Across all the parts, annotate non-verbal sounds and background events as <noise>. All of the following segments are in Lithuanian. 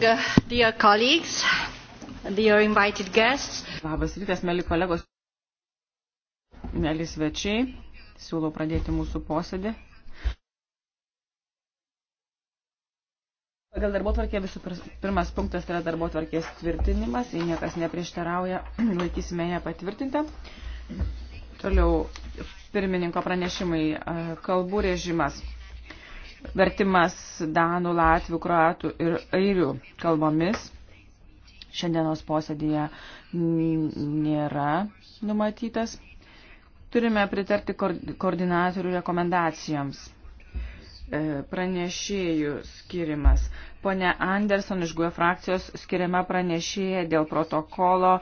morning, uh, dear colleagues, dear invited guests. Labas rytas, mėly kolegos, mėly svečiai. Siūlau pradėti mūsų posėdį. Pagal darbo tvarkė visų pirmas punktas yra darbo tvarkės tvirtinimas, jei niekas neprieštarauja, <clears throat> laikysime ją patvirtintą. Toliau pirmininko pranešimai kalbų režimas. Vertimas Danų, Latvių, Kroatų ir Airių kalbomis šiandienos posėdėje nėra numatytas. Turime pritarti koordinatorių rekomendacijoms. E, pranešėjų skirimas. Pone Anderson iš GUE frakcijos skiriama pranešėja dėl protokolo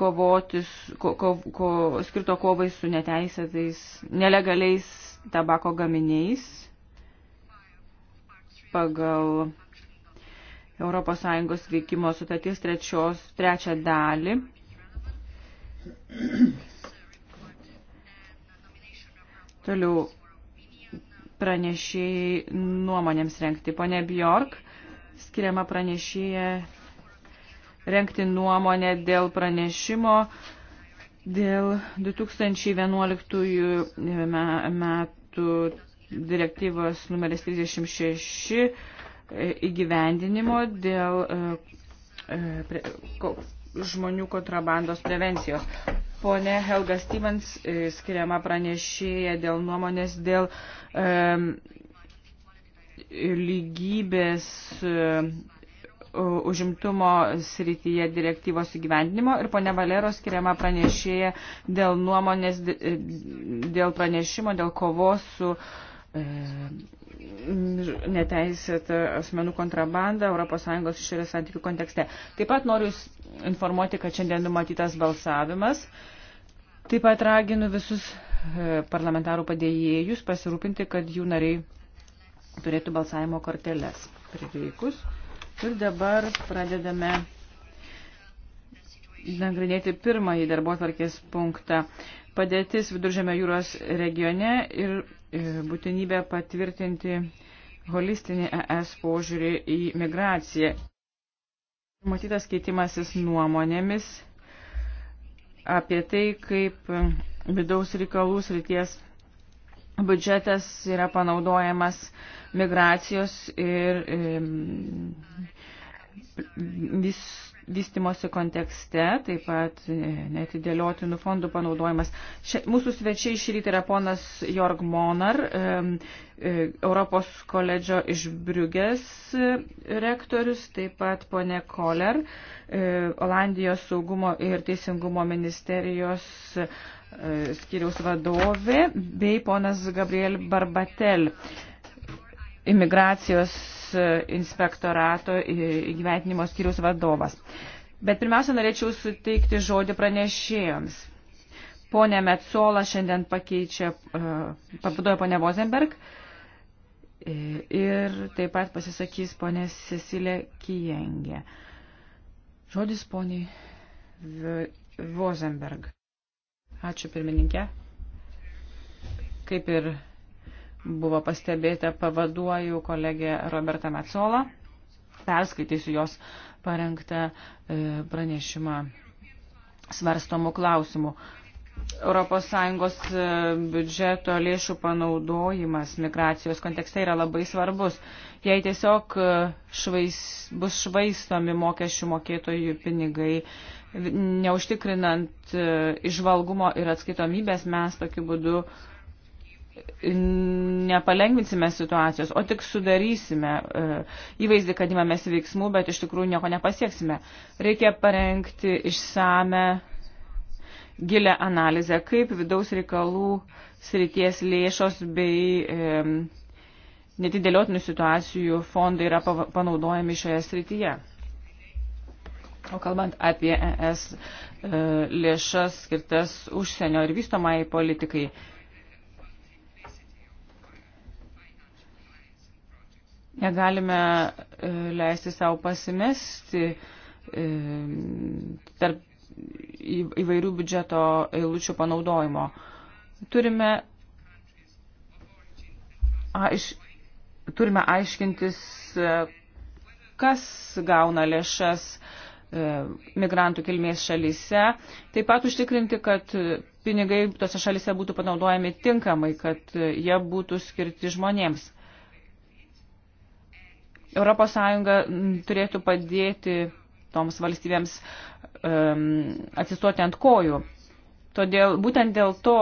kovotis, ko, ko, ko, skirto kovai su neteisėtais, nelegaliais tabako gaminiais pagal ES veikimo sutarties trečios, trečią dalį. Toliau pranešėjai nuomonėms renkti. Pone Bjork, skiriama pranešėja renkti nuomonę dėl pranešimo dėl 2011 metų direktyvos numeris 36 e, įgyvendinimo dėl e, e, žmonių kontrabandos prevencijos. Pone Helga Stevens skiriama pranešėja dėl nuomonės dėl lygybės užimtumo srityje direktyvos įgyvendinimo ir ponia Valero skiriama pranešėja dėl nuomonės, dėl pranešimo, dėl kovos su uh, E, neteisėtą asmenų kontrabandą ES išorės santykių kontekste. Taip pat noriu informuoti, kad šiandien numatytas balsavimas. Taip pat raginu visus e, parlamentarų padėjėjus pasirūpinti, kad jų nariai turėtų balsavimo korteles prireikus. Ir dabar pradedame nagrinėti pirmąjį darbo tvarkės punktą. Padėtis Viduržėmio jūros regione ir E, būtinybę patvirtinti holistinį ES požiūrį į migraciją. Matytas keitimasis nuomonėmis apie tai, kaip vidaus reikalų srities biudžetas yra panaudojamas migracijos ir vis vystimosi kontekste, taip pat e, netidėliotinų fondų panaudojimas. Šia, mūsų svečiai šį rytą yra ponas Jorg Monar, e, Europos koledžio iš Briugės rektorius, taip pat ponė Koller, e, Olandijos saugumo ir teisingumo ministerijos skiriaus vadovė, bei ponas Gabriel Barbatel imigracijos e, inspektorato e, įgyventinimo skyrius vadovas. Bet pirmiausia, norėčiau suteikti žodį pranešėjams. Pone Metsola šiandien pakeičia, e, pavaduoja ponę Vozenberg ir taip pat pasisakys ponė Cecilė Kijengė. Žodis poniai Vozenberg. Ačiū pirmininkė. Kaip ir buvo pastebėta, pavaduoju kolegė Roberta Macola. Perskaitysiu jos parengtą e, pranešimą svarstomų klausimų. ES e, biudžeto lėšų panaudojimas migracijos kontekste yra labai svarbus. Jei tiesiog e, švais, bus švaistomi mokesčių mokėtojų pinigai, neužtikrinant išvalgumo ir atskaitomybės, mes tokiu būdu uh, nepalengvinsime situacijos, o tik sudarysime e, įvaizdį, kad imamės veiksmų, bet iš tikrųjų nieko nepasieksime. Reikia parengti išsame gilę analizę, kaip vidaus reikalų srities lėšos bei e, netidėliotinių situacijų fondai yra panaudojami šioje srityje. O kalbant apie ES e, lėšas skirtas užsienio ir vystomai politikai, Negalime e, leisti savo pasimesti e, tarp įvairių biudžeto eilučių panaudojimo. Turime, aiš, turime aiškintis, e, kas gauna lėšas migrantų kilmės šalyse, taip pat užtikrinti, kad pinigai tose šalyse būtų panaudojami tinkamai, kad jie būtų skirti žmonėms. ES turėtų padėti toms valstybėms um, atsistoti ant kojų. Todėl būtent dėl to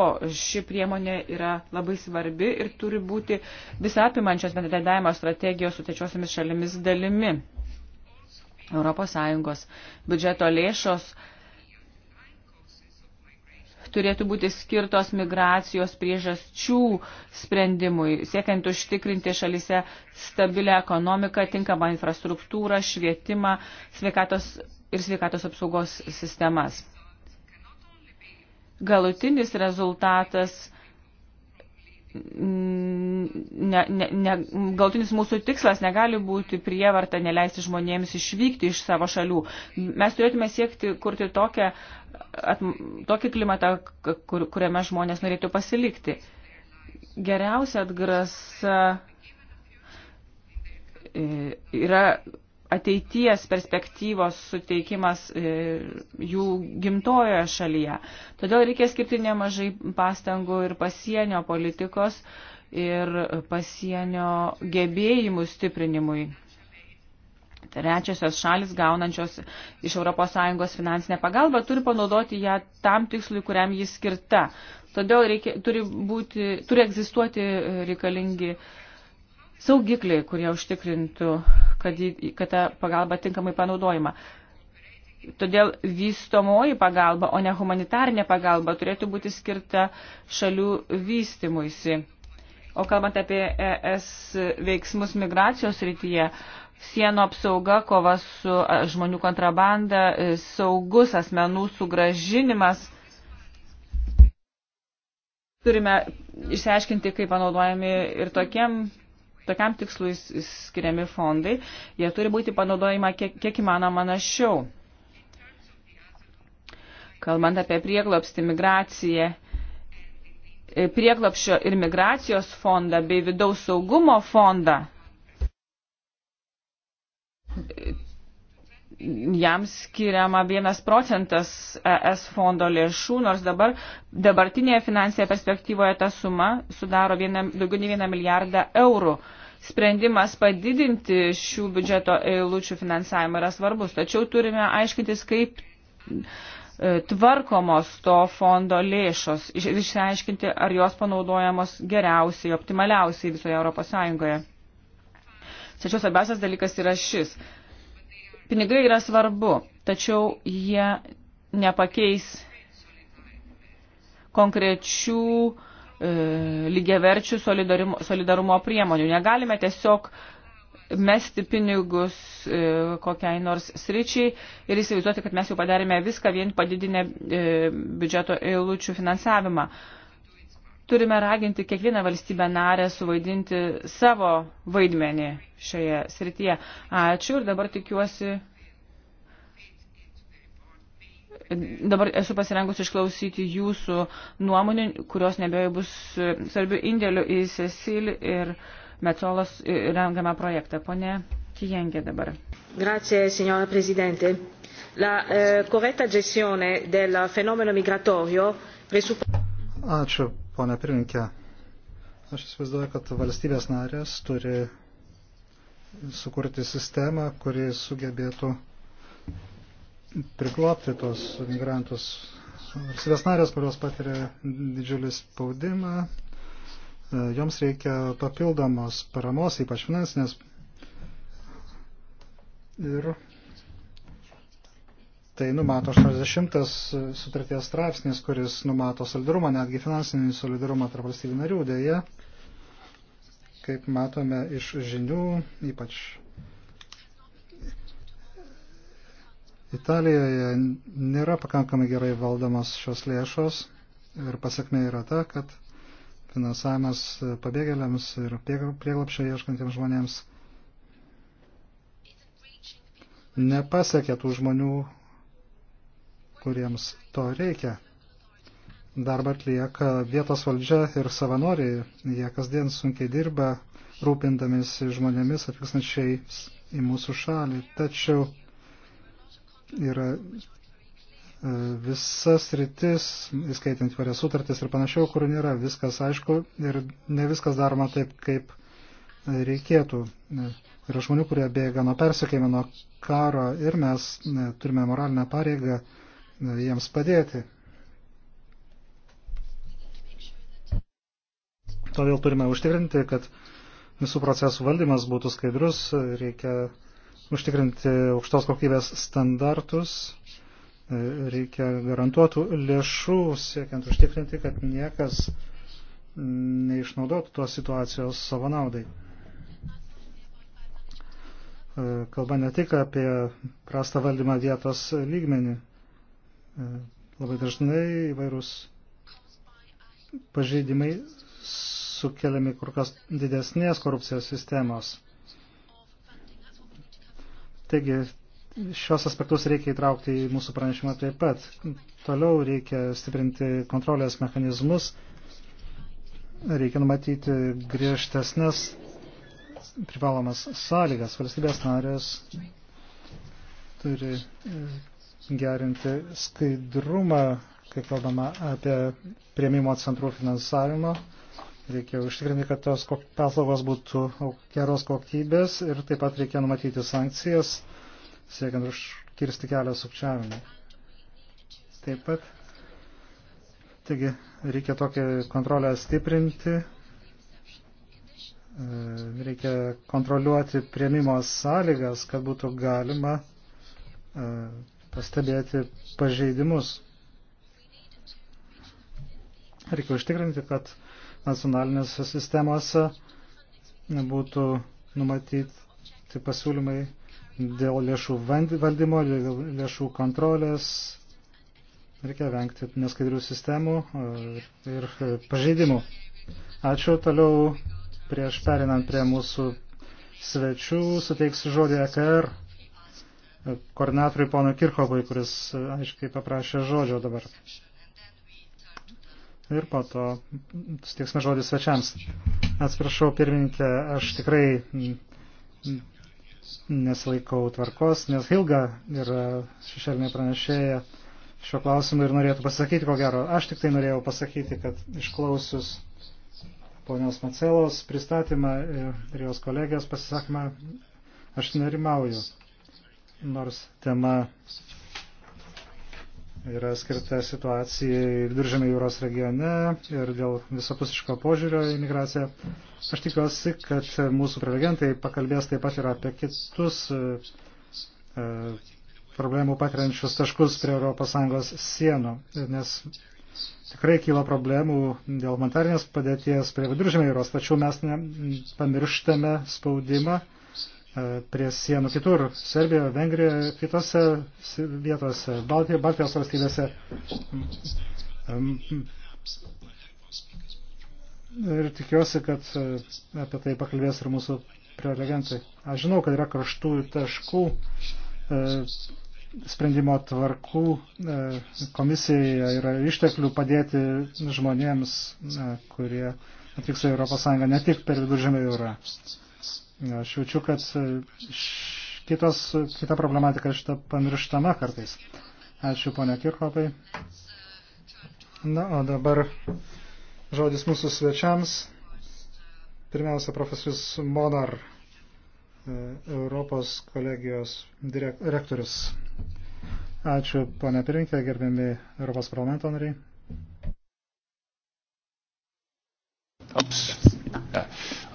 ši priemonė yra labai svarbi ir turi būti visapimančios bendradarbiavimo strategijos su trečiosiomis šalimis dalimi. ES biudžeto lėšos uh, turėtų būti skirtos migracijos priežasčių sprendimui, siekiant užtikrinti šalise stabilę ekonomiką, tinkamą infrastruktūrą, švietimą sveikatos ir sveikatos apsaugos sistemas. Galutinis rezultatas Mm, ne, ne, ne, galtinis mūsų tikslas negali būti prievarta neleisti žmonėms išvykti iš savo šalių. Mes turėtume siekti kurti tokią, at, tokį klimatą, kur, kuriame žmonės norėtų pasilikti. Geriausia atgrasa e, yra ateities perspektyvos suteikimas e, jų gimtojoje šalyje. Todėl reikia skirti nemažai pastangų ir pasienio politikos ir pasienio gebėjimų stiprinimui. Trečiosios šalis gaunančios iš ES finansinę pagalbą turi panaudoti ją tam tikslui, kuriam jis skirta. Todėl reikia, turi, būti, turi egzistuoti e, reikalingi saugikliai, kurie užtikrintų kad, jį, kad ta pagalba tinkamai panaudojama. Todėl vystomoji pagalba, o ne humanitarinė pagalba turėtų būti skirta šalių vystimuisi. O kalbant apie ES veiksmus migracijos rytyje, sienų apsauga, kova su žmonių kontrabanda, e, saugus asmenų sugražinimas. Turime išsiaiškinti, kaip panaudojami ir tokiem tokiam tikslui skiriami fondai, jie turi būti panaudojama kiek, kiek įmanoma našiau. Kalbant apie prieglopstį, migraciją, e, prieglopščio ir migracijos fondą bei vidaus saugumo fondą, e, jam skiriama 1 procentas ES fondo lėšų, nors dabar dabartinėje finansinėje perspektyvoje ta suma sudaro viena, daugiau nei 1 milijardą eurų sprendimas padidinti šių biudžeto eilučių finansavimą yra svarbus, tačiau turime aiškintis, kaip e, tvarkomos to fondo lėšos ir išsiaiškinti, ar jos panaudojamos geriausiai, optimaliausiai visoje Europos Sąjungoje. Tačiau svarbiausias dalykas yra šis. Pinigai yra svarbu, tačiau jie nepakeis konkrečių uh, E, lygiaverčių solidarumo, solidarumo priemonių. Negalime tiesiog mesti pinigus e, kokiai nors sričiai ir įsivaizduoti, kad mes jau padarėme viską vien padidinę e, biudžeto eilučių finansavimą. Turime raginti kiekvieną valstybę narę suvaidinti savo vaidmenį šioje srityje. Ačiū ir dabar tikiuosi dabar esu pasirengusi išklausyti jūsų nuomonę, kurios nebejoju bus svarbių indėlių į Cecil ir Metsolos rengiamą projektą. Pone Kijengė dabar. Grazie, signora Presidente. La eh, corretta gestione del fenomeno migratorio presuppone. Ačiū, ponia pirminkė. Aš įsivaizduoju, kad valstybės narės turi sukurti sistemą, kuri sugebėtų priklopti tos migrantus. Valstybės narės, kurios patiria didžiulį spaudimą, e, joms reikia papildomos paramos, ypač finansinės. Ir tai numato 60 sutarties straipsnis, kuris numato solidarumą, netgi finansinį solidarumą tarp valstybių narių. Dėja, kaip matome iš žinių, ypač Italijoje nėra pakankamai gerai valdomos šios lėšos ir pasiekmė yra ta, kad finansavimas pabėgėliams ir prieglapšio ieškantiems žmonėms nepasiekia tų žmonių, kuriems to reikia. Darbą atlieka vietos valdžia ir savanoriai. Jie kasdien sunkiai dirba, rūpindamis žmonėmis atvykstančiai į mūsų šalį. Tačiau yra e, visas rytis, įskaitant varias sutartis ir panašiau, kur nėra viskas aišku ir ne viskas daroma taip, kaip reikėtų. Yra žmonių, kurie bėga nuo persikėjimo, nuo karo ir mes e, turime moralinę pareigą e, jiems padėti. Todėl turime užtikrinti, kad visų procesų valdymas būtų skaidrus, reikia užtikrinti aukštos kokybės standartus, e, reikia garantuotų lėšų, siekiant užtikrinti, kad niekas neišnaudotų tos situacijos savo naudai. E, Kalba ne tik apie prastą valdymą vietos lygmenį. E, Labai dažnai įvairūs pažeidimai sukeliami kur kas didesnės korupcijos sistemos. Taigi, šios aspektus reikia įtraukti į mūsų pranešimą taip pat. Toliau reikia stiprinti kontrolės mechanizmus, reikia numatyti griežtesnės privalomas sąlygas. Valstybės narės turi e, gerinti skaidrumą, kai kalbama apie prieimimo centrų finansavimo Reikia užtikrinti, kad tos paslaugos būtų geros kokybės ir taip pat reikia numatyti sankcijas, siekiant užkirsti kelią sukčiavimui. Taip pat. Taigi reikia tokią kontrolę stiprinti, e, reikia kontroliuoti prieimimo sąlygas, kad būtų galima e, pastebėti pažeidimus. Reikia užtikrinti, kad nacionalinėse sistemose būtų numatyti pasiūlymai dėl lėšų valdymo, dėl lėšų kontrolės. Reikia vengti neskaidrių sistemų e, ir e, pažeidimų. Ačiū. Toliau prieš perinant prie mūsų svečių suteiksiu žodį EKR e, koordinatoriui pono Kirchovui, kuris aiškiai paprašė žodžio dabar ir po to suteiksime žodį svečiams. Atsiprašau, pirmininkė, aš tikrai nesilaikau tvarkos, nes Hilga yra šešėlinė pranešėja šio klausimu ir norėtų pasakyti, ko gero. Aš tik tai norėjau pasakyti, kad išklausius ponios Macelos pristatymą ir jos kolegijos pasisakymą, aš nerimauju, nors tema yra skirta situacijai viduržėmio jūros regione ir dėl visapusiško požiūrio į migraciją. Aš tikiuosi, kad mūsų prelegentai pakalbės taip pat ir apie kitus e, problemų patiriančius taškus prie ES sienų, nes tikrai kyla problemų dėl humanitarinės padėties prie viduržėmio jūros, tačiau mes ne, pamirštame spaudimą E, prie sienų kitur, Serbijoje, Vengrijoje, kitose vietose, Baltijos, Baltijos valstybėse. Mm, mm. Ir tikiuosi, kad e, apie tai pakalbės ir mūsų prelegentai. Aš žinau, kad yra kraštų taškų e, sprendimo tvarkų komisijoje yra išteklių padėti žmonėms, kurie atvyksta į Europos Sąjungą ne tik per viduržemę jūrą. Aš jaučiu, kad kitos, kita problematika šita pamirštama kartais. Ačiū, ponia Kirkopai. Na, o dabar žodis mūsų svečiams. Pirmiausia, profesorius Monar, e, Europos kolegijos direktorius. Ačiū, ponia pirinkė, gerbiami Europos parlamento nariai. Ops.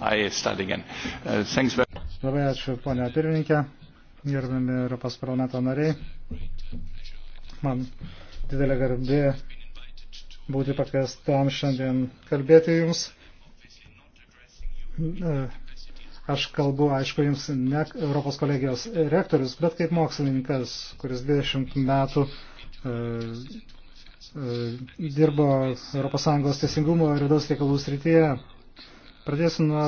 I start again. Uh, thanks very much. Labai ačiū, ponia pirmininkė, gerbami Europos parlamento nariai. Man didelė garbė būti pakviestam šiandien kalbėti jums. Uh, aš kalbu, aišku, jums ne Europos kolegijos rektorius, bet kaip mokslininkas, kuris 20 metų uh, uh, dirbo ES teisingumo ir vidaus reikalų srityje. Pradėsiu nuo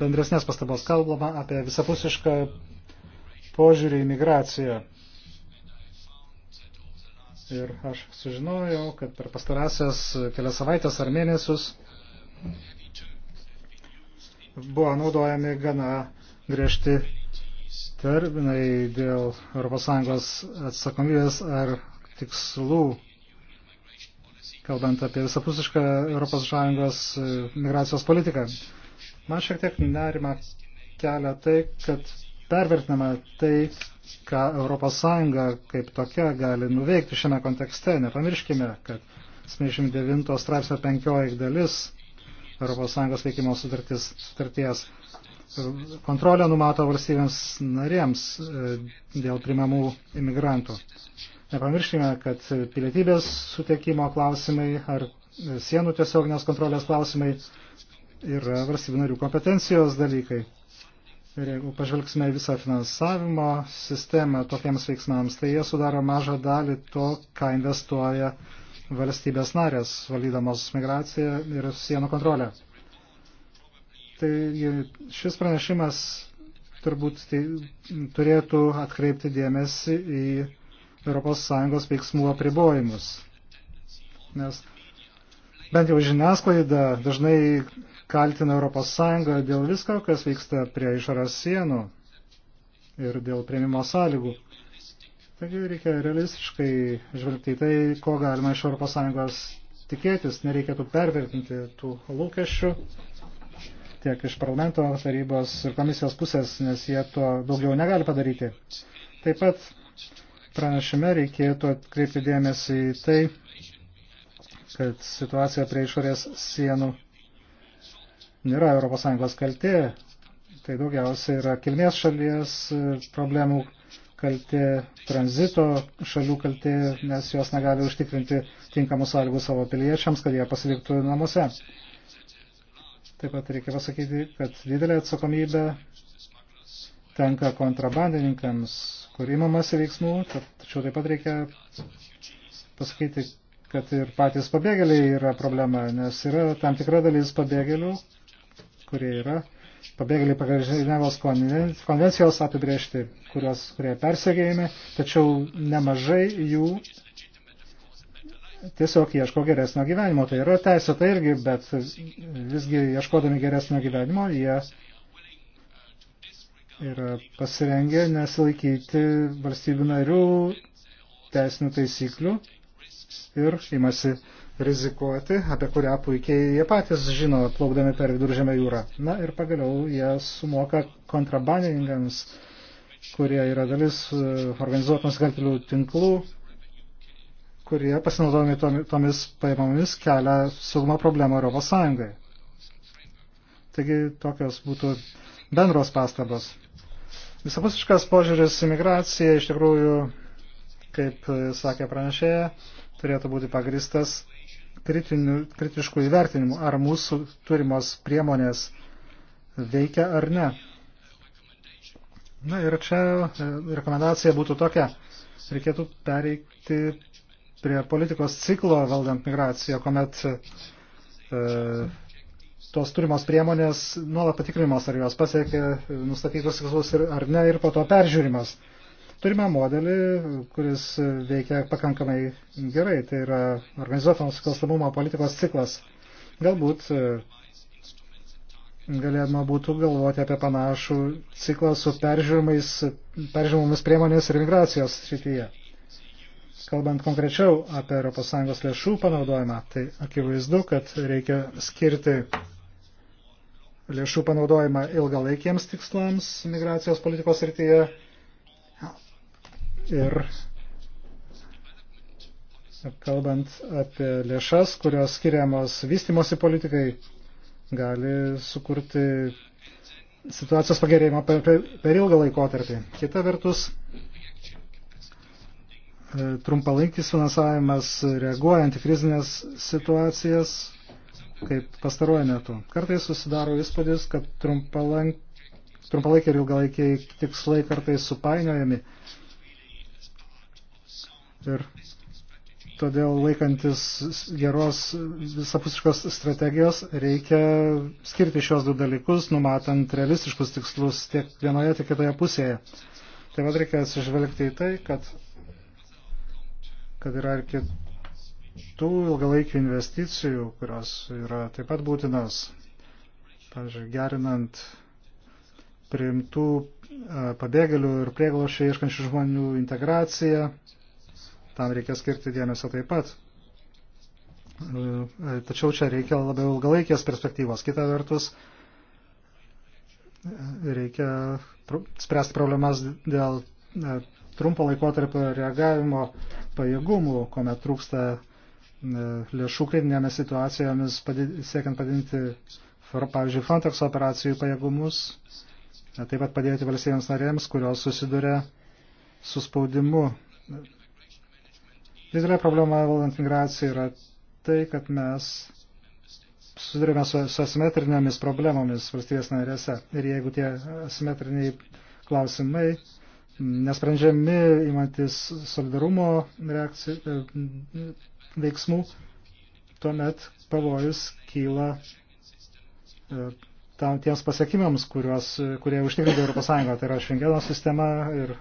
bendresnės pastabos. Kalbama apie visapusišką požiūrį į migraciją. Ir aš sužinojau, kad per pastarąsias kelias savaitės ar mėnesius buvo naudojami gana griežti terminai dėl ES atsakomybės ar tikslų kalbant apie visapusišką ES e, migracijos politiką. Man šiek tiek nerima kelia tai, kad pervertinama tai, ką ES kaip tokia gali nuveikti šiame kontekste. Nepamirškime, kad 79 straipsnio 15 dalis ES veikimo sutartis, sutarties kontrolę numato valstybėms narėms e, dėl primamų imigrantų. Nepamirškime, kad pilietybės suteikimo klausimai ar sienų tiesioginės kontrolės klausimai yra valstybių narių kompetencijos dalykai. Ir jeigu pažvelgsime visą finansavimo sistemą tokiems veiksmams, tai jie sudaro mažą dalį to, ką investuoja valstybės narės, valdydamos migraciją ir sienų kontrolę. Tai šis pranešimas turbūt tai, turėtų atkreipti dėmesį į ES veiksmų apribojimus. Nes bent jau žiniasklaida dažnai kaltina ES dėl visko, kas vyksta prie išorės sienų ir dėl prieimimo sąlygų. Taigi reikia realistiškai žvelgti į tai, ko galima iš ES tikėtis, nereikėtų pervertinti tų lūkesčių tiek iš parlamento tarybos ir komisijos pusės, nes jie to daugiau negali padaryti. Taip pat pranešime reikėtų atkreipti dėmesį į tai, kad situacija prie išorės sienų nėra ES kaltė, tai daugiausia yra kilmės šalies e, problemų kaltė, tranzito šalių kaltė, nes jos negali užtikrinti tinkamų sąlygų savo piliečiams, kad jie pasiliktų namuose. Taip pat reikia pasakyti, kad didelė atsakomybė tenka kontrabandininkams, kur įmamasi veiksmų, tačiau taip pat reikia pasakyti, kad ir patys pabėgėliai yra problema, nes yra tam tikra dalis pabėgėlių, kurie yra pabėgėliai pagal Ženevos konvencijos apibriežti, kurios, kurie persegėjami, tačiau nemažai jų tiesiog ieško geresnio gyvenimo. Tai yra teisė tai irgi, bet visgi ieškodami geresnio gyvenimo jie yra pasirengę nesilaikyti valstybių narių teisinių taisyklių ir imasi rizikuoti, apie kurią puikiai jie patys žino, plaukdami per viduržėmę jūrą. Na ir pagaliau jie sumoka kontrabandininkams, kurie yra dalis e, organizuotų nusikaltėlių tinklų, kurie pasinaudodami tomis pajamomis kelia saugumo problemą Europos Sąjungai. Taigi tokios būtų bendros pastabos. Visapusiškas požiūris į migraciją iš tikrųjų, kaip sakė pranešėja, turėtų būti pagristas kritinių, kritiškų įvertinimų, ar mūsų turimos priemonės veikia ar ne. Na ir čia e, rekomendacija būtų tokia. Reikėtų pereikti prie politikos ciklo valdant migraciją, kuomet e, tos turimos priemonės nuolat patikrinimas, ar jos pasiekė nustatytus tikslus ar ne, ir po to peržiūrimas. Turime modelį, kuris veikia pakankamai gerai, tai yra organizuoto nusikalstamumo politikos ciklas. Galbūt e, galėtume būtų galvoti apie panašų ciklą su peržiūrimomis priemonės ir migracijos srityje. Kalbant konkrečiau apie ES lėšų panaudojimą, tai akivaizdu, kad reikia skirti lėšų panaudojimą ilgalaikiems tikslams migracijos politikos srityje ir kalbant apie lėšas, kurios skiriamos vystimosi politikai, gali sukurti situacijos pagerėjimą per, per, per ilgą laikotarpį. Kita vertus, e, trumpalaikis finansavimas reaguojant į krizinės situacijas kaip pastaruoju metu. Kartais susidaro įspūdis, kad trumpalaikiai ir ilgalaikiai tikslai kartais supainiojami. Ir todėl laikantis geros visapusiškos strategijos reikia skirti šios du dalykus, numatant realistiškus tikslus tiek vienoje, tiek kitoje pusėje. Taip pat reikia atsižvelgti į tai, kad, kad yra ir kitų tų ilgalaikių investicijų, kurios yra taip pat būtinas, pavyzdžiui, gerinant priimtų e, pabėgėlių ir prieglošio ieškančių žmonių integraciją. Tam reikia skirti dėmesio taip pat. E, tačiau čia reikia labiau ilgalaikės perspektyvos. Kita vertus, e, reikia spręsti problemas dėl trumpo laikotarpio reagavimo pajėgumų, kuomet trūksta lėšų kritinėmis situacijomis, padid, siekiant padinti, pavyzdžiui, Frontex operacijų pajėgumus, taip pat padėti valstybėms narėms, kurios susiduria su spaudimu. Didelė problema valdant migraciją yra tai, kad mes susidurime su, su asimetrinėmis problemomis valstybės narėse. Ir jeigu tie asimetriniai klausimai nesprendžiami imantis solidarumo reakcijų, e, veiksmų, tuomet pavojus kyla e, tam, tiems pasiekimams, kuriuos, kurie užtikrinti ES, tai yra Šengeno sistema ir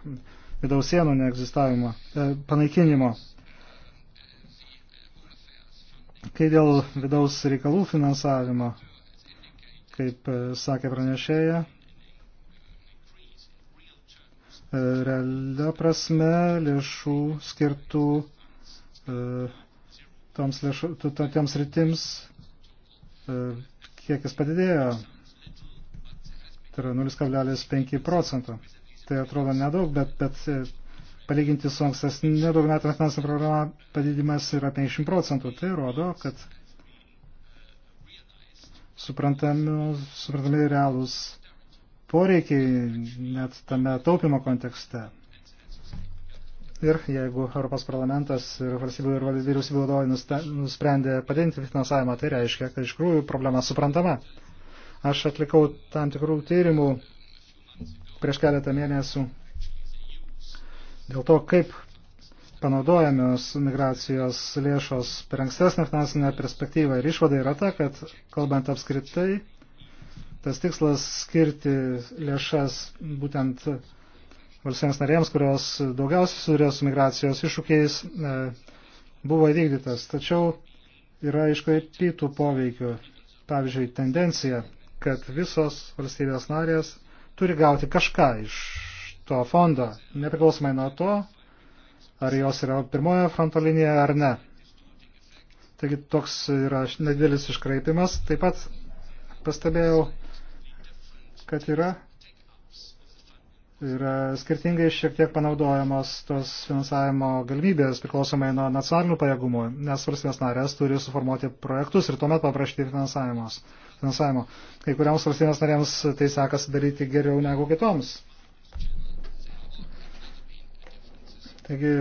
vidaus sienų neegzistavimo, e, panaikinimo. Kai dėl vidaus reikalų finansavimo, kaip sakė pranešėja, E, realia prasme lėšų skirtų e, toms, lėšų, toms rytims e, kiekis padidėjo. Tai yra 0,5 procento. Tai atrodo nedaug, bet, bet palyginti su ankstesnė daugmetinė finansinė programa padidimas yra 50 procentų. Tai rodo, kad suprantami, suprantami realūs poreikiai net tame taupimo kontekste. Ir jeigu Europos parlamentas ir valstybių ir vyriausybių vadovai nusprendė padinti finansavimą, tai reiškia, kad iš tikrųjų problema suprantama. Aš atlikau tam tikrų tyrimų prieš keletą mėnesių dėl to, kaip panaudojamos migracijos lėšos per ankstesnę finansinę perspektyvą ir išvada yra ta, kad kalbant apskritai, tas tikslas skirti lėšas būtent valstybėms narėms, kurios daugiausiai susiduria su migracijos iššūkiais, e, buvo įvykdytas. Tačiau yra iškreipytų poveikių. Pavyzdžiui, tendencija, kad visos valstybės narės turi gauti kažką iš to fondo, nepriklausomai nuo to, ar jos yra pirmojo fronto linija ar ne. Taigi toks yra nedidelis iškraipimas. Taip pat pastebėjau kad yra, yra skirtingai šiek tiek panaudojamos tos finansavimo galimybės priklausomai nuo nacionalinių pajėgumų, nes valstybės narės turi suformuoti projektus ir tuomet paprašyti finansavimo. Kai kuriams valstybės narėms tai sekasi daryti geriau negu kitoms. Taigi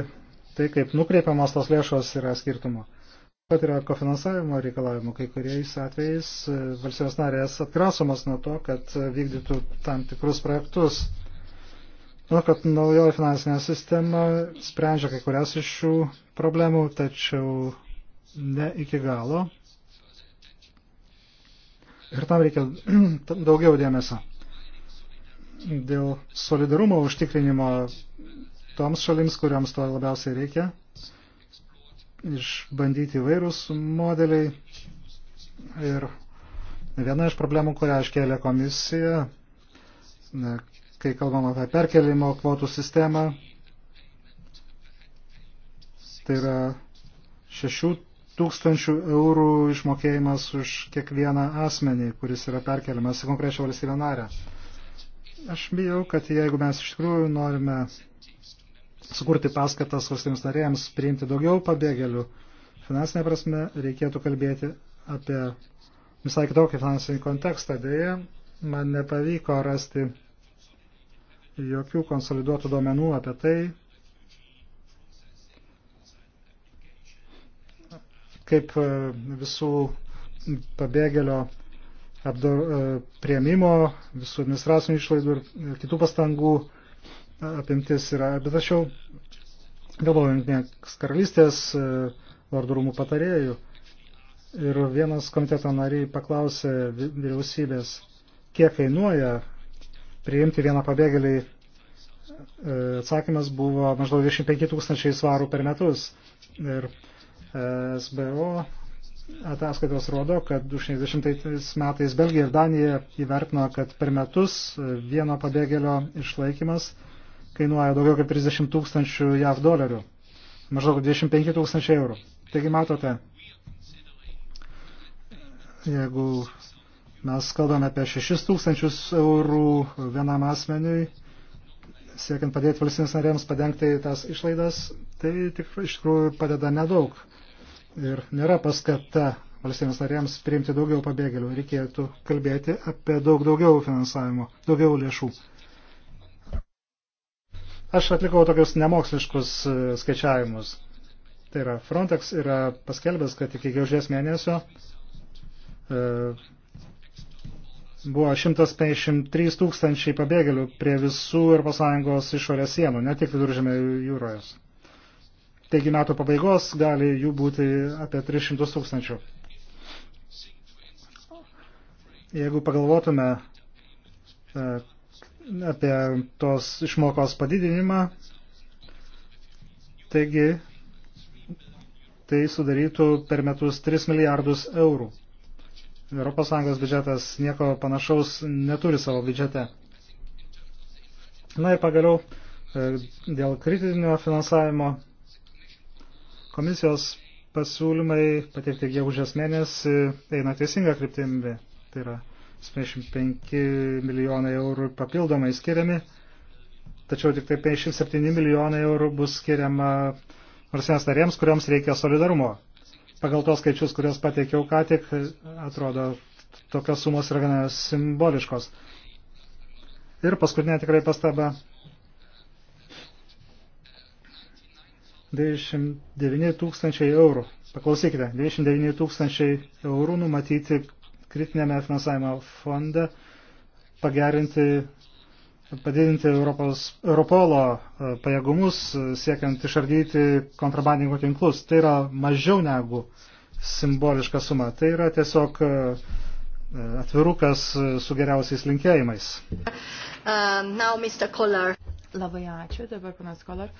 tai, kaip nukreipiamas tos lėšos, yra skirtumo pat yra kofinansavimo reikalavimų. Kai kuriais atvejais e, valstybės narės atgrasomas nuo to, kad vykdytų tam tikrus projektus. Manau, kad naujoji finansinė sistema sprendžia kai kurias iš šių problemų, tačiau ne iki galo. Ir tam reikia <clears throat> daugiau dėmesio. Dėl solidarumo užtikrinimo toms šalims, kuriams to labiausiai reikia, išbandyti vairūs modeliai. Ir viena iš problemų, kurią iškėlė komisija, kai kalbam apie perkelimo kvotų sistemą, tai yra 6 tūkstančių eurų išmokėjimas už kiekvieną asmenį, kuris yra perkeliamas į konkrečią valstybę narę. Aš bijau, kad jeigu mes iš tikrųjų norime sukurti paskatas valstybėms narėjams priimti daugiau pabėgėlių. Finansinė prasme reikėtų kalbėti apie visai kitokį finansinį kontekstą. Deja, man nepavyko rasti jokių konsoliduotų duomenų apie tai, kaip e, visų pabėgėlio apdor, e, prieimimo, visų administracinių išlaidų ir kitų pastangų apimtis yra. Bet tačiau, galvojant, nes karalystės e, vardų rūmų patarėjų ir vienas komiteto nariai paklausė vyriausybės, kiek kainuoja priimti vieną pabėgėlį. E, atsakymas buvo maždaug 25 tūkstančiai svarų per metus. Ir e, SBO ataskaitos rodo, kad 60 metais Belgija ir Danija įvertino, kad per metus vieno pabėgėlio išlaikymas kainuoja daugiau kaip 30 tūkstančių JAV dolerių, maždaug 25 tūkstančių eurų. Taigi matote, jeigu mes kalbame apie 6 tūkstančius eurų vienam asmeniui, siekiant padėti valstybės narėms padengti tas išlaidas, tai tikrai iš tikrųjų padeda nedaug. Ir nėra paskata valstybės narėms priimti daugiau pabėgėlių. Reikėtų kalbėti apie daug daugiau finansavimo, daugiau lėšų. Aš atlikau tokius nemoksliškus e, skaičiavimus. Tai yra, Frontex yra paskelbęs, kad iki gegužės mėnesio e, buvo 153 tūkstančiai pabėgėlių prie visų Europos Sąjungos išorės sienų, ne tik viduržėme jūroje. Taigi metų pabaigos gali jų būti apie 300 tūkstančių. Jeigu pagalvotume, e, apie tos išmokos padidinimą. Taigi, tai sudarytų per metus 3 milijardus eurų. ES biudžetas nieko panašaus neturi savo biudžete. Na ir pagaliau, e, dėl kritinio finansavimo komisijos pasiūlymai pateikti gegužės mėnesį eina teisinga kryptimi. Tai yra 75 milijonai eurų papildomai skiriami, tačiau tik tai 57 milijonai eurų bus skiriama valstybės narėms, kuriuoms reikia solidarumo. Pagal tos skaičius, kuriuos pateikiau ką tik, atrodo, tokios sumos yra gana simboliškos. Ir paskutinė tikrai pastaba. 99 tūkstančiai eurų. Paklausykite, 99 tūkstančiai eurų numatyti kritinėme finansavimo fonde pagerinti, padidinti Europos, Europolo e, pajėgumus, e, siekiant išardyti kontrabandininkų tinklus. Tai yra mažiau negu simboliška suma. Tai yra tiesiog e, atvirukas su geriausiais linkėjimais. Uh, Labai ačiū, dabar panas Kolar.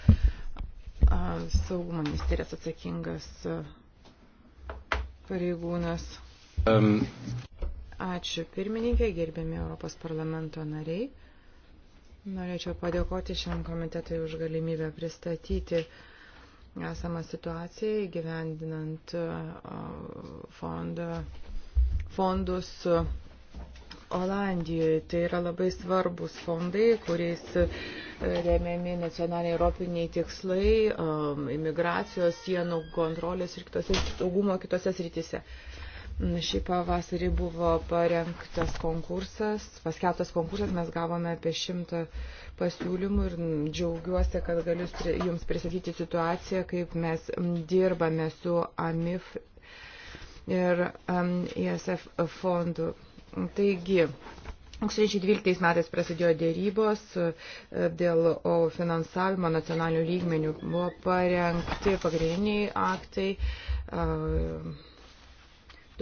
Uh, saugumo ministerijas atsakingas uh, pareigūnas. Um. Ačiū pirmininkė, gerbėmi Europos parlamento nariai. Norėčiau padėkoti šiam komitetui už galimybę pristatyti esamą situaciją įgyvendinant fondą, fondus Olandijoje. Tai yra labai svarbus fondai, kuriais e, remiami nacionaliniai europiniai tikslai, imigracijos, sienų kontrolės ir kitose saugumo kitose srityse. Šį pavasarį buvo parengtas konkursas, paskelbtas konkursas, mes gavome apie šimtą pasiūlymų ir džiaugiuosi, kad galiu jums pristatyti situaciją, kaip mes dirbame su AMIF ir ISF um, e fondu. Taigi, 2012 metais prasidėjo dėrybos e, dėl finansavimo nacionalinių lygmenių. Buvo parengti pagrindiniai aktai. Uh,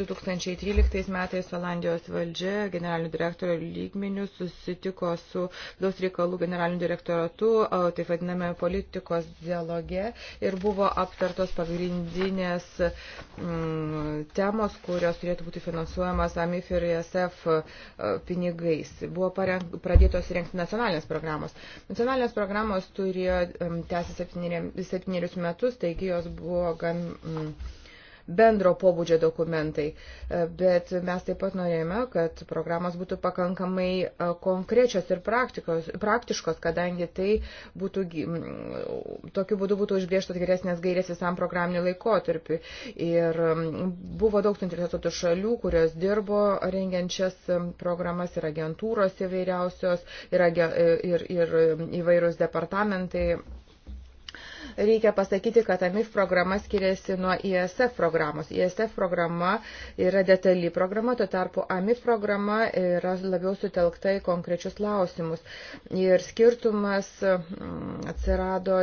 2013 metais Olandijos valdžia generalinių direktorių lygmenių susitiko su vidaus reikalų generaliniu direktoratu, taip vadiname politikos dialoge, ir buvo aptartos pagrindinės mm, temos, kurios turėtų būti finansuojamas AMIF ir ESF pinigais. Buvo pareng, pradėtos rengti nacionalinės programos. Nacionalinės programos turėjo um, mm, tęsti septynerius metus, taigi jos buvo gan. Mm, bendro pobūdžio dokumentai, e, bet mes taip pat norėjome, kad programos būtų pakankamai e, konkrečios ir praktiškos, kadangi tai būtų, tokiu būdu būtų užbrieštos geresnės gairės visam programiniu laikotarpiu. Ir buvo daug suinteresuotų šalių, kurios dirbo rengiančias programas ir agentūros įvairiausios ir, ir, ir įvairūs departamentai reikia pasakyti, kad AMIF programa skiriasi nuo ISF programos. ISF programa yra detali programa, tuo tarpu AMIF programa yra labiau sutelkta į konkrečius klausimus. Ir skirtumas mm, atsirado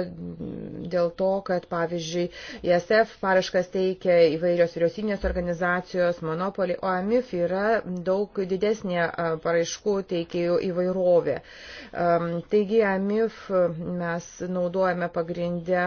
dėl to, kad, pavyzdžiui, ISF paraškas teikia įvairios vyriausybinės organizacijos, monopolį, o AMIF yra daug didesnė paraiškų teikėjų įvairovė. Taigi, AMIF mes naudojame pagrindę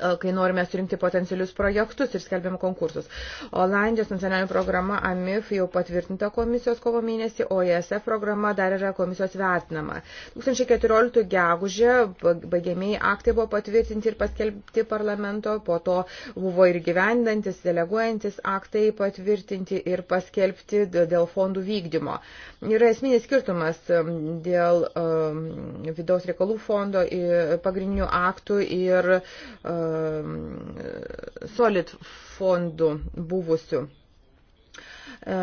E, kai norime surinkti potencialius projektus ir skelbiam konkursus. Olandijos nacionalinė programa AMIF jau patvirtinta komisijos kovo mėnesį, o ESF programa dar yra komisijos vertinama. 2014 gegužė baigiamiai aktai buvo patvirtinti ir paskelbti parlamento, po to buvo ir gyvendantis, deleguojantis aktai patvirtinti ir paskelbti dėl fondų vykdymo. Yra esminis skirtumas dėl um, vidaus reikalų fondo pagrindinių aktų ir uh, Solid fondų buvusių E,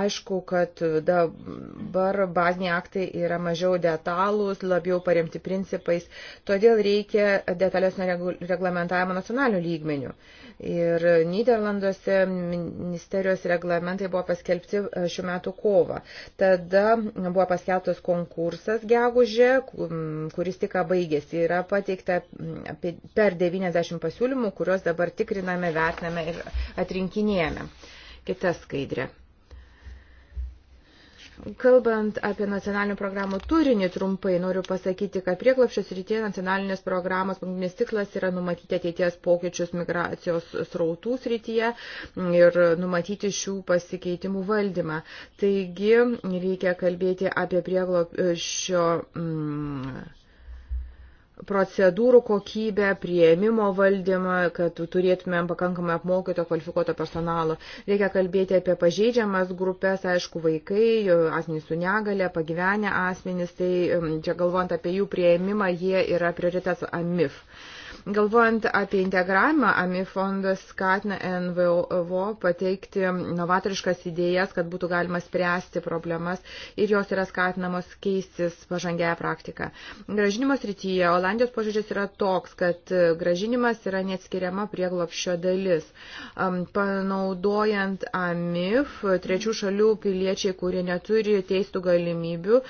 aišku, kad dabar baziniai aktai yra mažiau detalūs, labiau paremti principais, todėl reikia detalesnio reglamentavimo nacionalinių lygmenių. Ir Niderlanduose ministerijos reglamentai buvo paskelbti e, šių metų kovą. Tada buvo paskelbtas konkursas gegužė, kuris tik baigėsi. Yra pateikta per 90 pasiūlymų, kuriuos dabar tikriname, vertiname ir atrinkinėjame. Kita skaidrė. Kalbant apie nacionalinių programų turinį trumpai, noriu pasakyti, kad prieglapščios rytie nacionalinės programos pagrindinis tiklas yra numatyti ateities pokyčius migracijos srautų srityje ir numatyti šių pasikeitimų valdymą. Taigi reikia kalbėti apie prieglapščio. Mm, procedūrų kokybę, prieimimo valdymą, kad turėtumėm pakankamai apmokyto kvalifikuoto personalo. Reikia kalbėti apie pažeidžiamas grupės, aišku, vaikai, asmenys su negale, pagyvenę asmenys, tai čia galvojant apie jų prieimimą, jie yra prioritetas AMIF. Uh, Galvojant apie integravimą, AMI fondas skatina NVO pateikti novatoriškas idėjas, kad būtų galima spręsti problemas ir jos yra skatinamos keistis pažangiają praktiką. Gražinimo srityje Olandijos požiūris yra toks, kad gražinimas yra neatskiriama prieglopščio dalis. Panaudojant AMIF, trečių šalių piliečiai, kurie neturi teistų galimybių,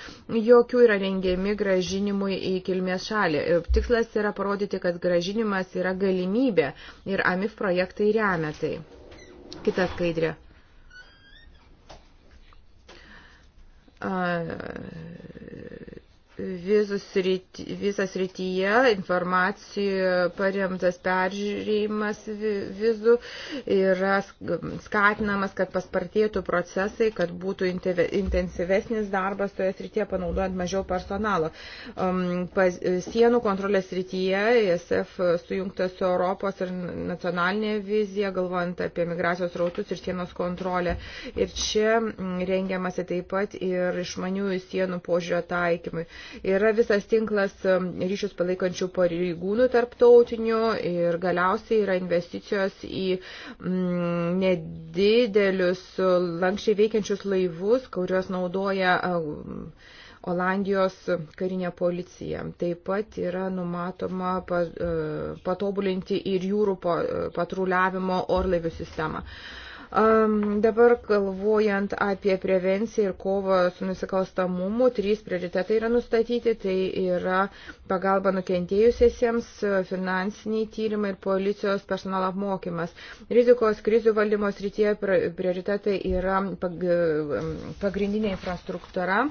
jokių yra rengiami gražinimui į kilmės šalį. Tikslas yra parodyti, kad gražinimas pripažinimas yra galimybė ir AMIF projektai remia tai. Kita skaidrė. Uh, visas rytyje informacijų paremtas peržiūrėjimas vizų yra skatinamas, kad paspartėtų procesai, kad būtų intensyvesnis darbas toje srityje, panaudojant mažiau personalo. Um, sienų kontrolės srityje ESF sujungtas su Europos ir nacionalinė vizija, galvojant apie migracijos rautus ir sienos kontrolę. Ir čia mm, rengiamasi taip pat ir išmaniųjų sienų požiūrio taikymui. Yra visas tinklas um, ryšius palaikančių pareigūnų tarptautinių ir galiausiai yra investicijos į mm, nedidelius lankščiai veikiančius laivus, kuriuos naudoja um, Olandijos karinė policija. Taip pat yra numatoma uh, patobulinti ir jūrų uh, patruliavimo orlaivių sistemą. Dabar galvojant apie prevenciją ir kovą su nusikalstamumu, trys prioritetai yra nustatyti. Tai yra pagalba nukentėjusiesiems, finansiniai tyrimai ir policijos personalo apmokymas. Rizikos krizių valdymo srityje prioritetai yra pagrindinė infrastruktūra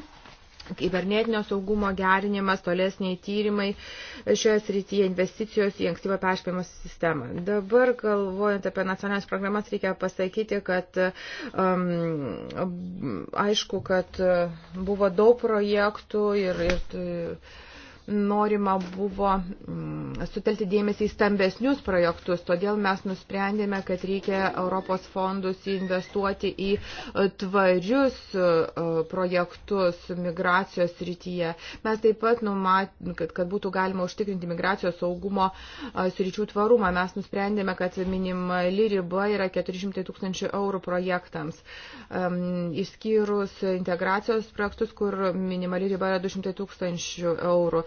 kibernetinio saugumo gerinimas, tolesniai tyrimai šioje srityje, investicijos į ankstyvą perspėjimo sistemą. Dabar, galvojant apie nacionalinės programas, reikia pasakyti, kad um, aišku, kad uh, buvo daug projektų ir, ir norima buvo mm, sutelti dėmesį į stambesnius projektus, todėl mes nusprendėme, kad reikia Europos fondus investuoti į e, tvarius e, projektus migracijos srityje. Mes taip pat numatėme, kad, kad būtų galima užtikrinti migracijos saugumo e, sričių tvarumą. Mes nusprendėme, kad minimali riba yra 400 tūkstančių eurų projektams, išskyrus integracijos projektus, kur minimali riba yra 200 tūkstančių eurų.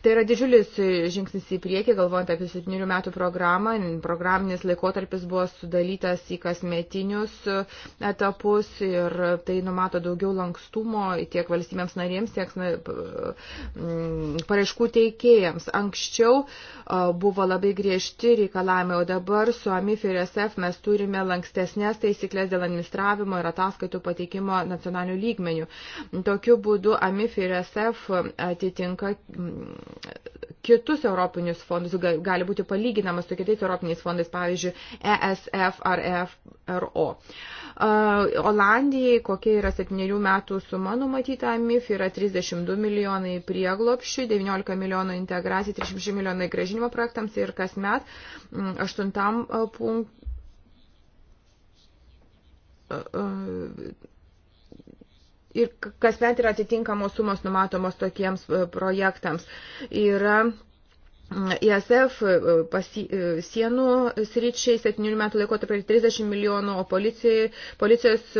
Tai yra didžiulis žingsnis į priekį, galvojant apie 7 metų programą. Programinis laikotarpis buvo sudalytas į kasmetinius etapus ir tai numato daugiau lankstumo tiek valstybėms narėms, tiek mm, paraiškų teikėjams. Anksčiau buvo labai griežti reikalavimai, o dabar su AMIF ir SF mes turime lankstesnės taisyklės dėl administravimo ir ataskaitų pateikimo nacionalinių lygmenių. Tokiu būdu AMIF ir SF atitinka kitus europinius fondus, gali būti palyginamas su kitais europiniais fondais, pavyzdžiui, ESF ar EFRO. Uh, Olandijai, kokia yra 7 metų suma numatyta, MIF yra 32 milijonai prieglopšių, 19 milijonų integracijai, 300 milijonai gražinimo projektams ir kasmet 8 mm, uh, punktui uh, ir kasmet yra atitinkamos sumos numatomos tokiems e, projektams. Yra ISF e e, pasi, sienų sričiai 7 metų laikotarpį 30 milijonų, o policijai, policijos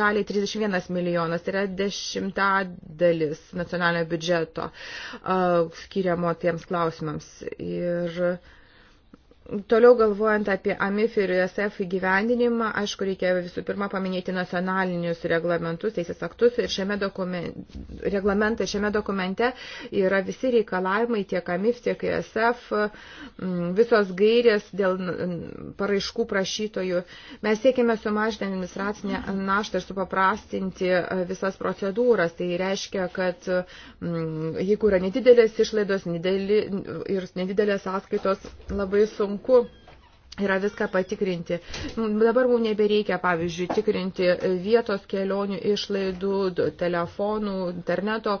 daliai 31 milijonas, tai yra dešimtadalis nacionalinio biudžeto skiriamo tiems klausimams. Ir Toliau galvojant apie AMIF ir ESF įgyvendinimą, aišku, reikia visų pirma paminėti nacionalinius reglamentus, teisės aktus ir šiame dokumente, reglamentai šiame dokumente yra visi reikalavimai tiek AMIF, tiek ESF, visos gairės dėl paraiškų prašytojų. Mes siekime sumažinti administracinę naštą ir supaprastinti e, visas procedūras. Tai reiškia, kad jeigu yra nedidelės išlaidos nedideli, ir nedidelės sąskaitos, labai sunku sunku yra viską patikrinti. Nu, dabar mums nebereikia, pavyzdžiui, tikrinti vietos kelionių išlaidų, telefonų, interneto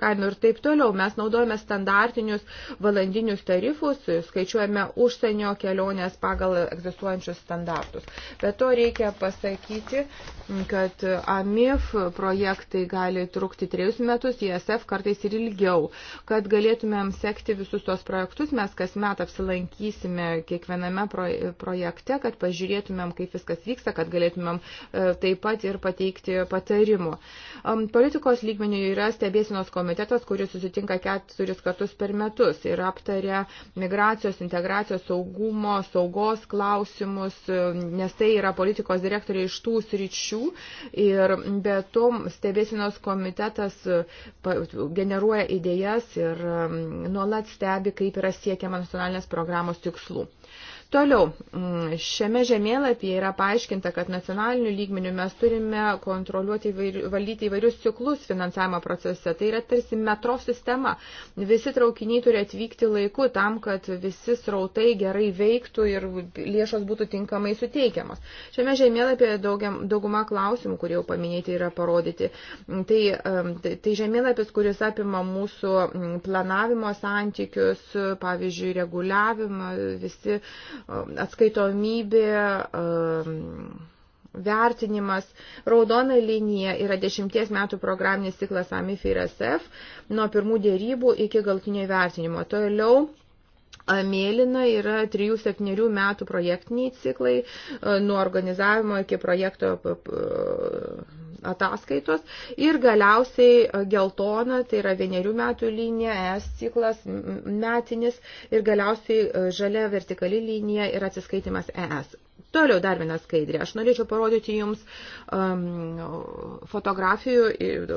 kainų ir taip toliau. Mes naudojame standartinius valandinius tarifus, skaičiuojame užsienio kelionės pagal egzistuojančius standartus. Bet to reikia pasakyti, kad AMIF projektai gali trukti trejus metus, ISF kartais ir ilgiau. Kad galėtumėm sekti visus tos projektus, mes kasmet apsilankysime kiekviename šiame projekte, kad pažiūrėtumėm, kaip viskas vyksta, kad galėtumėm e, taip pat ir pateikti patarimų. Politikos lygmenių yra stebėsinos komitetas, kuris susitinka keturis kartus per metus ir aptaria migracijos, integracijos, saugumo, saugos klausimus, e, nes tai yra politikos direktoriai iš tų sričių ir be to stebėsinos komitetas e, generuoja idėjas ir nuolat stebi, kaip yra siekiama nacionalinės programos tikslų. Toliau, mm, šiame žemėlapyje yra paaiškinta, kad nacionaliniu lygmeniu mes turime kontroliuoti, įvairių, valdyti įvairius ciklus finansavimo procese. Tai yra tarsi metro sistema. Visi traukiniai turi atvykti laiku tam, kad visi srautai gerai veiktų ir lėšos būtų tinkamai suteikiamos. Šiame žemėlapyje daugiam, dauguma klausimų, kurie jau paminėti, yra parodyti. Mm, tai, tai, tai žemėlapis, kuris apima mūsų mm, planavimo santykius, pavyzdžiui, reguliavimą, visi atskaitomybė, um, vertinimas. Raudona linija yra dešimties metų programinis ciklas AMIF ir SF nuo pirmų dėrybų iki galtinio vertinimo. Toliau Mėlyna yra 3-7 metų projektiniai ciklai, nuo organizavimo iki projekto ataskaitos. Ir galiausiai e, geltona, tai yra vienerių metų linija, es ciklas metinis ir galiausiai e, žalia vertikali linija ir atsiskaitimas es. Toliau dar vieną skaidrį. Aš norėčiau parodyti Jums um, fotografijų,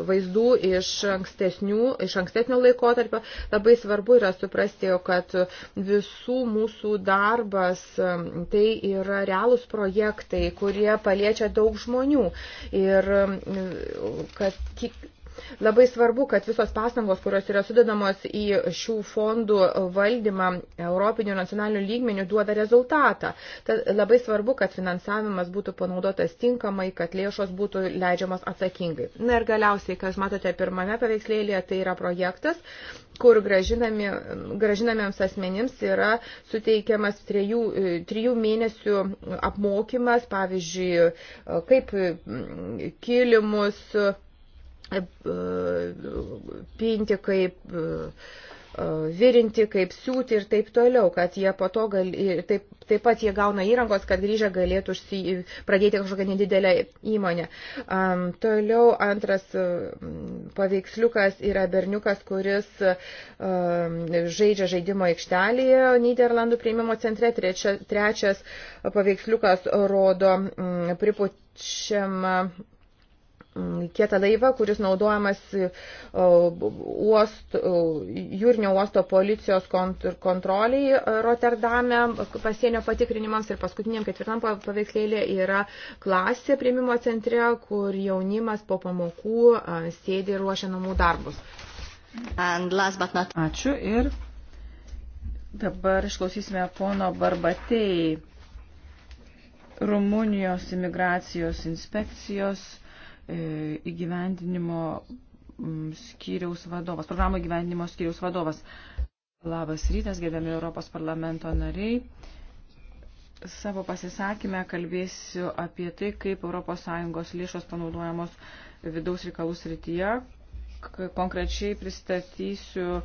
vaizdų iš, iš ankstesnio laikotarpio. Labai svarbu yra suprasti, kad visų mūsų darbas um, tai yra realūs projektai, kurie paliečia daug žmonių. Ir um, kad tik Labai svarbu, kad visos pastangos, kurios yra sudedamos į šių fondų valdymą Europinių nacionalinių lygmenių, duoda rezultatą. Tad labai svarbu, kad finansavimas būtų panaudotas tinkamai, kad lėšos būtų leidžiamas atsakingai. Na ir galiausiai, kas matote pirmame paveikslėlėje, tai yra projektas, kur gražinami, gražinamiems asmenims yra suteikiamas trijų, trijų mėnesių apmokymas, pavyzdžiui, kaip kilimus pinti, kaip e, virinti, kaip siūti ir taip toliau, kad jie po to gal, taip, taip pat jie gauna įrangos, kad grįžę galėtų užsi, pradėti kažkokią nedidelę įmonę. Um, toliau antras e, paveiksliukas yra berniukas, kuris um, žaidžia žaidimo aikštelėje Niderlandų prieimimo centre. Trečia, trečias paveiksliukas rodo um, pripučiamą kietą laivą, kuris naudojamas e, uost, e, jūrinio uosto policijos kontroliai e, Rotterdame pasienio patikrinimams ir paskutiniam ketvirtam paveikslėlė yra klasė prieimimo centre, kur jaunimas po pamokų sėdi ir ruošia namų darbus. Not... Ačiū ir dabar išklausysime pono Barbatėjai Rumunijos imigracijos inspekcijos E, įgyvendinimo skyriaus vadovas, programų įgyvendinimo skyriaus vadovas. Labas rytas, gerbiami Europos parlamento nariai. Savo pasisakymę kalbėsiu apie tai, kaip ES lėšos panaudojamos vidaus reikalų srityje. Konkrečiai pristatysiu e,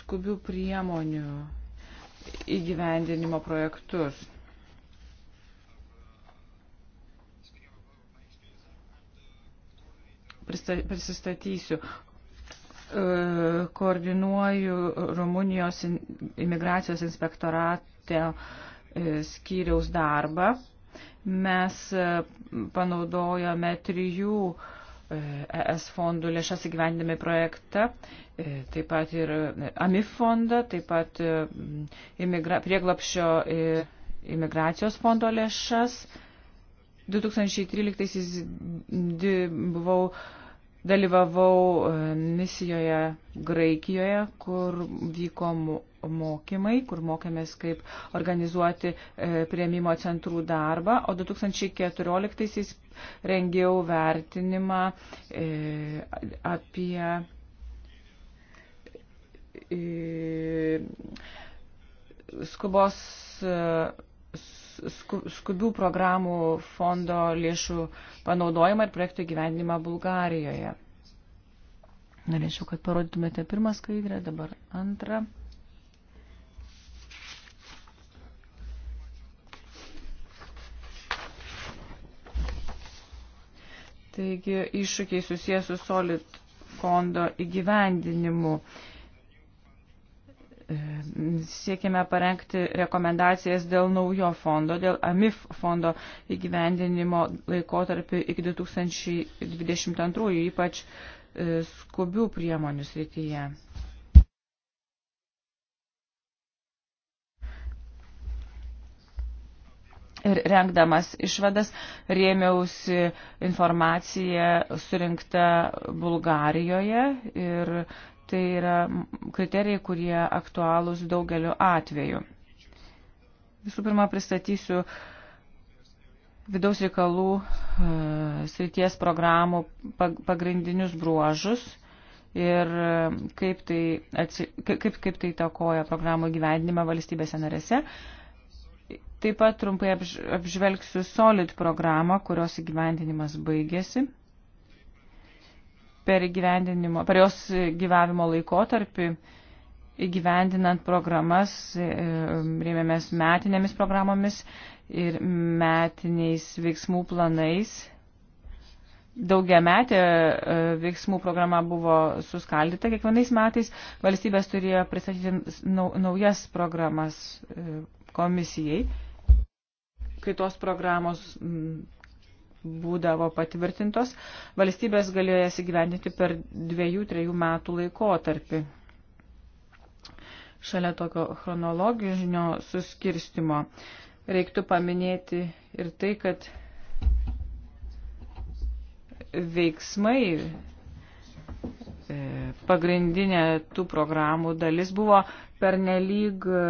skubių priemonių įgyvendinimo projektus. prisistatysiu. E, koordinuoju Rumunijos imigracijos inspektorate skyriaus darbą. Mes e, panaudojome trijų ES e fondų lėšas įgyvendami projektą, taip pat ir AMIF fondą, taip pat imigra, prieglapšio imigracijos fondo lėšas. 2013 buvau dalyvavau e, misijoje Graikijoje, kur vyko mokymai, kur mokėmės kaip organizuoti e, prieimimo centrų darbą, o 2014-aisiais rengiau vertinimą e, apie skubos skubių programų fondo lėšų panaudojimą ir projektų gyvenimą Bulgarijoje. Norėčiau, kad parodytumėte pirmą skaidrę, dabar antrą. Taigi iššūkiai susijęs su solid fondo įgyvendinimu. Uh, siekėme parengti rekomendacijas dėl naujo fondo, dėl AMIF fondo įgyvendinimo laikotarpį iki 2022, ypač e, skubių priemonių srityje. Ir rengdamas išvadas rėmiausi informaciją surinkta Bulgarijoje ir Tai yra kriterijai, kurie aktualūs daugeliu atveju. Visų pirma, pristatysiu vidaus reikalų e, srities programų pagrindinius bruožus ir e, kaip tai, atsi, kaip, kaip tai takoja programų gyvendimą valstybėse narėse. Taip pat trumpai apžvelgsiu SOLID programą, kurios įgyvendinimas baigėsi per, per jos gyvavimo laikotarpį įgyvendinant programas, e, rėmėmės metinėmis programomis ir metiniais veiksmų planais. Daugiametė e, veiksmų programa buvo suskaldyta kiekvienais metais. Valstybės turėjo pristatyti naujas programas e, komisijai, kai tos programos būdavo patvirtintos, valstybės galėjo jas įgyvendinti per dviejų, trejų metų laikotarpį. Šalia tokio chronologinio suskirstimo reiktų paminėti ir tai, kad veiksmai e, pagrindinė tų programų dalis buvo pernelyg e,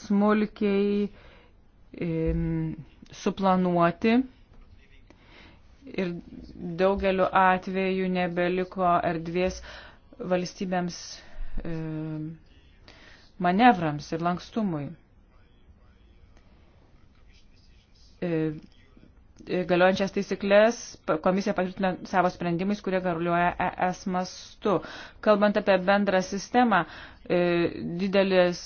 smulkiai e, suplanuoti ir daugeliu atveju nebeliko erdvės valstybėms e, manevrams ir lankstumui. E, galiojančias taisyklės komisija patvirtina savo sprendimais, kurie galioja ES mastu. Kalbant apie bendrą sistemą, e, didelis,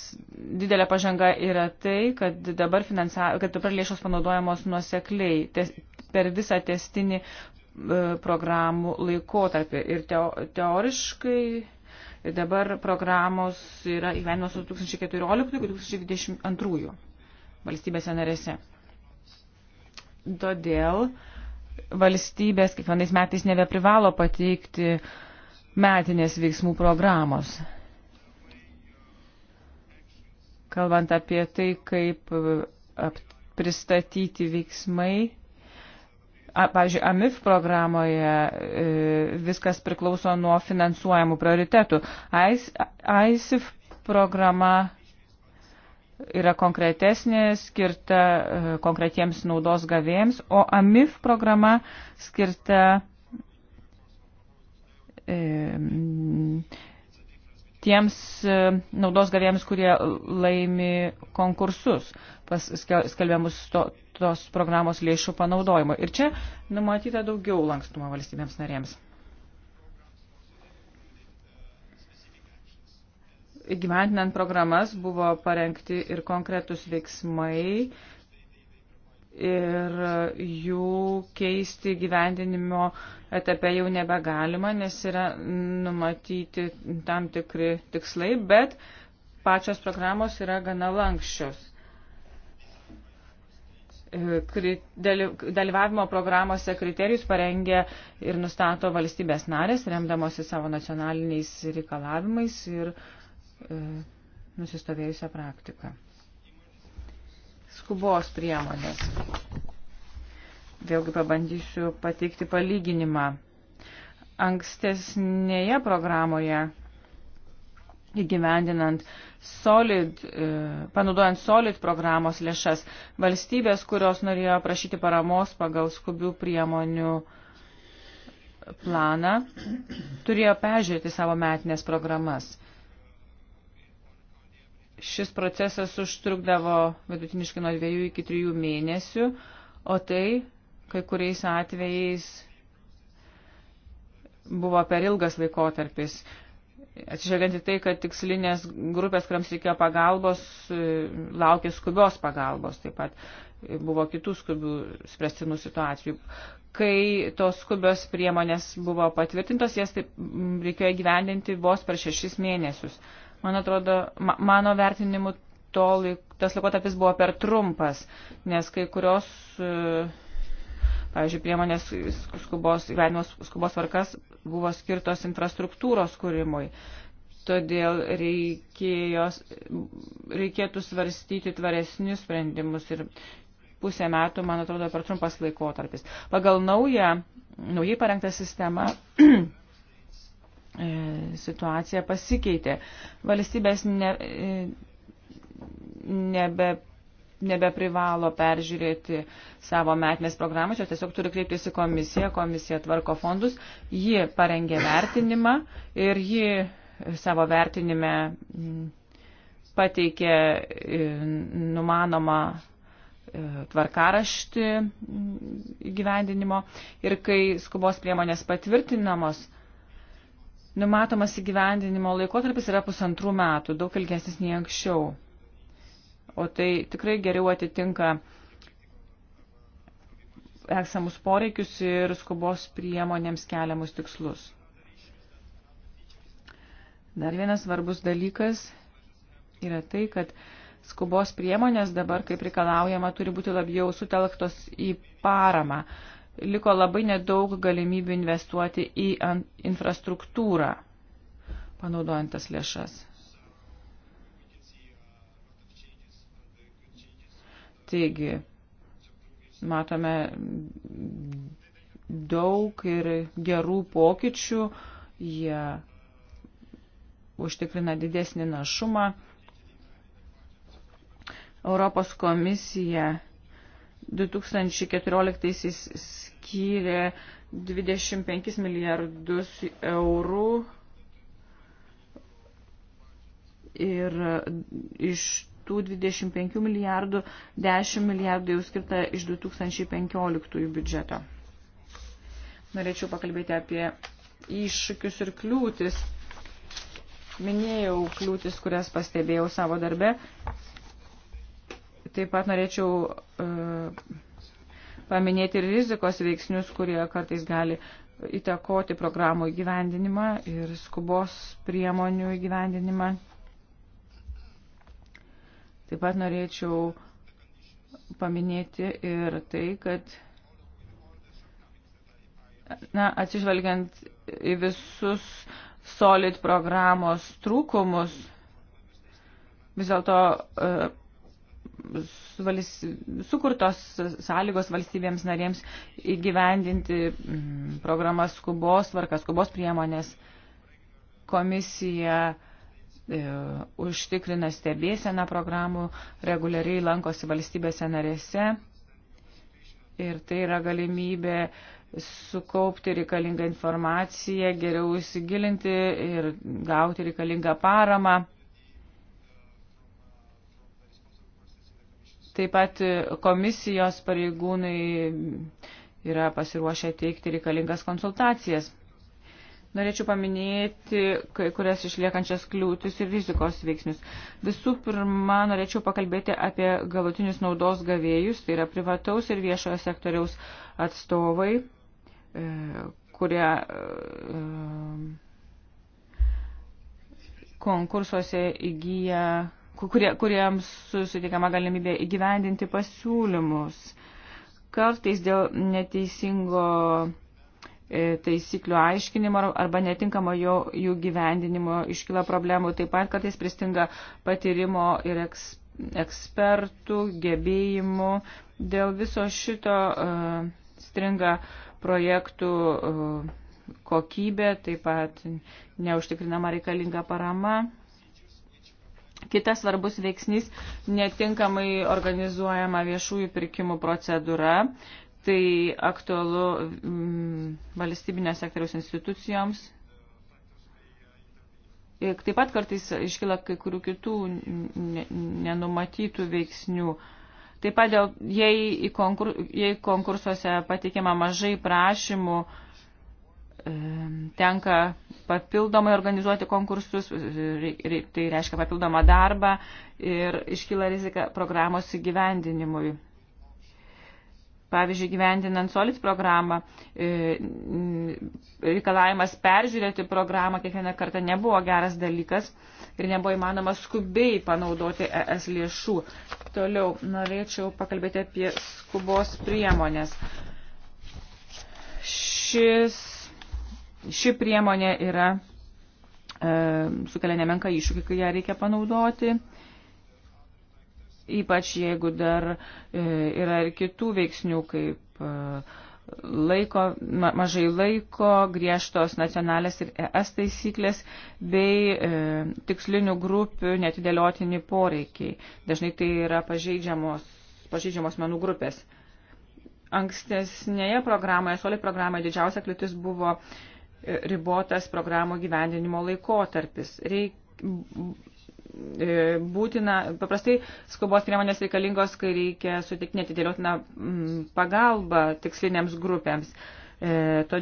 didelė pažanga yra tai, kad dabar, finansa, kad dabar lėšos panaudojamos nuosekliai tes, per visą testinį e, programų laikotarpį. Ir teo, teoriškai dabar programos yra įgyvenimas 2014-2022 valstybėse narėse. Todėl valstybės kiekvienais metais nebeprivalo pateikti metinės veiksmų programos. Kalbant apie tai, kaip e, pristatyti veiksmai, A, pavyzdžiui, AMIF programoje e, viskas priklauso nuo finansuojamų prioritetų. AISIF programa yra konkretesnė, skirta e, konkretiems naudos gavėjams, o AMIF programa skirta e, tiems e, naudos gavėjams, kurie laimi konkursus skelbiamus to, tos programos lėšų panaudojimo. Ir čia numatyta daugiau lankstumo valstybėms narėms. gyventinant programas buvo parengti ir konkretus veiksmai ir jų keisti gyvendinimo etape jau nebegalima, nes yra numatyti tam tikri tikslai, bet pačios programos yra gana lankščios. Dalyvavimo programuose kriterijus parengia ir nustato valstybės narės, remdamosi savo nacionaliniais reikalavimais ir uh, E, nusistovėjusią praktiką. Skubos priemonės. Vėlgi pabandysiu pateikti palyginimą. Ankstesnėje programoje įgyvendinant solid, e, panaudojant solid programos lėšas, valstybės, kurios norėjo prašyti paramos pagal skubių priemonių planą, turėjo peržiūrėti savo metinės programas. Šis procesas užtrukdavo vidutiniškai nuo dviejų iki trijų mėnesių, o tai kai kuriais atvejais buvo per ilgas laikotarpis. Atsižvelgiant į tai, kad tikslinės grupės, kuriams reikėjo pagalbos, laukė skubios pagalbos, taip pat buvo kitų skubių spręstinų situacijų. Kai tos skubios priemonės buvo patvirtintos, jas taip reikėjo įgyvendinti vos per šešis mėnesius. Man atrodo, ma mano vertinimu, to laik, tas laikotarpis buvo per trumpas, nes kai kurios, e, pavyzdžiui, priemonės skubos, gyvenimos skubos varkas buvo skirtos infrastruktūros kūrimui. Todėl reikėjo, reikėtų svarstyti tvaresnius sprendimus ir pusę metų, man atrodo, per trumpas laikotarpis. Pagal naują, naujai parengtą sistemą <clears throat> E, situacija pasikeitė. Valstybės ne, e, nebe nebeprivalo peržiūrėti savo metinės programos, jos tiesiog turi kreiptis į komisiją, komisija tvarko fondus, ji parengė vertinimą ir ji savo vertinime pateikė e, numanomą tvarkaraštį gyvendinimo ir kai skubos priemonės patvirtinamos, Numatomas įgyvendinimo laikotarpis yra pusantrų metų, daug ilgesnis nei anksčiau. O tai tikrai geriau atitinka eksamus poreikius ir skubos priemonėms keliamus tikslus. Dar vienas svarbus dalykas yra tai, kad skubos priemonės dabar, kaip reikalaujama, turi būti labiau sutelktos į paramą liko labai nedaug galimybių investuoti į infrastruktūrą, panaudojant tas lėšas. Taigi, matome daug ir gerų pokyčių, jie užtikrina didesnį našumą. Europos komisija 2014 skyrė 25 milijardus eurų ir iš tų 25 milijardų 10 milijardų jau skirta iš 2015 biudžeto. Norėčiau pakalbėti apie iššūkius ir kliūtis. Minėjau kliūtis, kurias pastebėjau savo darbe Taip pat norėčiau uh, paminėti ir rizikos veiksnius, kurie kartais gali įtakoti programų įgyvendinimą ir skubos priemonių įgyvendinimą. Taip pat norėčiau paminėti ir tai, kad na, atsižvelgiant į visus solid programos trūkumus, vis dėlto e, valis, sukurtos sąlygos valstybėms narėms įgyvendinti mm, programas skubos tvarkas, skubos priemonės. Komisija e, užtikrina stebėseną programų, reguliariai lankosi valstybėse narėse ir tai yra galimybė sukaupti reikalingą informaciją, geriau įsigilinti ir gauti reikalingą paramą. Taip pat komisijos pareigūnai yra pasiruošę teikti reikalingas konsultacijas. Norėčiau paminėti kai kurias išliekančias kliūtis ir rizikos veiksnius. Visų pirma, norėčiau pakalbėti apie galutinius naudos gavėjus, tai yra privataus ir viešojo sektoriaus atstovai, e, kurie e, konkursuose įgyja kurie, kuriems susitikama galimybė įgyvendinti pasiūlymus. Kartais dėl neteisingo e, taisyklių aiškinimo arba netinkamo jo, jų gyvendinimo iškyla problemų. Taip pat kartais pristinga patyrimo ir eks, ekspertų gebėjimų. Dėl viso šito uh, stringa projektų uh, kokybė, taip pat neužtikrinama reikalinga parama. Kitas svarbus veiksnys - netinkamai organizuojama viešųjų pirkimų procedūra. Tai aktualu mm, valstybinio sektoriaus institucijoms. Ir taip pat kartais iškyla kai kurių kitų nenumatytų veiksnių. Taip pat, dėl, jei, konkur, jei konkursuose pateikiama mažai prašymų, mm, E, tenka papildomai organizuoti konkursus, e, tai reiškia papildomą darbą ir iškyla rizika programos įgyvendinimui. Pavyzdžiui, gyvendinant SOLIT programą, e, reikalavimas peržiūrėti programą kiekvieną kartą nebuvo geras dalykas ir nebuvo įmanoma skubiai panaudoti ES lėšų. Toliau norėčiau pakalbėti apie skubos priemonės. Šis ši priemonė yra e, sukelia nemenka iššūkį, kai ją reikia panaudoti. Ypač jeigu dar e, yra ir kitų veiksnių, kaip e, laiko, mažai laiko, griežtos nacionalės ir ES taisyklės bei tikslinių grupių netidėliotini poreikiai. Dažnai tai yra pažeidžiamos, pažeidžiamos menų grupės. Ankstesnėje programoje, solai programoje didžiausia kliūtis buvo uh, ribotas programų gyvendinimo laikotarpis. Reik, e, būtina, paprastai skubos priemonės reikalingos, kai reikia sutikti netidėliotiną mm, pagalbą tikslinėms grupėms. E, to,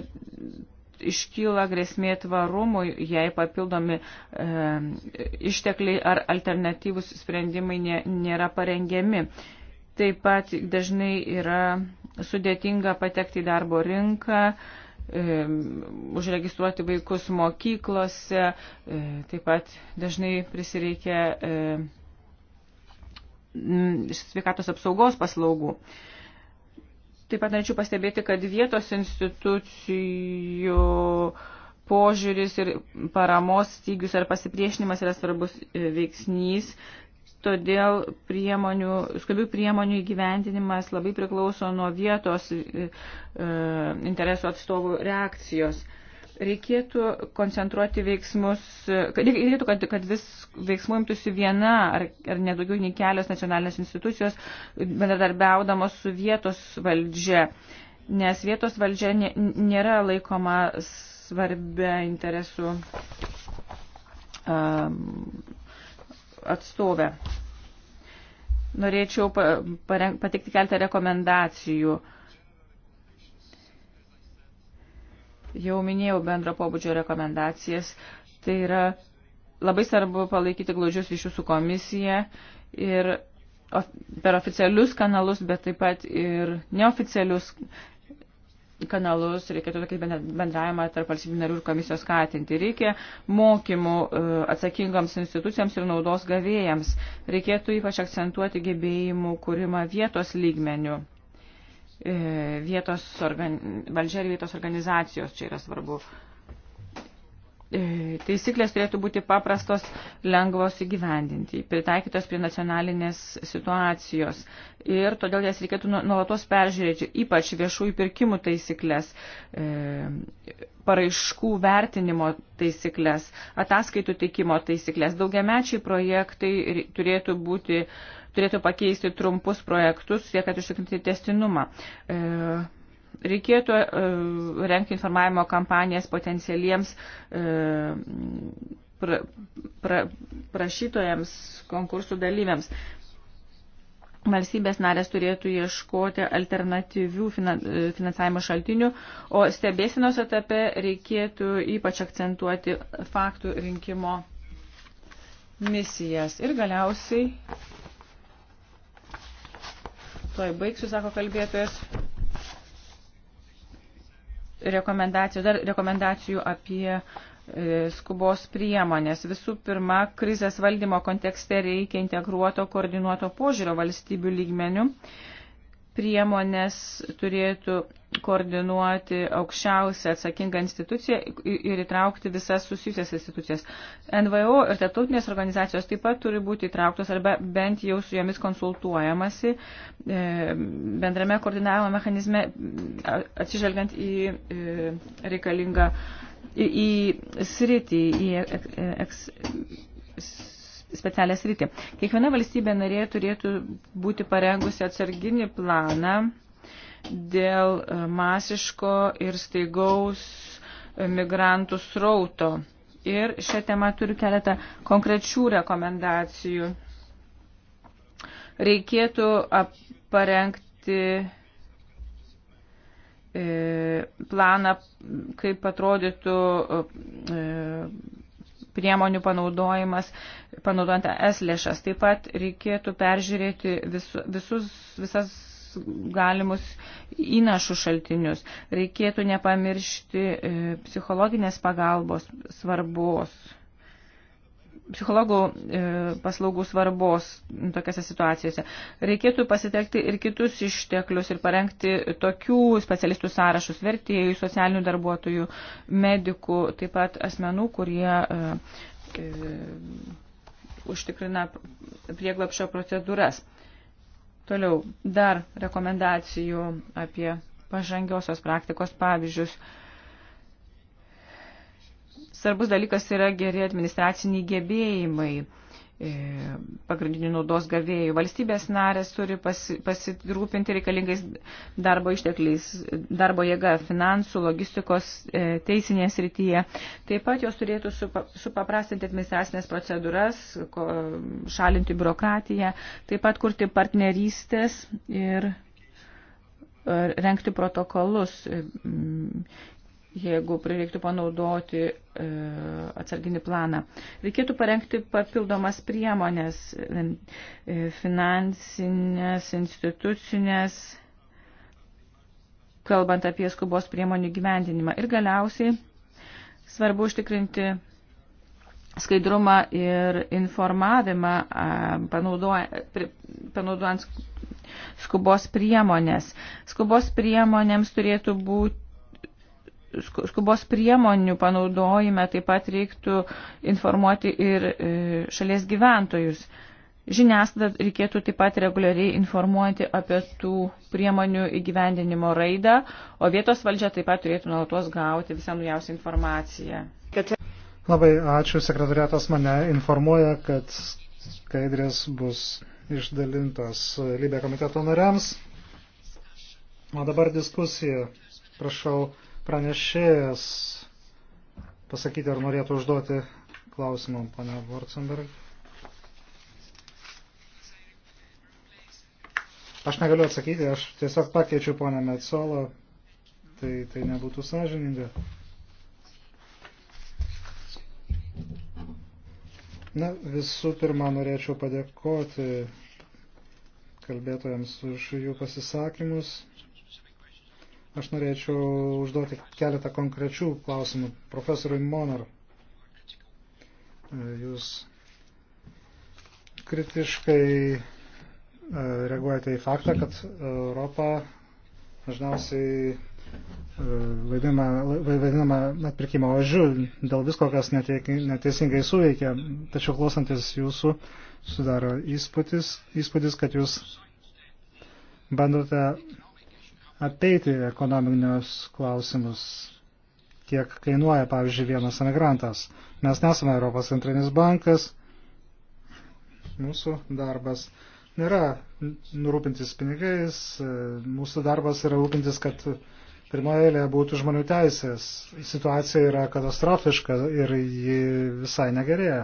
iškyla grėsmė tvarumui, jei papildomi e, ištekliai ar alternatyvus sprendimai nė, nėra parengiami. Taip pat dažnai yra sudėtinga patekti į darbo rinką, e, užregistruoti vaikus mokyklose, e, taip pat dažnai prisireikia e, sveikatos apsaugos paslaugų. Taip pat norėčiau pastebėti, kad vietos institucijų požiūris ir paramos stygius ar pasipriešinimas yra svarbus e, veiksnys, Todėl priemonių, skubių priemonių įgyvendinimas labai priklauso nuo vietos e, e interesų atstovų reakcijos. Reikėtų koncentruoti veiksmus, reikėtų, kad, kad vis veiksmų imtųsi viena ar, ar nedaugiau nei kelios nacionalinės institucijos, bendradarbiaudamos su vietos valdžia, nes vietos valdžia nėra laikoma svarbia interesų um, atstovę. Norėčiau patikti keltą rekomendacijų. Jau minėjau bendro pobūdžio rekomendacijas. Tai yra labai svarbu palaikyti glaudžius ryšius su komisija ir per oficialius kanalus, bet taip pat ir neoficialius kanalus, reikėtų tokį bendravimą tarp valstybių narių ir komisijos skatinti. Reikia mokymų e, atsakingoms institucijams ir naudos gavėjams. Reikėtų ypač akcentuoti gebėjimų kūrimą vietos lygmenių. E, vietos organ... Valdžia ir vietos organizacijos čia yra svarbu. E, Teisiklės turėtų būti paprastos, lengvos įgyvendinti, pritaikytos prie nacionalinės situacijos. Ir todėl jas reikėtų nu, nuolatos peržiūrėti, ypač viešųjų pirkimų taisyklės, e, paraiškų vertinimo taisyklės, ataskaitų teikimo taisyklės. Daugiamečiai projektai turėtų būti turėtų pakeisti trumpus projektus, siekat užtikrinti testinumą. E, Reikėtų uh, e, renkti informavimo kampanijas potencialiems uh, pra, pra, prašytojams, konkursų dalyviams. Valstybės narės turėtų ieškoti alternatyvių e, finansavimo šaltinių, o stebėsinos etape reikėtų ypač akcentuoti faktų rinkimo misijas. Ir galiausiai, toj baigsiu, sako kalbėtojas, rekomendacijų, dar rekomendacijų apie e, skubos priemonės. Visų pirma, krizės valdymo kontekste reikia integruoto koordinuoto požiūrio valstybių lygmenių priemonės turėtų koordinuoti aukščiausią atsakingą instituciją ir įtraukti visas susijusias institucijas. NVO ir tarptautinės organizacijos taip pat turi būti įtrauktos arba bent jau su jomis konsultuojamasi e, bendrame koordinavimo mechanizme atsižvelgiant į e, reikalingą į sritį, į e, eks, specialią sritį. Kiekviena valstybė narė turėtų būti parengusi atsarginį planą dėl e, masiško ir staigaus e, migrantų srauto. Ir šią temą turiu keletą konkrečių rekomendacijų. Reikėtų parengti e, planą, kaip atrodytų priemonių panaudojimas, panaudojant es lėšas. Taip pat reikėtų peržiūrėti visu, visus, visas galimus įnašų šaltinius. Reikėtų nepamiršti e, psichologinės pagalbos svarbos psichologų e, paslaugų svarbos tokiose situacijose. Reikėtų pasitelkti ir kitus išteklius ir parengti tokių specialistų sąrašus, vertėjų, socialinių darbuotojų, medikų, taip pat asmenų, kurie e, e, užtikrina prieglapšio procedūras. Toliau, dar rekomendacijų apie pažangiosios praktikos pavyzdžius. E, Svarbus dalykas yra geri administraciniai gebėjimai e, pagrindinių naudos gavėjų. Valstybės narės turi pasi, pasirūpinti reikalingais darbo ištekliais, darbo jėga, finansų, logistikos, e, teisinės rytyje. Taip pat jos turėtų supaprastinti administracinės procedūras, šalinti biurokratiją, taip pat kurti partnerystės ir e, renkti protokolus jeigu prireiktų panaudoti e, atsarginį planą. Reikėtų parengti papildomas priemonės, e, finansinės, institucinės, kalbant apie skubos priemonių gyvendinimą. Ir galiausiai svarbu užtikrinti skaidrumą ir informavimą, panaudojant skubos priemonės. Skubos priemonėms turėtų būti skubos priemonių panaudojime taip pat reiktų informuoti ir e, šalies gyventojus. Žiniasklaidą reikėtų taip pat reguliariai informuoti apie tų priemonių įgyvendinimo raidą, o vietos valdžia taip pat turėtų nuolatos gauti visą naujausią informaciją. Labai ačiū, sekretariatas mane informuoja, kad skaidrės bus išdalintos Libė komiteto nariams. O dabar diskusija. Prašau pranešėjas pasakyti, ar norėtų užduoti klausimą, pane Vortsenberg. Aš negaliu atsakyti, aš tiesiog pakeičiu ponę Metsolą, tai, tai nebūtų sąžininga. Na, visų pirma, norėčiau padėkoti kalbėtojams už jų pasisakymus. Aš norėčiau užduoti keletą konkrečių klausimų. Profesoriui Monar, jūs kritiškai e, reaguojate į faktą, kad Europa dažniausiai e, vaidinama atpirkimo ožiu dėl visko, kas neteisingai suveikia. Tačiau klausantis jūsų sudaro įspūdis, įspūdis kad jūs bandote apeiti ekonominius klausimus, kiek kainuoja, pavyzdžiui, vienas emigrantas. Mes nesame Europos centrinis bankas, mūsų darbas nėra nurūpintis pinigais, mūsų darbas yra rūpintis, kad pirmoje eilėje būtų žmonių teisės. Situacija yra katastrofiška ir ji visai negerėja.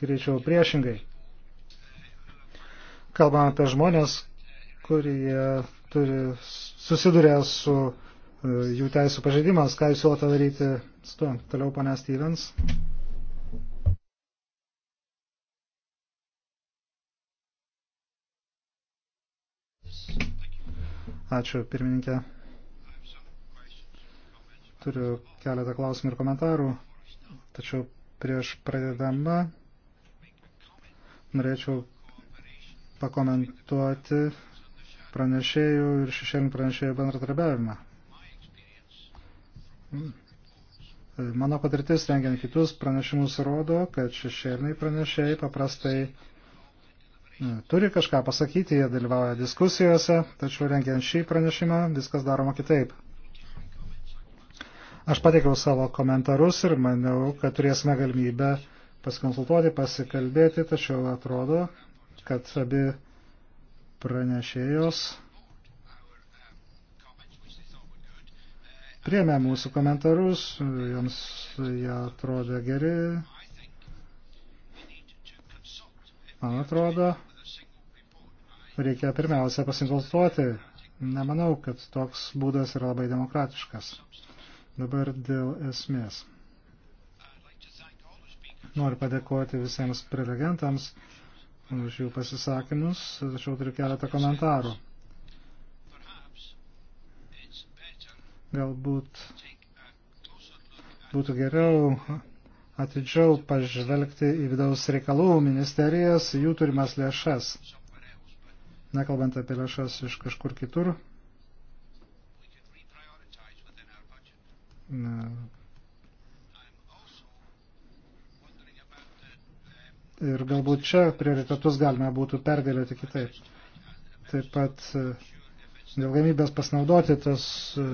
Greičiau priešingai. Kalbame apie žmonės, kurie turi, susiduria su e, jų teisų pažeidimas. Ką jūs siūlote daryti su tuo? Toliau pane Stevens. Ačiū, pirmininkė. Turiu keletą klausimų ir komentarų, tačiau prieš pradedama norėčiau pakomentuoti pranešėjų ir šešėlinių pranešėjų bendratarbiavimą. Hmm. Mano patirtis rengiant kitus pranešimus rodo, kad šešėliniai pranešėjai paprastai hmm, turi kažką pasakyti, jie dalyvauja diskusijose, tačiau rengiant šį pranešimą viskas daroma kitaip. Aš pateikiau savo komentarus ir maniau, kad turėsime galimybę pasikonsultuoti, pasikalbėti, tačiau atrodo, kad abi pranešėjos priemė mūsų komentarus, joms jie atrodė geri. Man atrodo, reikia pirmiausia pasikonsultuoti. Nemanau, kad toks būdas yra labai demokratiškas. Dabar dėl esmės. Noriu padėkoti visiems prelegentams už jų pasisakymus, tačiau turiu keletą komentarų. Galbūt būtų geriau atidžiau pažvelgti į vidaus reikalų ministerijas, jų turimas lėšas. Nekalbant apie lėšas iš kažkur kitur. Ir galbūt čia prioritetus galime būtų perdėlioti kitaip. Taip pat e, dėl galimybės pasinaudoti tas e,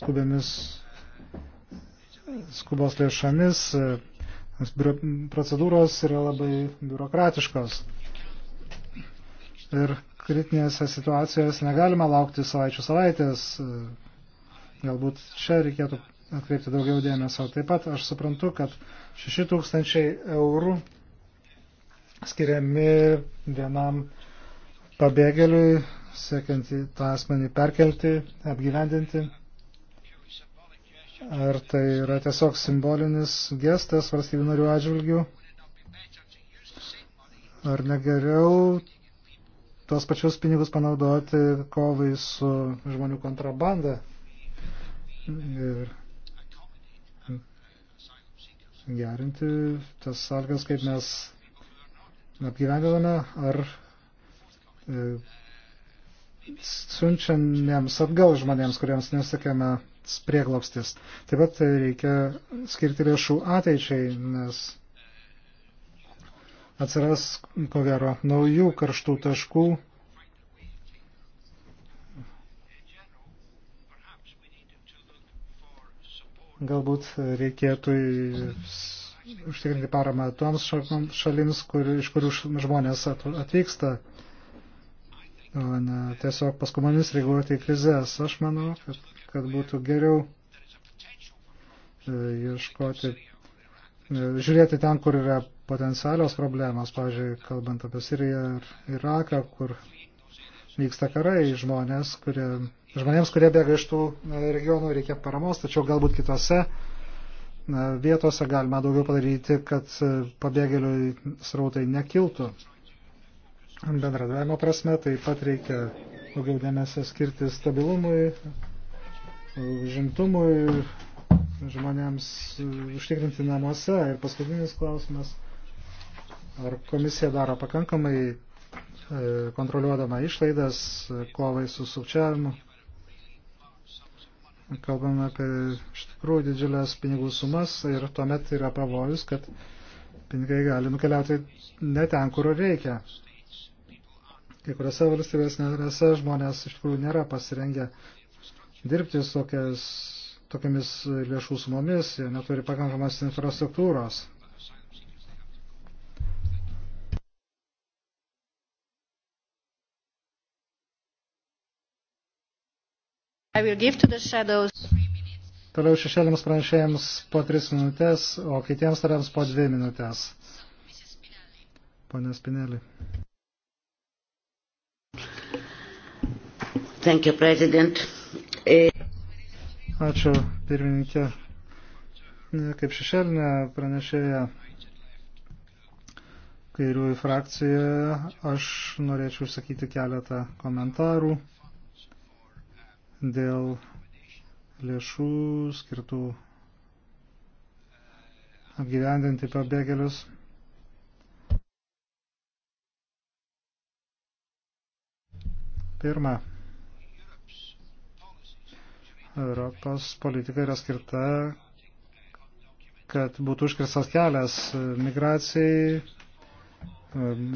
skubiamis skubos lėšomis, e, nes procedūros yra labai biurokratiškos. Ir kritinėse situacijose negalima laukti savaičių savaitės. Galbūt čia reikėtų atkreipti daugiau dėmesio. Taip pat aš suprantu, kad 6000 eurų skiriami vienam pabėgėliui, siekiant tą asmenį perkelti, apgyvendinti. Ar tai yra tiesiog simbolinis gestas valstybių narių atžvilgių? Ar negeriau tuos pačius pinigus panaudoti kovai su žmonių kontrabanda? Ir gerinti tas sąlygas, kaip mes apgyvendiname ar e, siunčiamiems atgal žmonėms, kuriems nesakėme prieglopstis. Taip pat reikia skirti lėšų ateičiai, nes atsiras, ko gero, naujų karštų taškų. Galbūt reikėtų užtikrinti paramą toms šalims, kur, iš kurių žmonės atvyksta, o ne tiesiog paskumomis reaguoti į krizės. Aš manau, kad, kad būtų geriau e, ieškoti, e, žiūrėti ten, kur yra potencialios problemos, pavyzdžiui, kalbant apie Siriją ir Iraką, kur vyksta karai, žmonės, kurie, žmonėms, kurie bėga iš tų e, regionų, reikia paramos, tačiau galbūt kitose vietose galima daugiau padaryti, kad e, pabėgėlių srautai nekiltų. Bendradavimo prasme taip pat reikia daugiau dėmesio skirti stabilumui, žimtumui, žmonėms e, užtikrinti namuose. Ir paskutinis klausimas, ar komisija daro pakankamai e, kontroliuodama išlaidas kovai su sukčiavimu kalbame apie iš tikrųjų didžiulės pinigų sumas ir tuomet yra pavojus, kad pinigai gali nukeliauti ne ten, kur reikia. Kai kuriuose valstybės narėse žmonės iš tikrųjų nėra pasirengę dirbti tokias, tokiamis lėšų sumomis, jie neturi pakankamos infrastruktūros. Toliau šešėliams pranešėjams po 3 minutės, o kitiems tariams po 2 minutės. Pone Spinelį. Thank you, President. E- Ačiū, pirmininkė. Kaip šešėlinė pranešėja kairiųjų frakcijoje, aš norėčiau išsakyti keletą komentarų dėl lėšų skirtų apgyvendinti pabėgėlius. Pirma, Europos politika yra skirta, kad būtų užkirstas kelias migracijai,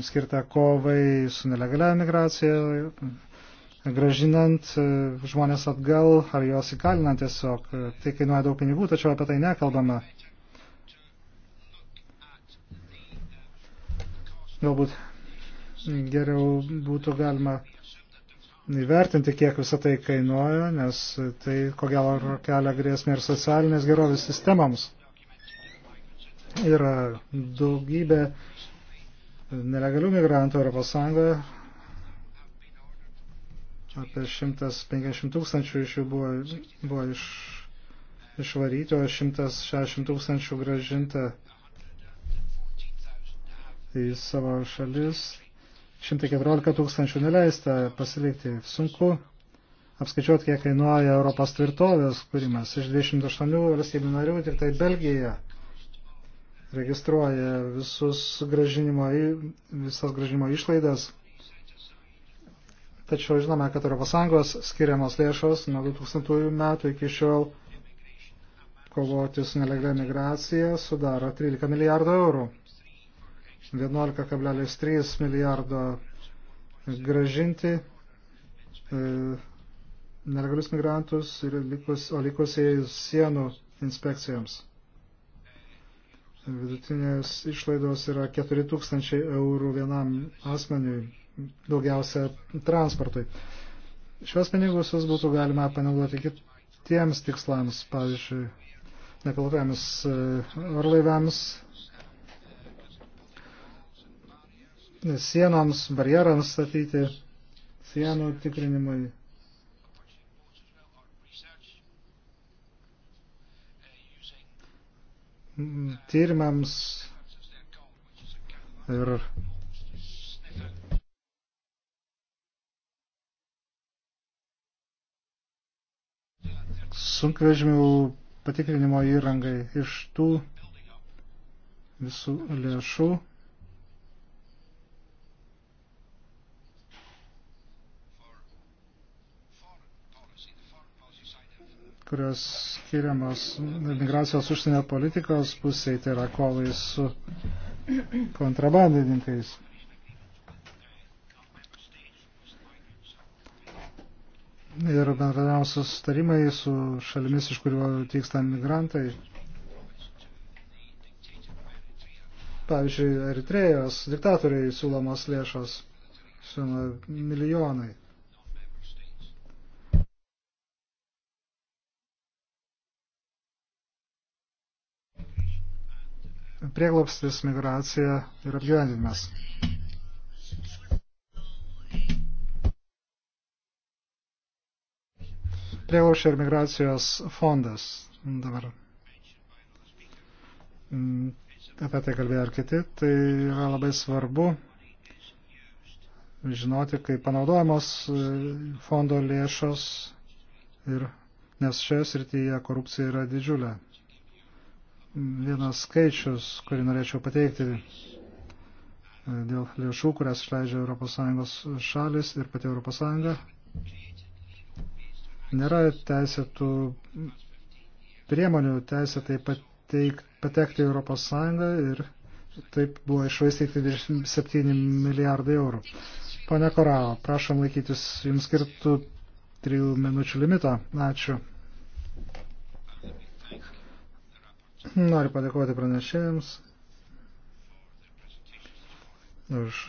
skirta kovai su nelegalia migracija, gražinant e, žmonės atgal ar juos įkalinant tiesiog. E, tai kainuoja daug pinigų, tačiau apie tai nekalbama. Galbūt geriau būtų galima įvertinti, kiek visą tai kainuoja, nes tai ko gero kelia grėsmė ir socialinės gerovės sistemams. Yra daugybė nelegalių migrantų Europos Sąjungoje, Apie 150 tūkstančių iš jų buvo, buvo iš, išvaryti, o 160 tūkstančių gražinta į savo šalis. 114 tūkstančių neleista pasilikti. Sunku apskaičiuoti, kiek kainuoja Europos tvirtovės kūrimas. Iš 28 valstybių narių tik tai Belgija registruoja visus gražinimo, visas gražinimo išlaidas. Tačiau žinome, kad ES skiriamos lėšos nuo 2000 metų iki šiol kovoti su nelegalia migracija sudaro 13 milijardų eurų. 11,3 milijardo gražinti e, nelegalius migrantus, likus, o likusieji sienų inspekcijoms. Vidutinės išlaidos yra 4000 eurų vienam asmeniui daugiausia transportui. Šios pinigus būtų galima panaudoti kitiems tikslams, pavyzdžiui, nepilotuojams e, orlaiviams, sienoms, barjerams statyti, sienų tikrinimui. tyrimams ir sunkvežimių patikrinimo įrangai iš tų visų lėšų. kurios skiriamas migracijos užsienio politikos pusiai, tai yra kovai su kontrabandininkais. ir bendradarbiavimo sustarimai su šalimis, iš kurių atvyksta migrantai. Pavyzdžiui, Eritrėjos diktatoriai siūlomos lėšos siūlo milijonai. prieglobstis, migracija ir apgyvendinimas. Prieglaušio ir migracijos fondas dabar. Mm, apie tai kalbėjo ir kiti. Tai yra labai svarbu žinoti, kaip panaudojamos e, fondo lėšos ir nes šioje srityje korupcija yra didžiulė. Vienas skaičius, kurį norėčiau pateikti e, dėl lėšų, kurias išleidžia ES šalis ir pati ES nėra teisėtų priemonių teisėtai pateik, patekti į Europos Sąjungą ir taip buvo išvaistyti 27 milijardai eurų. Pane Korao, prašom laikytis jums skirtų trijų minučių limito. Ačiū. Noriu padėkoti pranešėjams už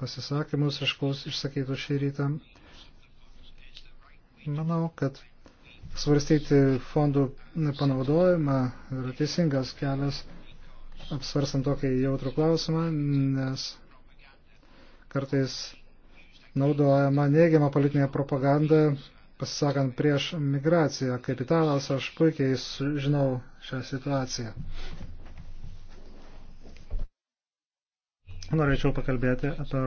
pasisakymus išsakytus šį rytą. Manau, kad svarstyti fondų panaudojimą yra teisingas kelias apsvarstant tokį jautrų klausimą, nes kartais naudojama neigiama politinė propaganda, pasisakant prieš migraciją. Kaip italas aš puikiai žinau šią situaciją. Norėčiau pakalbėti apie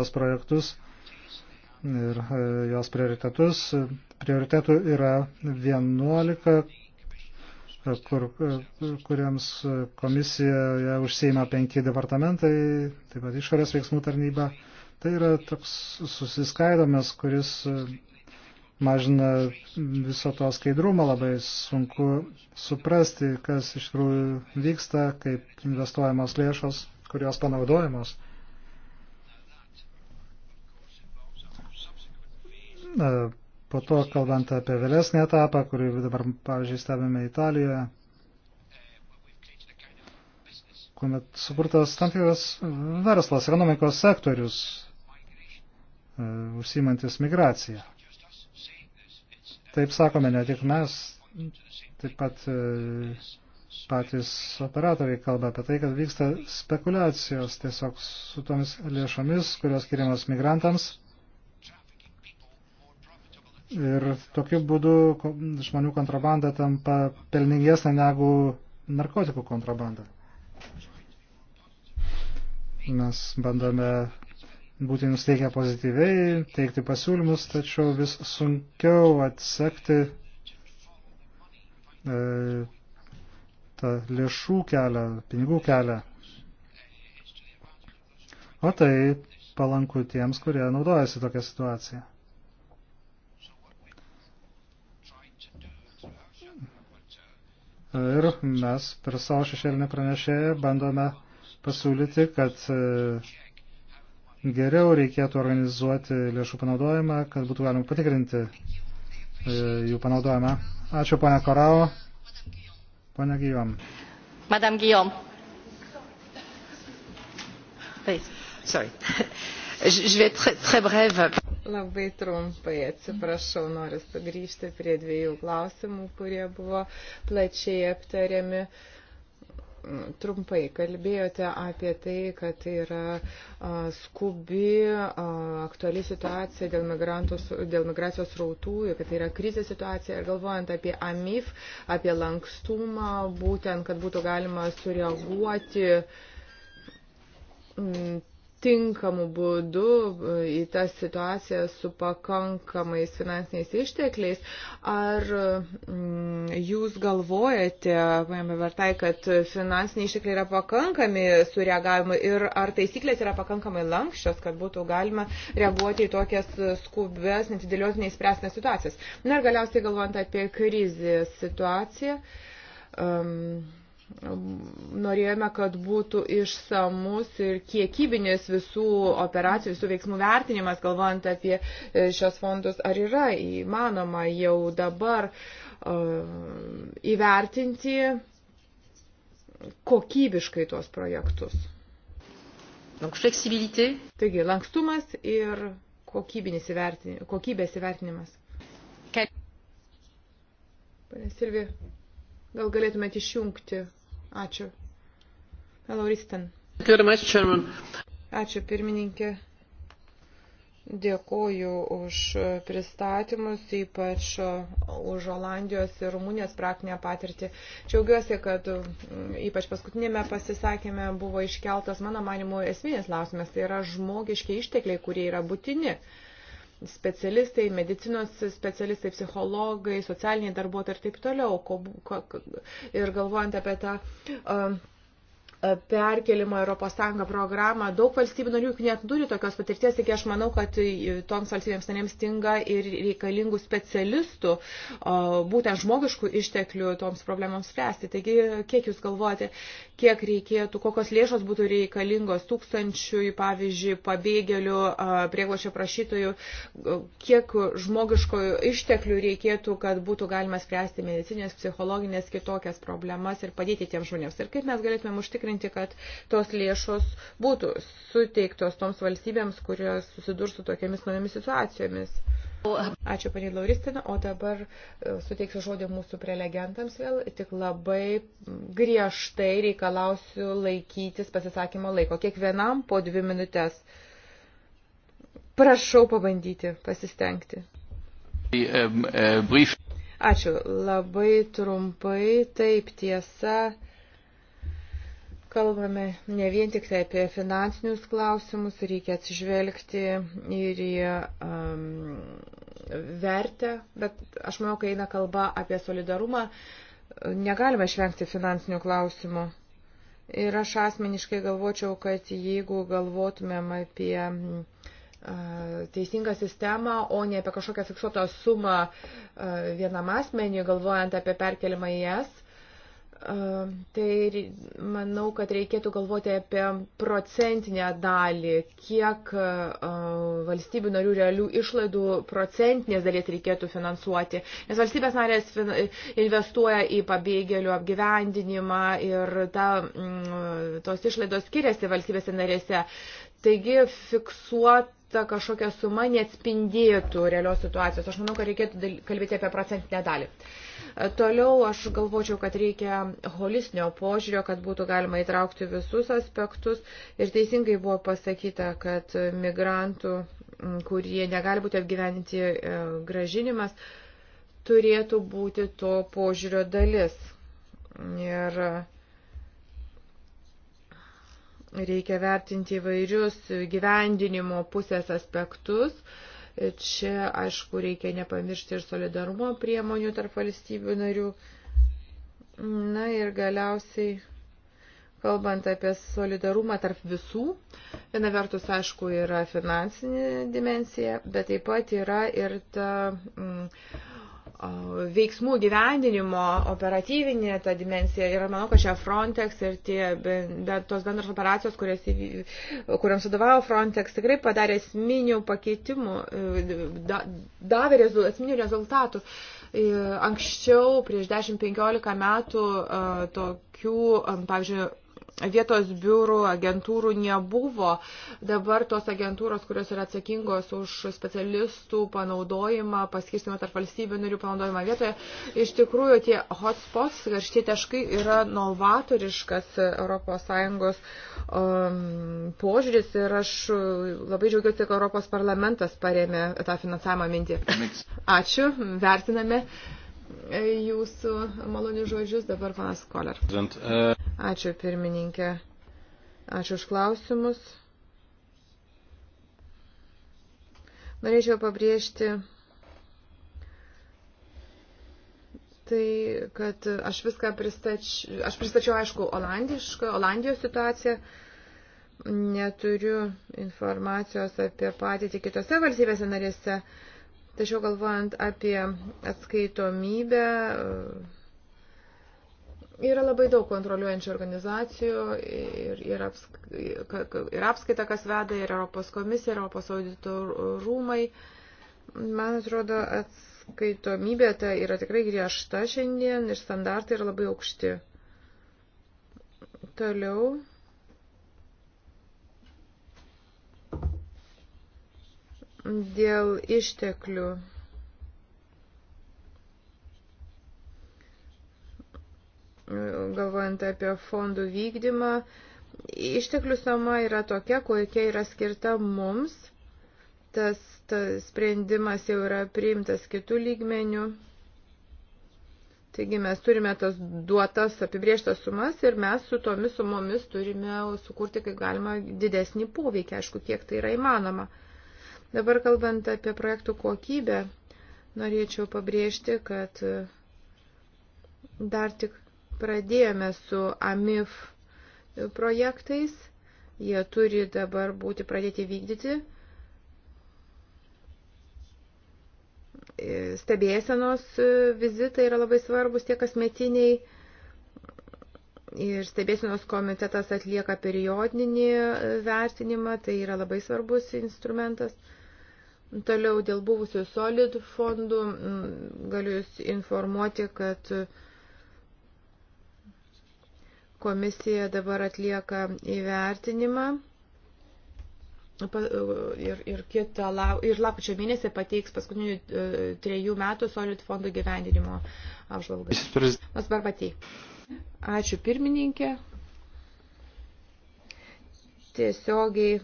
ES projektus ir e, jos prioritetus. Prioritetų yra 11, e, kur, e, kuriems komisijoje užsieima penki departamentai, taip pat išorės veiksmų tarnyba. Tai yra toks susiskaidomas, kuris mažina viso to skaidrumą, labai sunku suprasti, kas iš tikrųjų vyksta, kaip investuojamos lėšos, kurios panaudojamos. Po to, kalbant apie vėlesnį etapą, kurį dabar, pavyzdžiui, stebime Italijoje, kuomet sukurtas tam tikras verslas, ekonomikos sektorius, e, užsimantis migraciją. Taip sakome ne tik mes, taip pat e, patys operatoriai kalba apie tai, kad vyksta spekulacijos tiesiog su tomis lėšomis, kurios skiriamos migrantams Ir tokiu būdu žmonių kontrabanda tampa pelningesnė negu narkotikų kontrabanda. Mes bandome būti nusteikę pozityviai, teikti pasiūlymus, tačiau vis sunkiau atsekti e, tą lėšų kelią, pinigų kelią. O tai palanku tiems, kurie naudojasi tokią situaciją. Ir mes per savo šešėlinį pranešėją bandome pasiūlyti, kad e, geriau reikėtų organizuoti lėšų panaudojimą, kad būtų galima patikrinti e, jų panaudojimą. Ačiū, ponia Korao. Ponia Gijom. Madame Gijom. Please. Sorry. <laughs> Je vais très, très brève. Labai trumpai atsiprašau, noriu sugrįžti prie dviejų klausimų, kurie buvo plačiai aptariami. Trumpai kalbėjote apie tai, kad tai yra a, skubi, a, aktuali situacija dėl, dėl migracijos rautų, kad tai yra krizė situacija ir galvojant apie AMIF, apie lankstumą, būtent, kad būtų galima sureaguoti. M, tinkamu būdu e, į tą situaciją su pakankamais finansiniais ištekliais. Ar mm, jūs galvojate, paėmė vartai, kad finansiniai ištekliai yra pakankami sureagavimui ir ar taisyklės yra pakankamai lankščios, kad būtų galima reaguoti į tokias skubės, netidėlios, neįspręstinės situacijas? Na ir galiausiai galvojant apie krizės situaciją. Um, norėjome, kad būtų išsamus ir kiekybinis visų operacijų, visų veiksmų vertinimas, galvojant apie e, šios fondus, ar yra įmanoma jau dabar uh, įvertinti kokybiškai tuos projektus. Donc, flexibilité. Taigi, lankstumas ir įvertinimas, kokybės įvertinimas. Pane Silvi. Gal galėtumėte išjungti. Ačiū. Lauristin. Ačiū, pirmininkė. Dėkoju už pristatymus, ypač už Olandijos ir Rumunijos praktinę patirtį. Džiaugiuosi, kad mm, ypač paskutinėme pasisakėme buvo iškeltas, mano manimu, esminės klausimas, tai yra žmogiški ištekliai, kurie yra būtini. Uh, specialistai, medicinos specialistai, psichologai, socialiniai darbuotojai ir taip toliau. Ko, ko, ir galvojant apie tą. Uh, perkelimo Europos Sąjungą programą. Daug valstybių narių net turi tokios patirties, taigi aš manau, kad toms valstybėms narėms stinga ir reikalingų specialistų, būtent žmogiškų išteklių toms problemams spręsti. Taigi, kiek jūs galvojate, kiek reikėtų, kokios lėšos būtų reikalingos tūkstančiui, pavyzdžiui, pabėgėlių, prieglošio prašytojų, kiek žmogiško išteklių reikėtų, kad būtų galima spręsti medicinės, psichologinės, kitokias problemas ir padėti tiems žmonėms. Ir kaip mes galėtume užtikrinti užtikrinti, kad tos lėšos būtų suteiktos toms valstybėms, kurios susidurs su tokiamis naujomis situacijomis. Ačiū, panė Lauristina, o dabar e, suteiksiu žodį mūsų prelegentams vėl, tik labai griežtai reikalausiu laikytis pasisakymo laiko, kiekvienam po dvi minutės. Prašau pabandyti, pasistengti. E, Ačiū, labai trumpai, taip tiesa kalbame ne vien tik tai apie finansinius klausimus, reikia atsižvelgti ir į um, vertę, bet aš manau, kai eina kalba apie solidarumą, negalime išvengti finansinių klausimų. Ir aš asmeniškai galvočiau, kad jeigu galvotumėm apie teisingą sistemą, o ne apie kažkokią fiksuotą sumą vienam asmenį, galvojant apie perkelimą į es, Tai manau, kad reikėtų galvoti apie procentinę dalį, kiek valstybių narių realių išlaidų procentinės dalies reikėtų finansuoti. Nes valstybės narės investuoja į pabėgėlių apgyvendinimą ir ta, tos išlaidos skiriasi valstybėse narėse. Taigi fiksuot ta kažkokia suma neatspindėtų realios situacijos. Aš manau, kad reikėtų kalbėti apie procentinę dalį. E, toliau aš galvočiau, kad reikia holistinio požiūrio, kad būtų galima įtraukti visus aspektus. Ir teisingai buvo pasakyta, kad migrantų, kurie negali būti apgyveninti e, gražinimas, turėtų būti to požiūrio dalis. Ir Reikia vertinti įvairius gyvendinimo pusės aspektus. Čia, aišku, reikia nepamiršti ir solidarumo priemonių tarp valstybių narių. Na ir galiausiai, kalbant apie solidarumą tarp visų, viena vertus, aišku, yra finansinė dimensija, bet taip pat yra ir ta. Mm, veiksmų gyvendinimo operatyvinė ta dimensija ir manau, kad čia Frontex ir tie, be, tos bendros operacijos, kurias, kuriams vadovavo Frontex, tikrai padarė esminių pakeitimų, e, da, davė rezu, esminių rezultatų. E, anksčiau, prieš 10-15 metų, e, tokių, pavyzdžiui, vietos biurų, agentūrų nebuvo. Dabar tos agentūros, kurios yra atsakingos už specialistų panaudojimą, paskirstimą tarp valstybių narių panaudojimą vietoje, iš tikrųjų tie hotspots, karštie taškai yra novatoriškas ES um, požiūris ir aš labai džiaugiuosi, kad Europos parlamentas paremė tą finansavimą mintį. Ačiū, vertiname jūsų malonius žodžius dabar panas Koler. E, Ačiū pirmininkė. Ačiū už klausimus. Norėčiau pabrėžti tai, kad aš viską pristačiau, aš pristačiau, aišku, olandišką, Olandijos situaciją, neturiu informacijos apie patirtį kitose valstybėse narėse, Tačiau galvojant apie atskaitomybę, e, yra labai daug kontroliuojančių organizacijų ir, ir, apsk ir apskaita, kas veda, ir Europos komisija, ir Europos audito rūmai. Man atrodo, atskaitomybė ta yra tikrai griežta šiandien ir standartai yra labai aukšti. Toliau. dėl išteklių. Galvojant apie fondų vykdymą, išteklių sama yra tokia, kokia yra skirta mums. Tas, tas sprendimas jau yra priimtas kitų lygmenių. Taigi mes turime tas duotas apibrieštas sumas ir mes su tomis sumomis turime sukurti kaip galima didesnį poveikį, aišku, kiek tai yra įmanoma. Uh, Dabar kalbant apie projektų kokybę, norėčiau pabrėžti, kad e, dar tik pradėjome su AMIF e, projektais. Jie turi dabar būti pradėti vykdyti e, stebėsenos vizitai yra labai svarbus tie kasmetiniai. Ir stebėsenos komitetas atlieka periodinį vertinimą, tai yra labai svarbus instrumentas. Toliau dėl buvusių solid fondų galiu Jūs informuoti, kad komisija dabar atlieka įvertinimą ir, ir, kitą, ir lapčio mėnesį pateiks paskutinių e, trejų metų solid fondo gyvendinimo apžvalgą. Mas barbatei. Ačiū pirmininkė. Tiesiogiai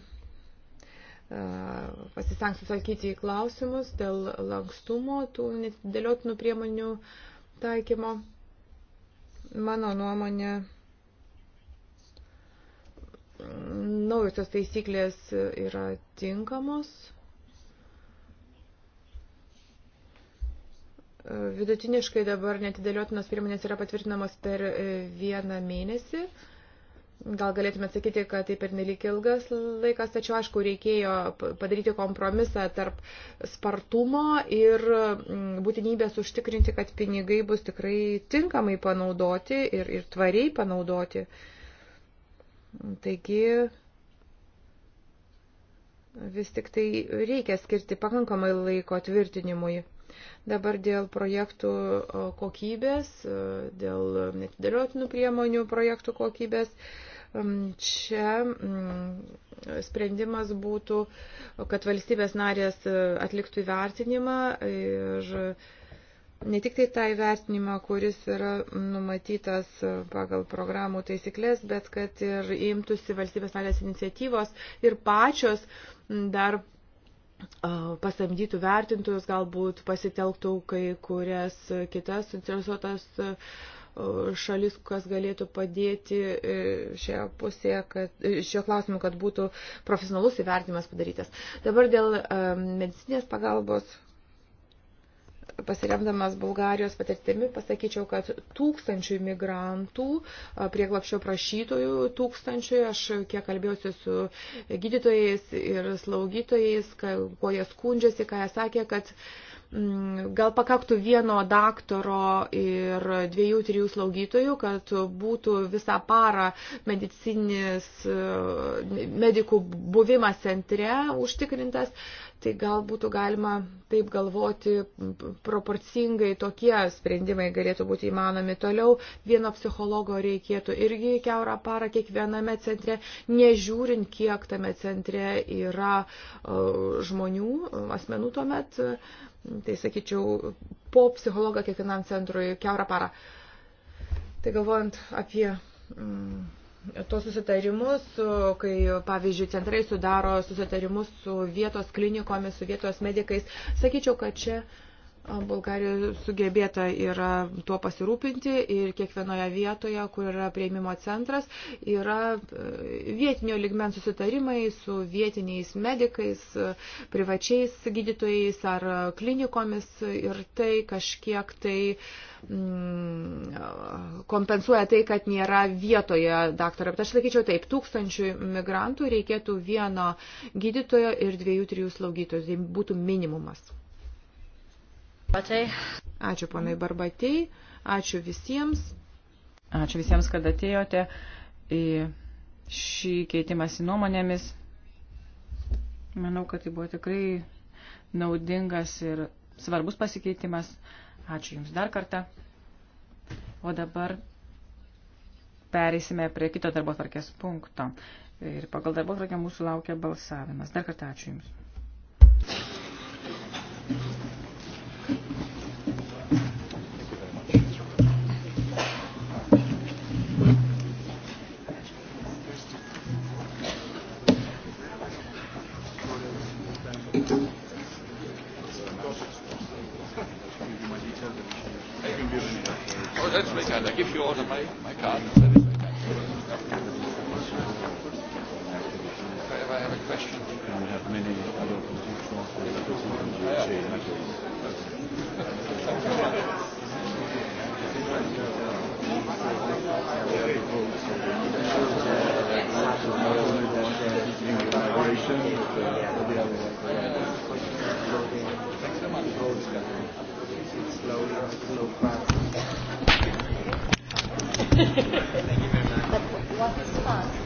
pasistengsiu atsakyti į klausimus dėl lankstumo, tų netidėliotinų priemonių taikymo. Mano nuomonė, naujosios taisyklės yra tinkamos. Vidutiniškai dabar netidėliotinos priemonės yra patvirtinamos per vieną mėnesį. Uh, Gal galėtume sakyti, kad taip ir nelik ilgas laikas, tačiau aišku, reikėjo padaryti kompromisą tarp spartumo ir mm, būtinybės užtikrinti, kad pinigai bus tikrai tinkamai panaudoti ir, ir tvariai panaudoti. Taigi vis tik tai reikia skirti pakankamai laiko tvirtinimui. Dabar dėl projektų kokybės, dėl netidėliotinų priemonių projektų kokybės. Čia sprendimas būtų, kad valstybės narės e, atliktų įvertinimą ir ne tik tai tą įvertinimą, kuris yra numatytas e, pagal programų taisyklės, bet kad ir imtųsi valstybės narės iniciatyvos ir pačios dar pasamdytų vertintojus, galbūt pasitelktų kai kurias kitas interesuotas šalis, kas galėtų padėti e, šioje pusėje, kad, e, šio klausimu, kad būtų profesionalus įvertimas padarytas. Dabar dėl medicinės pagalbos pasiremdamas Bulgarijos patirtimi, pasakyčiau, kad tūkstančių imigrantų, prieglapščio prašytojų tūkstančių, aš kiek kalbėjausi su gydytojais ir slaugytojais, kuo jie skundžiasi, ką jie sakė, kad mm, gal pakaktų vieno daktaro ir dviejų, trijų slaugytojų, kad būtų visą parą medicinis medikų buvimas centre užtikrintas tai gal būtų galima taip galvoti proporcingai tokie sprendimai galėtų būti įmanomi toliau. Vieno psichologo reikėtų irgi keurą parą kiekviename centre, nežiūrint, kiek tame centre yra e, žmonių, asmenų tuomet. Tai sakyčiau, po psichologą kiekvienam centrui keurą parą. Tai galvojant apie. Mm, tos susitarimus, kai, pavyzdžiui, centrai sudaro susitarimus su vietos klinikomis, su vietos medikais. Sakyčiau, kad čia uh, Bulgarija sugebėta yra tuo pasirūpinti ir kiekvienoje vietoje, kur yra prieimimo centras, yra e, vietinio ligmens susitarimai su vietiniais medikais, e, privačiais gydytojais ar klinikomis ir tai kažkiek tai mm, kompensuoja tai, kad nėra vietoje daktaro. Bet aš sakyčiau taip, tūkstančių migrantų reikėtų vieno gydytojo ir dviejų, trijų slaugytojų. Tai būtų minimumas. Batai. Ačiū ponai Barbatei, ačiū visiems. Ačiū visiems, kad atėjote į šį keitimąsi nuomonėmis. Manau, kad tai buvo tikrai naudingas ir svarbus pasikeitimas. Ačiū Jums dar kartą. O dabar pereisime prie kito darbo tvarkės punkto. Ir pagal darbo tvarkę mūsų laukia balsavimas. Dar kartą ačiū Jums. if you order my, my card, that is my card. If I ever have a question. And we have many other positions for the Migration, but uh, all the other ones. Thanks so much. It's slow, slow, fast. Thank you very much. But what is fast?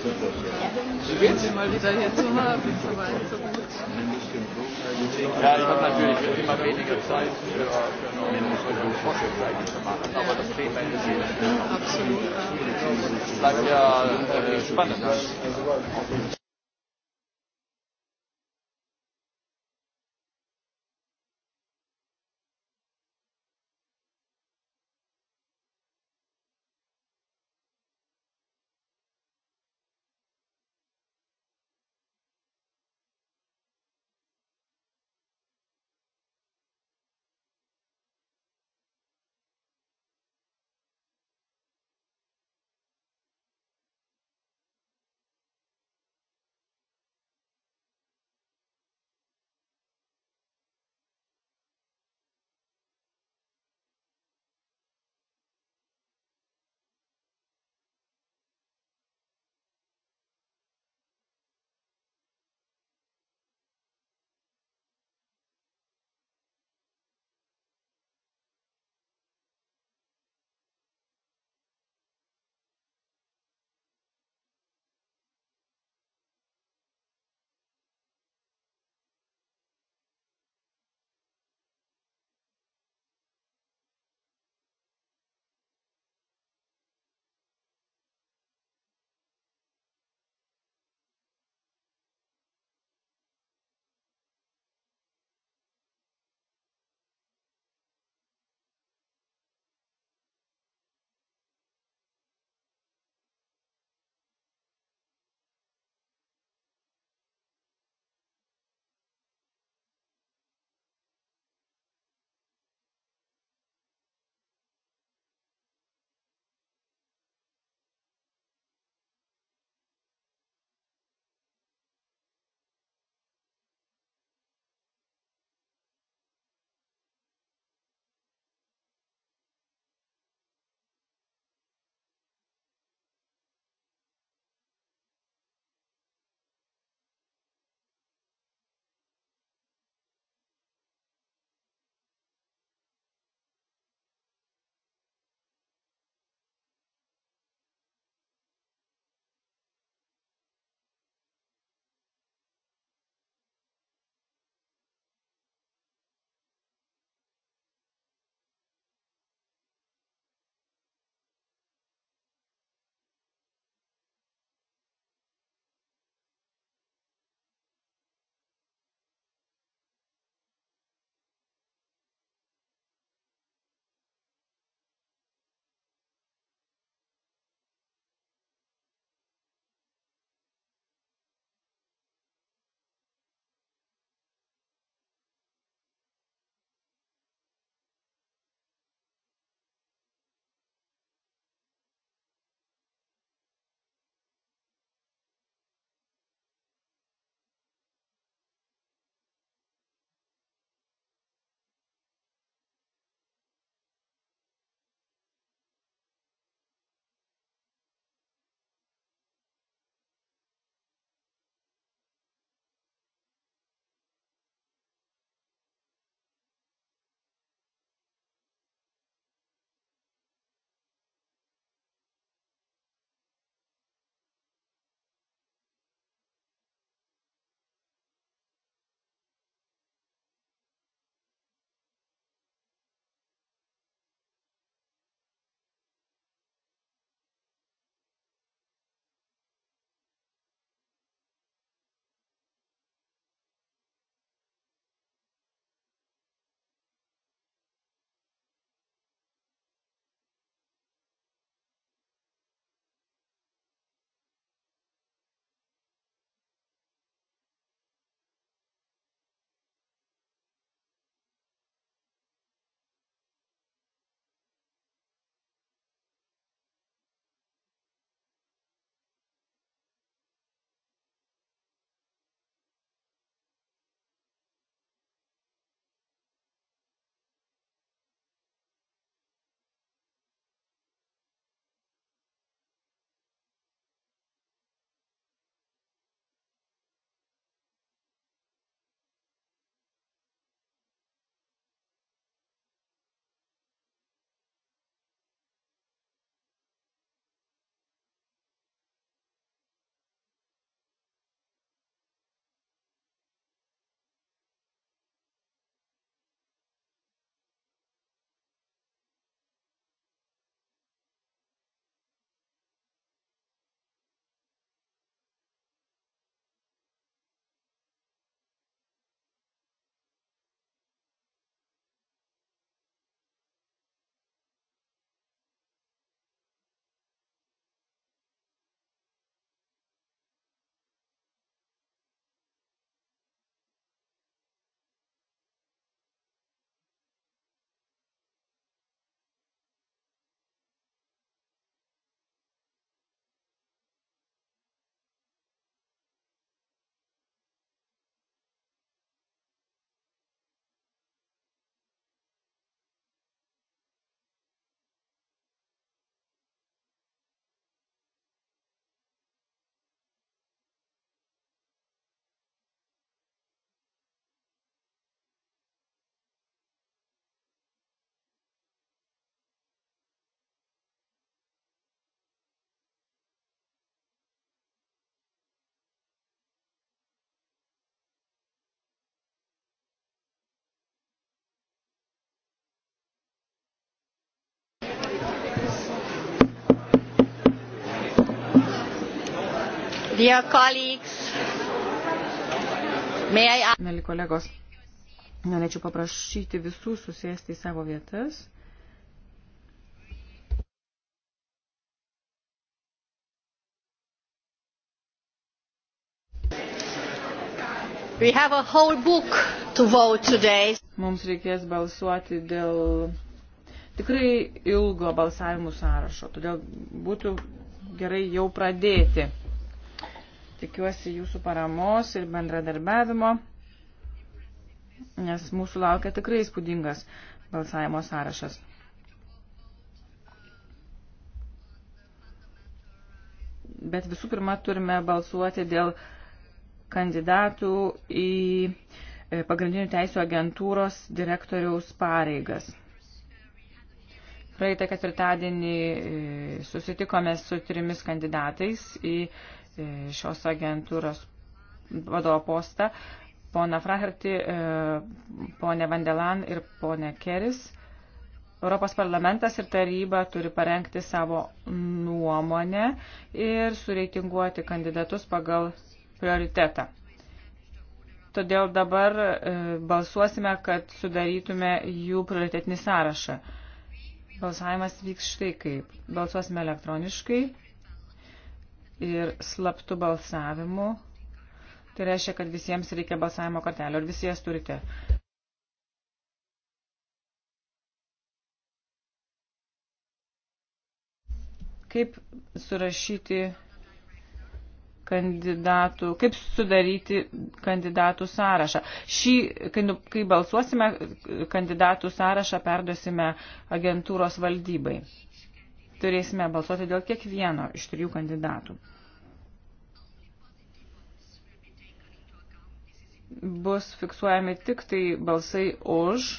Schön, Sie mal wieder hier zu haben. So weit, so gut. Ja, ich habe natürlich immer weniger Zeit für, für Forschung zu machen, aber das Thema interessiert. Absolut. Bleibt ja äh, spannend. Dear colleagues, may I... Mėly kolegos, norėčiau paprašyti visų susėsti į savo vietas. We have a whole book to vote today. Mums reikės balsuoti dėl tikrai ilgo balsavimų sąrašo, todėl būtų gerai jau pradėti. Tikiuosi jūsų paramos ir bendradarbiavimo, nes mūsų laukia tikrai įspūdingas balsavimo sąrašas. Bet visų pirma turime balsuoti dėl kandidatų į e, pagrindinių teisų agentūros direktoriaus pareigas. Praeitą ketvirtadienį e, susitikome su trimis kandidatais į E, šios agentūros vadovo postą, pona Fraherty, e, ponė Vandelan ir ponė Keris. Europos parlamentas ir taryba turi parengti savo nuomonę ir sureitinguoti kandidatus pagal prioritetą. Todėl dabar e, balsuosime, kad sudarytume jų prioritetinį sąrašą. Balsavimas vyks štai kaip. Balsuosime elektroniškai ir slaptų balsavimų. Tai reiškia, kad visiems reikia balsavimo kortelio ir visi jas turite. Kaip surašyti kandidatų, kaip sudaryti kandidatų sąrašą. Šį, kai, nu, kai balsuosime, kandidatų sąrašą perduosime agentūros valdybai turėsime balsuoti dėl kiekvieno iš trijų kandidatų. Bus fiksuojami tik tai balsai už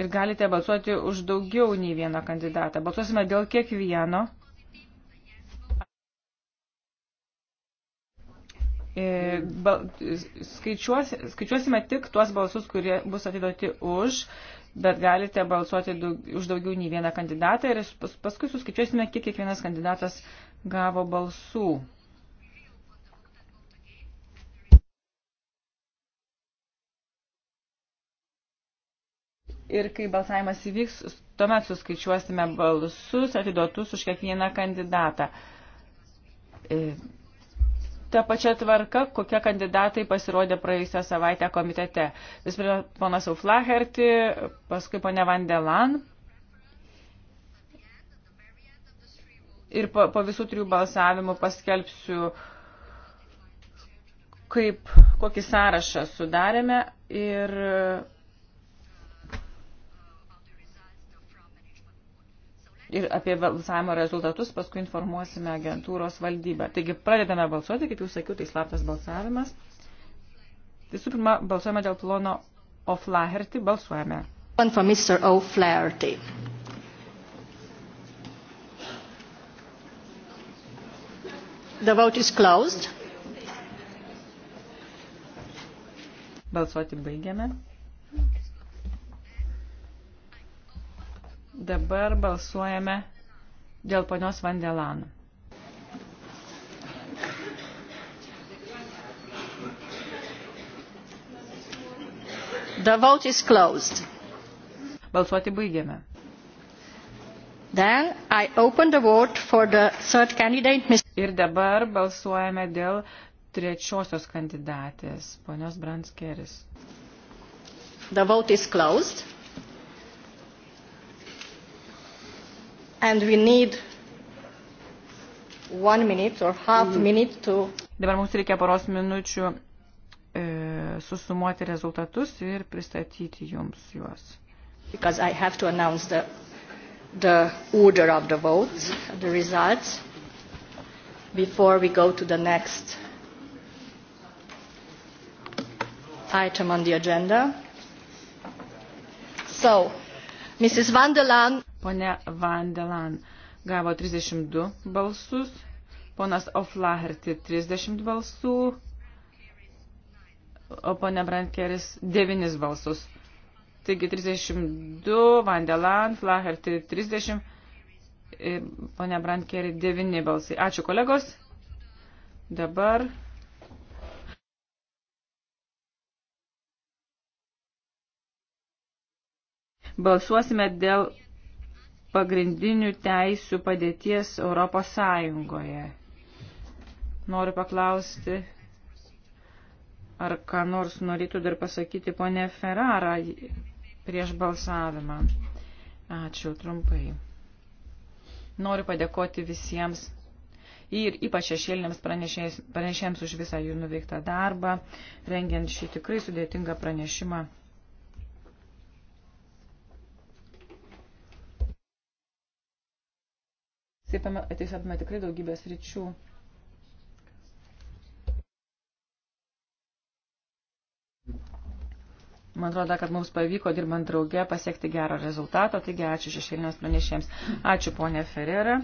ir galite balsuoti už daugiau nei vieną kandidatą. Balsuosime dėl kiekvieno. E, skaičiuos, skaičiuosime tik tuos balsus, kurie bus atiduoti už, bet galite balsuoti daug, už daugiau nei vieną kandidatą ir paskui suskaičiuosime, kiek kiekvienas kandidatas gavo balsų. Ir kai balsavimas įvyks, tuomet suskaičiuosime balsus atiduotus už kiekvieną kandidatą. E, ta pačia tvarka, kokie kandidatai pasirodė praėjusią savaitę komitete. Vis prie ponas Auflaherti, paskui ponė Vandelan. Ir po, po visų trijų balsavimų paskelbsiu, kaip, kokį sąrašą sudarėme ir ir apie balsavimo rezultatus paskui informuosime agentūros valdybą. Taigi pradedame balsuoti, kaip jau sakiau, tai slaptas balsavimas. Visų pirma, balsuojame dėl plono O'Flaherty, balsuojame. One for Mr. O'Flaherty. The vote is closed. Balsuoti baigiame. Dabar balsuojame dėl ponios Vandelanų. The vote is closed. Balsuoti baigiame. Then I open the vote for the third candidate, Ms. Ir dabar balsuojame dėl trečiosios kandidatės, ponios Branskeris. The vote is closed. and we need one minute or half mm. minute to. Dabar mums reikia poros minučių e, susumuoti rezultatus ir pristatyti jums juos. Because I have to announce the, the order of the votes, the results, before we go to the next item on the agenda. So, Mrs. Vandelan. Pone Vandelan gavo 32 balsus, ponas Oflaherty 30 balsų, o ponė Brandkeris 9 balsus. Taigi 32, Vandelan, Flaherty 30, ponė Brandkerį 9 balsai. Ačiū kolegos. Dabar Balsuosime dėl pagrindinių teisių padėties Europos Sąjungoje. Noriu paklausti, ar ką nors norėtų dar pasakyti ponė Ferrara prieš balsavimą. Ačiū trumpai. Noriu padėkoti visiems ir ypač šešėliniams pranešėjams už visą jų nuveiktą darbą, rengiant šį tikrai sudėtingą pranešimą. tai apima tikrai daugybės ryčių. Man atrodo, kad mums pavyko dirbant drauge pasiekti gerą rezultatą, taigi ačiū šešėlinės pranešėjams. Ačiū ponė Ferrera.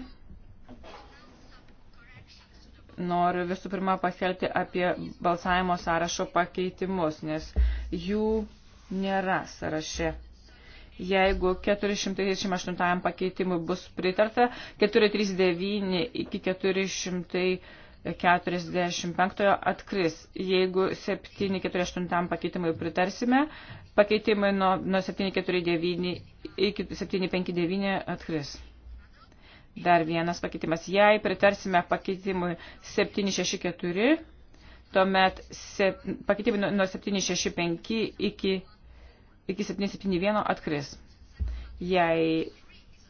Noriu visų pirma paskelbti apie balsavimo sąrašo pakeitimus, nes jų nėra sąraše. Jeigu 438 pakeitimui bus pritarta, 439 iki 445 atkris. Jeigu 748 pakeitimui pritarsime, pakeitimai nuo, nuo 749 iki 759 atkris. Dar vienas pakeitimas. Jei pritarsime pakeitimui 764, tuomet se, pakeitimai nuo 765 iki iki 771 atkris. Jei,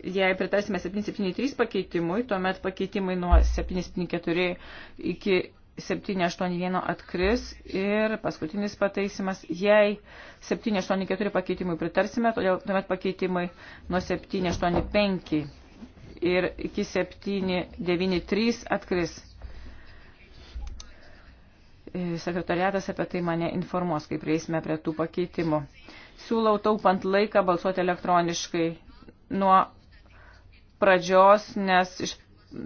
jei pritarsime 773 pakeitimui, tuomet pakeitimai nuo 774 iki 781 atkris ir paskutinis pataisimas, jei 784 pakeitimui pritarsime, todėl tuomet pakeitimai nuo 785 ir iki 793 atkris. Sekretariatas apie tai mane informuos, kai prieisime prie tų pakeitimų. Siūlau taupant laiką balsuoti elektroniškai nuo pradžios, nes iš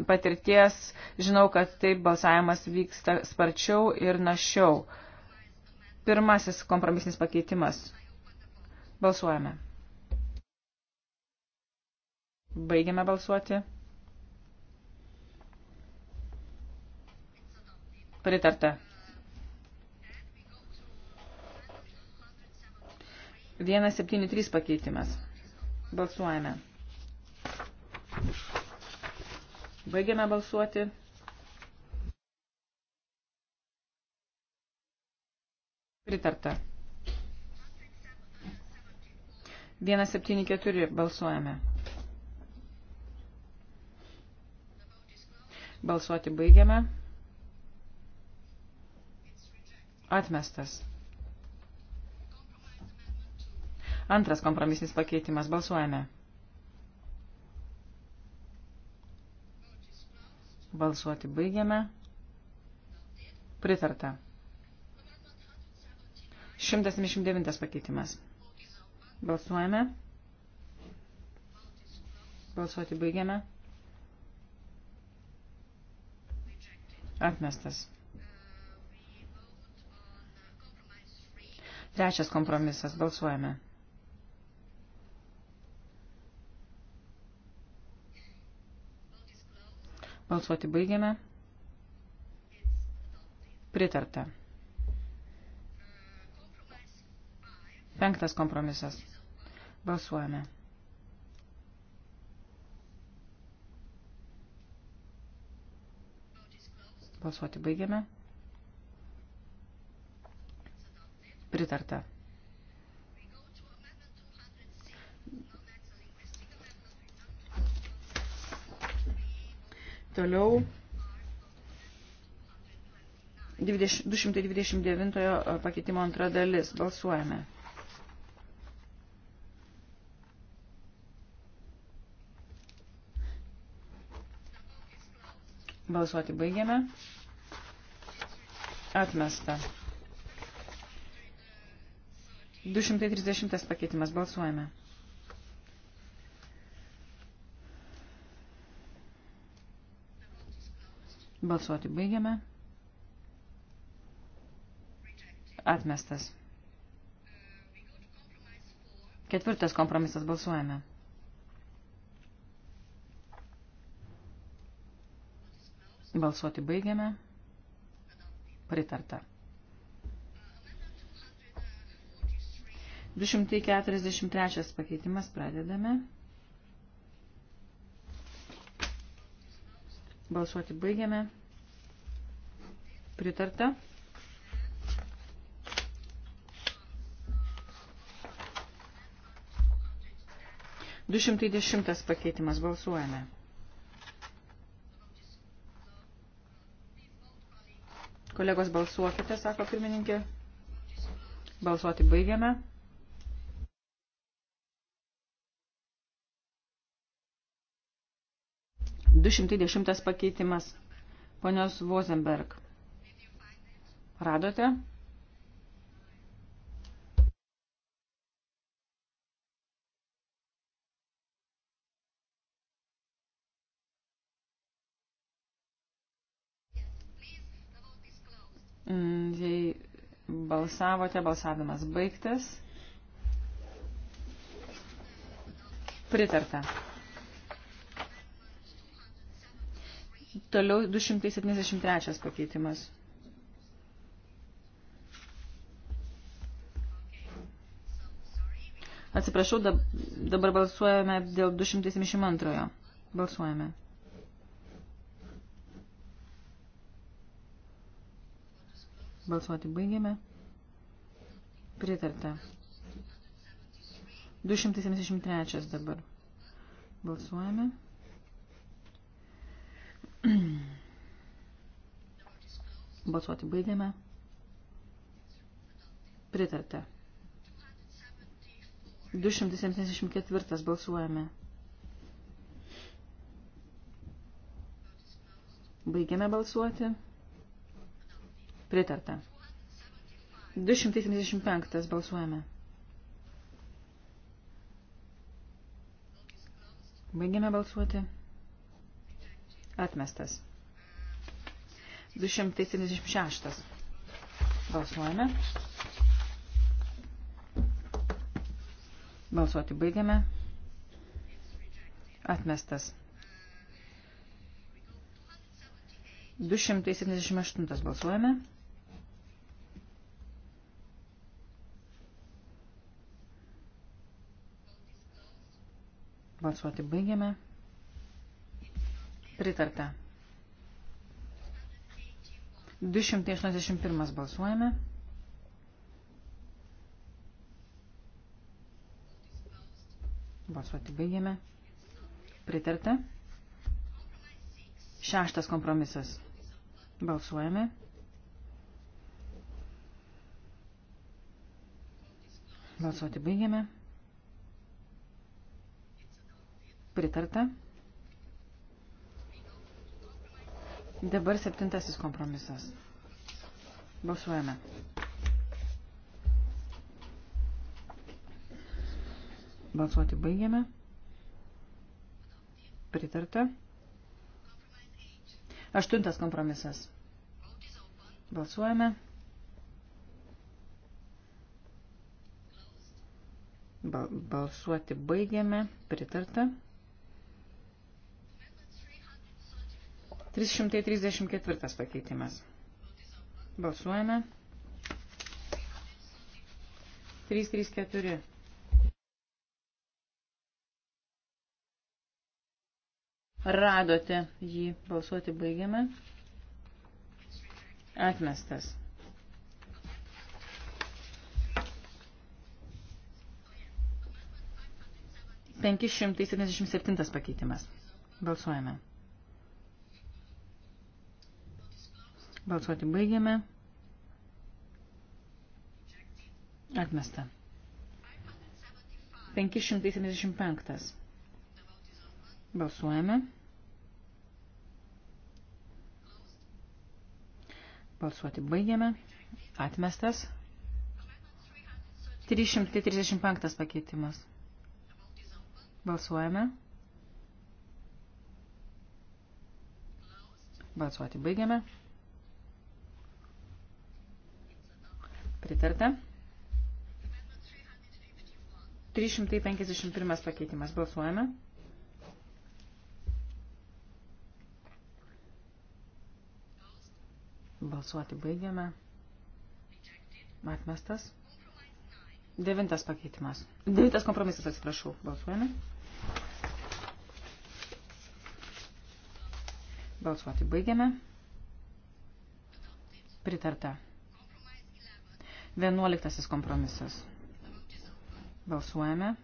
patirties žinau, kad taip balsavimas vyksta sparčiau ir našiau. Pirmasis kompromisinis pakeitimas. Balsuojame. Baigiame balsuoti. Pritarta. 173 pakeitimas. Balsuojame. Baigiame balsuoti. Pritarta. 174 balsuojame. Balsuoti baigiame. Atmestas. Antras kompromisinis pakeitimas. Balsuojame. Balsuoti baigiame. Pritarta. 179 pakeitimas. Balsuojame. Balsuoti baigiame. Atmestas. Trečias kompromisas. Balsuojame. Balsuoti baigiame. Pritarta. Penktas kompromisas. Balsuojame. Balsuoti baigiame. Pritarta. Toliau 229 e, pakeitimo antra dalis. Balsuojame. Balsuoti baigiame. Atmesta. 230 pakeitimas. Balsuojame. Balsuoti baigiame. Atmestas. Ketvirtas kompromisas balsuojame. Balsuoti baigiame. Pritarta. 243 pakeitimas pradedame. Balsuoti baigiame. Pritarta. Du šimtai dešimtas pakeitimas balsuojame. Kolegos balsuokite, sako pirmininkė. Balsuoti baigiame. 210 pakeitimas. Ponios Vozenberg. Radote? Mm, jei balsavote, balsavimas baigtas. Pritarta. Toliau 273 pakeitimas. Atsiprašau, dabar balsuojame dėl 272. Balsuojame. Balsuoti baigėme. Pritarta. 273 dabar. Balsuojame. Balsuoti baigiame. Pritarta. 274 balsuojame. Baigiame balsuoti. Pritarta. 275 balsuojame. Baigiame balsuoti. Atmestas. 276. Balsuojame. Balsuoti baigiame. Atmestas. 278 balsuojame. Balsuoti baigiame. Pritarta. 281 balsuojame. Balsuoti baigėme. Pritarta. Šeštas kompromisas. Balsuojame. Balsuoti baigėme. Pritarta. Dabar septintasis kompromisas. Balsuojame. Balsuoti baigiame. Pritarta. Aštuntas kompromisas. Balsuojame. Balsuoti baigiame. Pritarta. 334 pakeitimas. Balsuojame. 334. Radote jį. Balsuoti baigiame. Atmestas. Penki šimtai septyniasdešimt septintas pakeitimas. Balsuojame. Balsuoti baigiame. Atmesta. 575. Balsuojame. Balsuoti baigiame. Atmestas. 335 pakeitimas. Balsuojame. Balsuoti baigiame. Pritarta. 351 pakeitimas. Balsuojame. Balsuoti baigiame. Atmestas. Devintas pakeitimas. Devintas kompromisas, atsiprašau. Balsuojame. Balsuoti baigiame. Pritarta. Vienuoliktasis kompromisas. Balsuojame.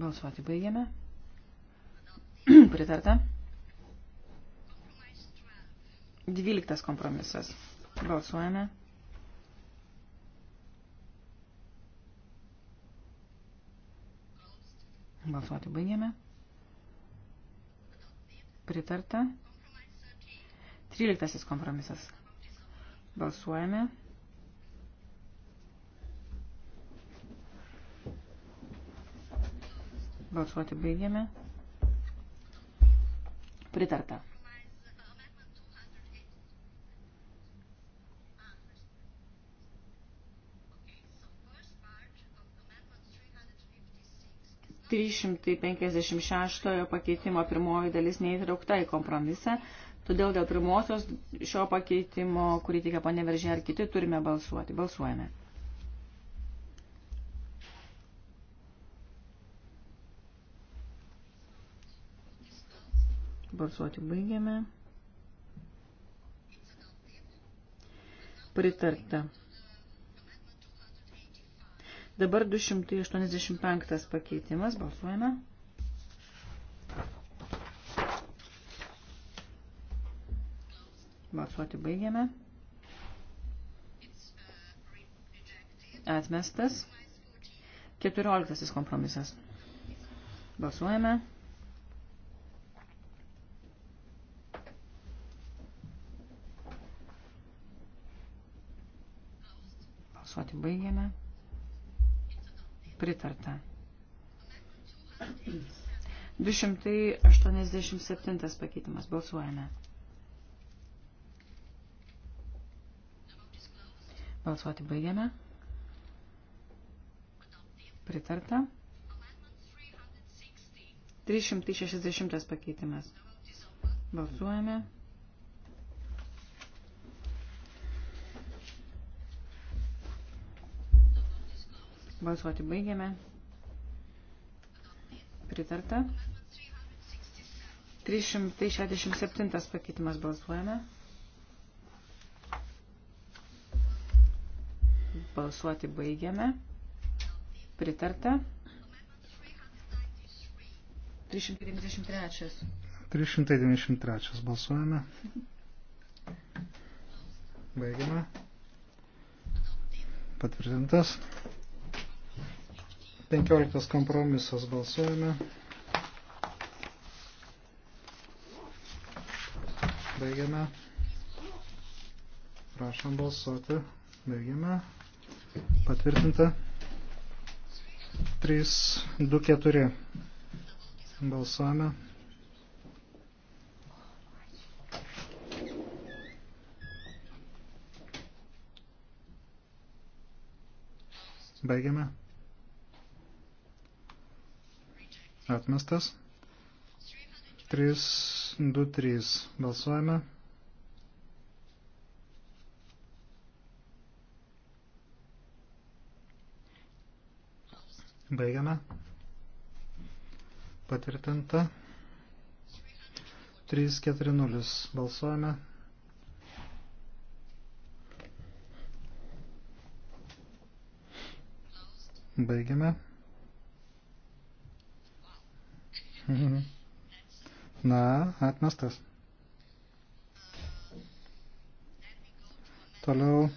Balsuoti baigiame. <clears throat> Pritarta. Dvyliktas kompromisas. Balsuojame. Balsuoti baigiame pritarta. 13 kompromisas. Balsuojame. Balsuoti baigiame. Pritarta. 356 pakeitimo pirmoji dalis neįtraukta į kompromisą, todėl dėl pirmosios šio pakeitimo, kurį teikia ponė Veržė ar kiti, turime balsuoti. Balsuojame. Balsuoti baigiame. Pritarta. Dabar 285 pakeitimas. Balsuojame. Balsuoti baigiame. Atmestas. 14 kompromisas. Balsuojame. Balsuoti baigiame. Pritarta. 287 pakeitimas. Balsuojame. Balsuoti baigiame. Pritarta. 360 pakeitimas. Balsuojame. Balsuoti baigiame. Pritarta. 367 pakeitimas balsuojame. Balsuoti baigiame. Pritarta. 393. 393 balsuojame. Baigiame. Patvirtintas. 15 kompromisas balsuojame. Baigiame. Prašom balsuoti. Baigiame. Patvirtinta. 3, 2, 4. Balsuojame. Baigiame. Atmestas. 3, 2, 3. Balsuojame. Baigiame. Patvirtinta. 3, 4, 0. Balsuojame. Baigiame. Mhm. Na, atmestas. Toliau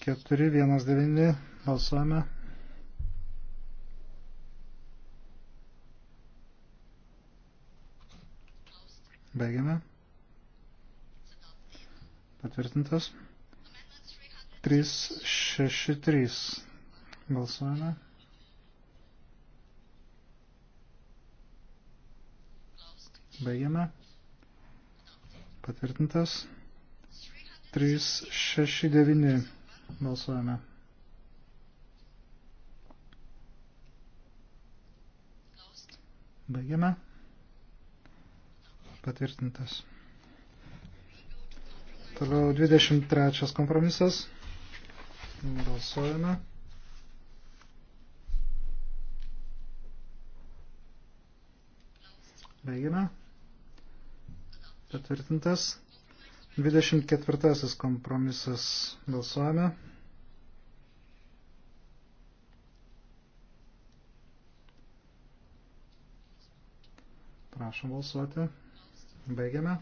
419 balsuojame. Baigiame. Patvirtintas. 363 balsuojame. Baigiame. Patvirtintas. 369 balsuojame. Baigiame. Patvirtintas. Toliau 23 kompromisas. Balsuojame. Baigiame. Patvirtintas. 24 kompromisas balsuojame. Prašom balsuoti. Baigiame.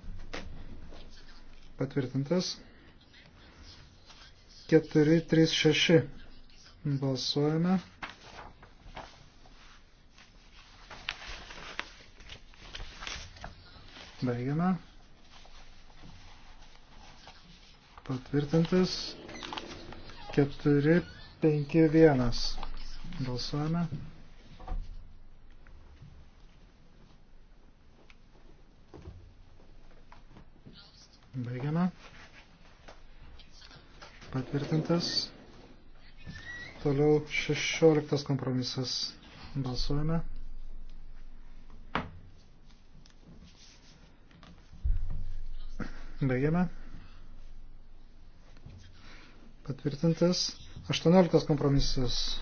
Patvirtintas. 436 balsuojame. Baigiame. patvirtintas. 4, 5, 1. Balsuojame. Baigiame. Patvirtintas. Toliau 16 kompromisas. Balsuojame. Baigiame patvirtintas. 18 kompromisas.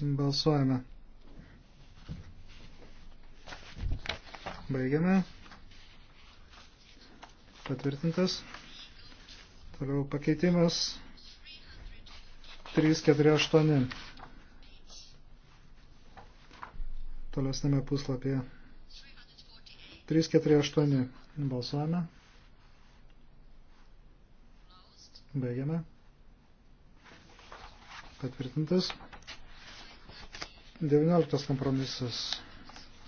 Balsuojame. Baigiame. Patvirtintas. Toliau pakeitimas 348. Tolesnėme puslapyje. 348. Balsuojame. Baigiame. Patvirtintas. 19 kompromisas.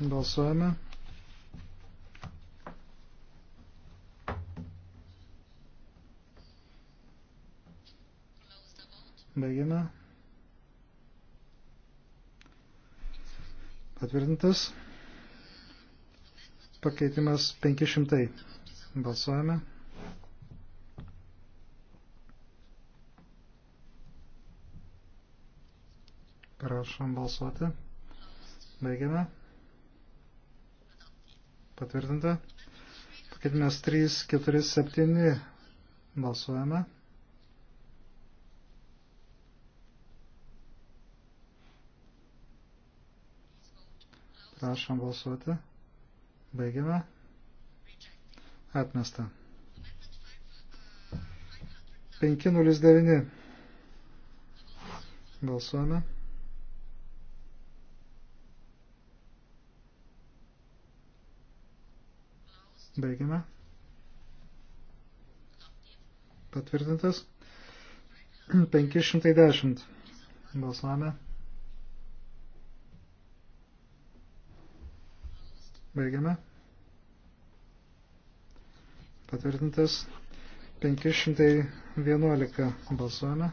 Balsuojame. Baigiame. Patvirtintas. Pakeitimas 500. Balsuojame. Prašom balsuoti. Baigiame. Patvirtinta. Pakeitimas 3, 4, 7. Balsuojame. Prašom balsuoti. Baigiame. Atmesta. 509. Balsuojame. Baigiame. Patvirtintas. 510. Balsuojame. Baigiame. Patvirtintas 511 balsuojame.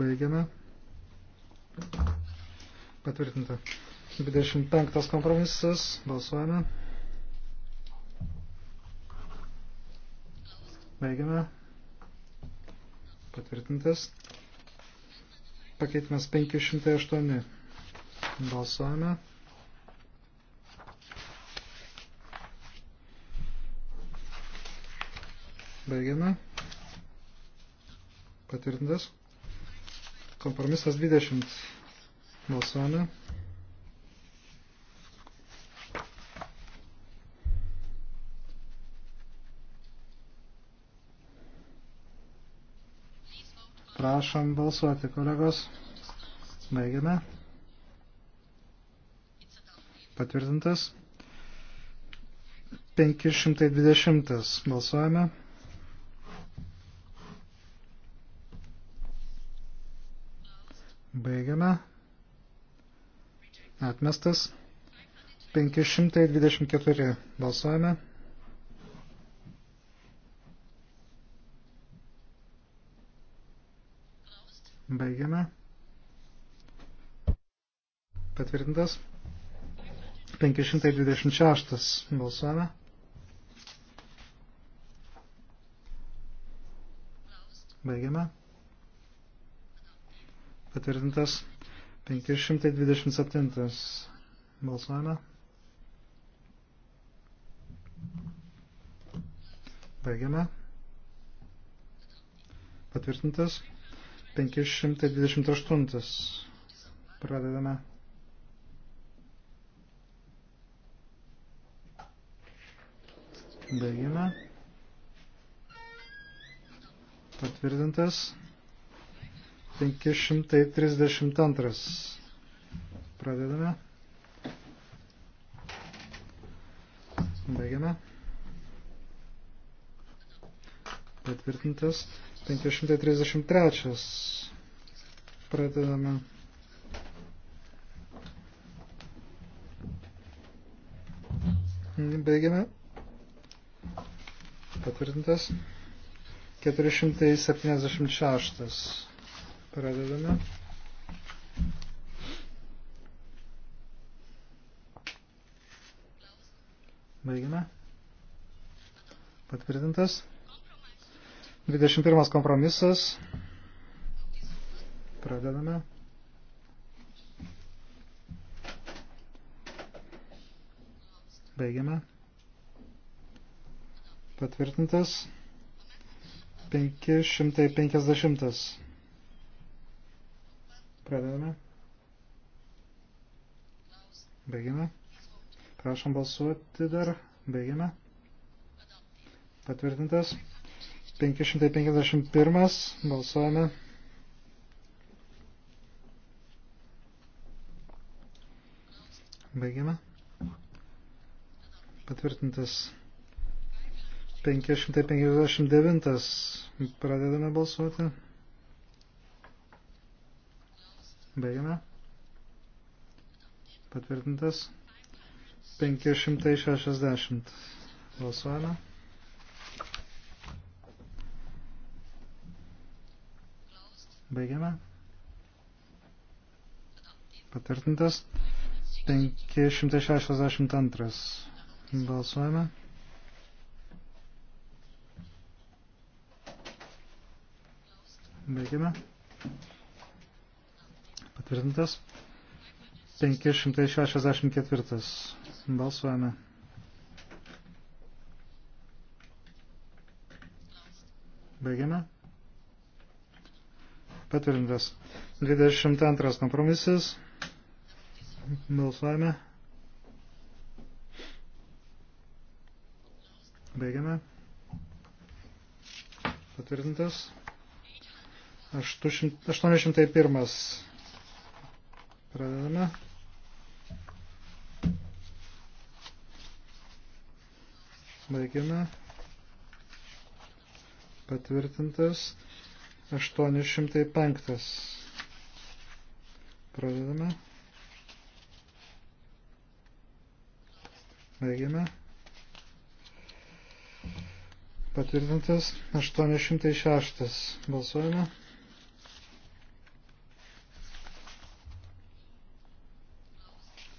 Baigiame. Patvirtinta. 25 kompromisas. Balsuojame. Baigiame. Patvirtintas. Pakeitimas 508. Balsuojame. Baigiame. Patvirtintas. Kompromisas 20. Balsuojame. Prašom balsuoti, kolegos. Baigiame. Patvirtintas. 520 balsuojame. Baigiame. Atmestas. 524 balsuojame. Baigiame. Patvirtintas. 526 balsuojame. Baigiame. Patvirtintas 527 balsuojame. Baigiame. Patvirtintas 528. Pradedame. Baigime. Patvirtintas. 532. Pradedame. Baigiame. Patvirtintas. 533. Pradedame. Baigiame. Patvirtintas. 476. Pradedame. Baigiame. Patvirtintas. 21 kompromisas. Pradedame. Baigiame. Patvirtintas. 550. Pradedame. Baigiame. Prašom balsuoti dar. Baigiame. Patvirtintas. 551 balsuojame. Baigiame. Patvirtintas 559 pradedame balsuoti. Baigiame. Patvirtintas 560 balsuojame. Baigiame. Patvirtintas. 562. Balsuojame. Baigiame. Patvirtintas. 564. Balsuojame. Baigiame. Patvirtintas. 22 kompromisas. Balsuojame. Baigiame. Patvirtintas. 801. Pradedame. Baigiame. Patvirtintas. 805. Pradedame. Baigiame. Patvirtintas 806. Balsuojame.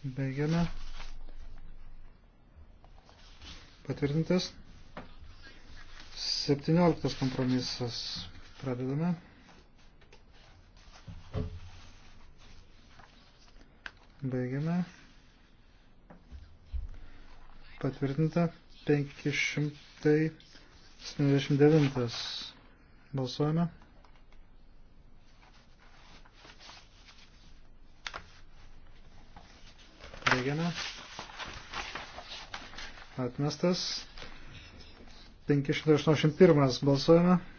Baigiame. Patvirtintas 17 kompromisas. Pradedame. Baigiame. Patvirtinta 579. Balsuojame. Baigiame. Atmestas. 581. Balsuojame.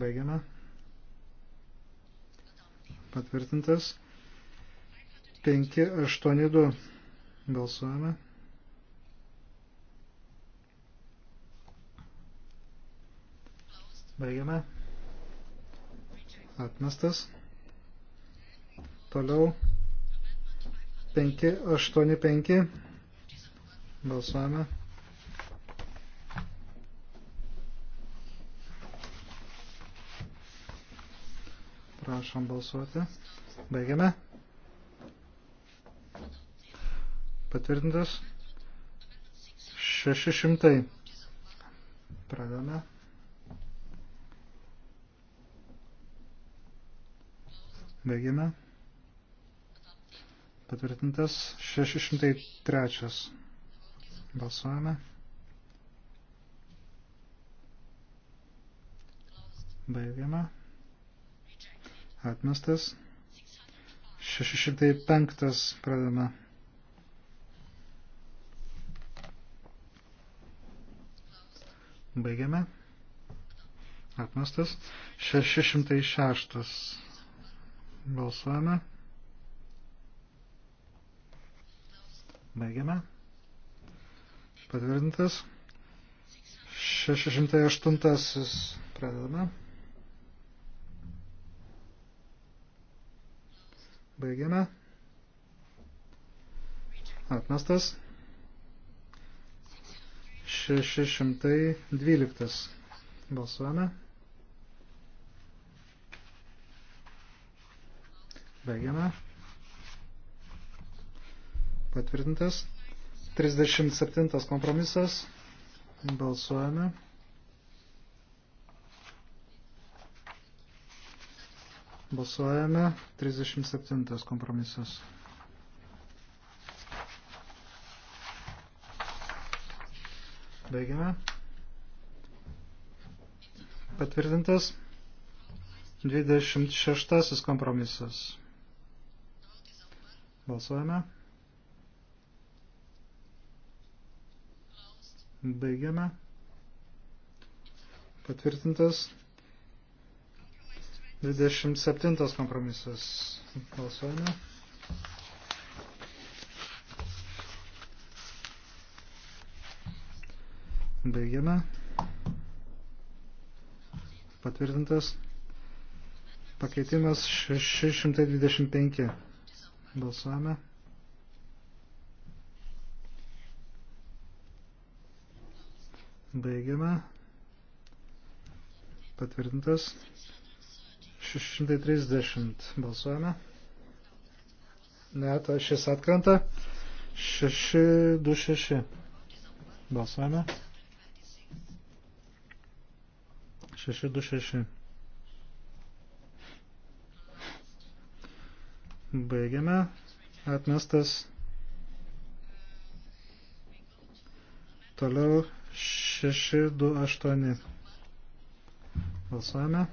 Baigiame. Patvirtintas. 582. Balsuojame. Baigiame. Atmestas. Toliau. 585. Balsuojame. Prašom balsuoti. Baigiame. Patvirtintas. 600. Pradame. Baigiame. Patvirtintas 603. Balsuojame. Baigiame atmestas. 605 pradame. Baigiame. Atmestas. 606 balsuojame. Baigiame. Patvirtintas. 608 pradedame. Baigiame. Atmestas. 612. Balsuojame. Baigiame. Patvirtintas. 37 kompromisas. Balsuojame. Balsuojame. 37 kompromisas. Baigiame. Patvirtintas. 26 kompromisas. Balsuojame. Baigiame. Patvirtintas. 27 kompromisas. Balsuojame. Baigiame. Patvirtintas. Pakeitimas 625. Balsuojame. Baigiame. Patvirtintas. 630 balsuojame. Ne, ta šis atkrenta. 626 balsuojame. 626. Baigiame. Atmestas. Toliau 628. Balsuojame.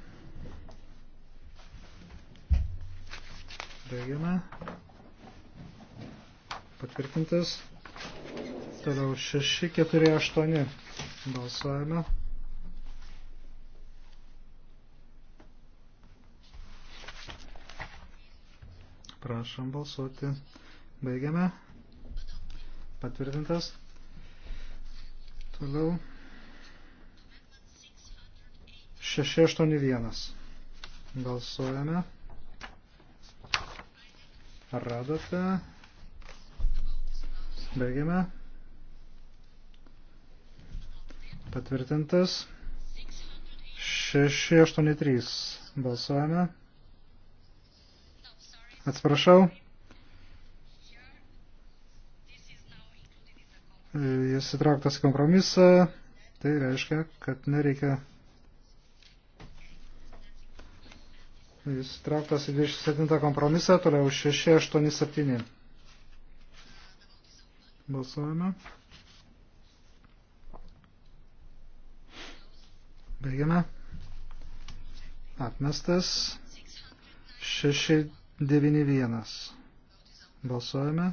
Baigiame. Patvirtintas. Toliau 648 balsuojame. Prašom balsuoti. Baigiame. Patvirtintas. Toliau. 681. Balsuojame. Ar radote? Baigiame. Patvirtintas. 683. Balsuojame. Atsiprašau. Jis įtrauktas į kompromisą. Tai reiškia, kad nereikia Jis traktas į 27 kompromisą, toliau 687. Balsuojame. Baigiame. Atmestas 691. Balsuojame.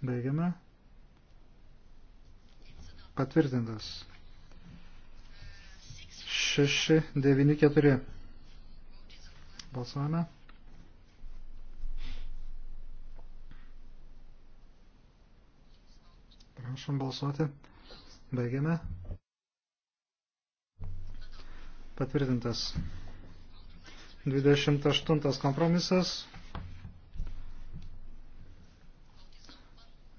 Baigiame. Patvirtintas. 694. Balsuojame. Prašom balsuoti. Baigiame. Patvirtintas. 28 kompromisas.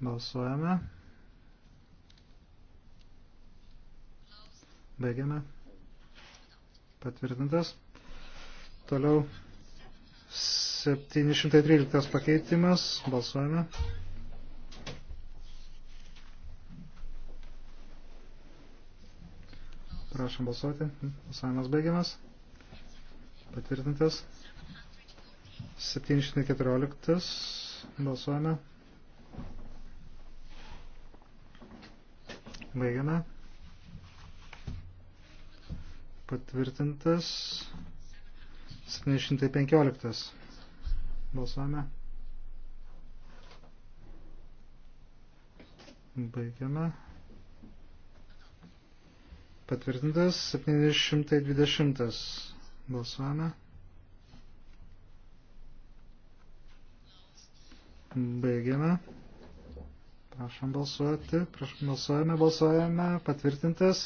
Balsuojame. Baigiame patvirtintas. Toliau 713 pakeitimas. Balsuojame. Prašom balsuoti. Balsavimas baigiamas. Patvirtintas. 714. Balsuojame. Baigiame patvirtintas 715. Balsuojame. Baigiame. Patvirtintas 720. Balsuojame. Baigiame. Prašom balsuoti. Prašom balsuojame, balsuojame. Patvirtintas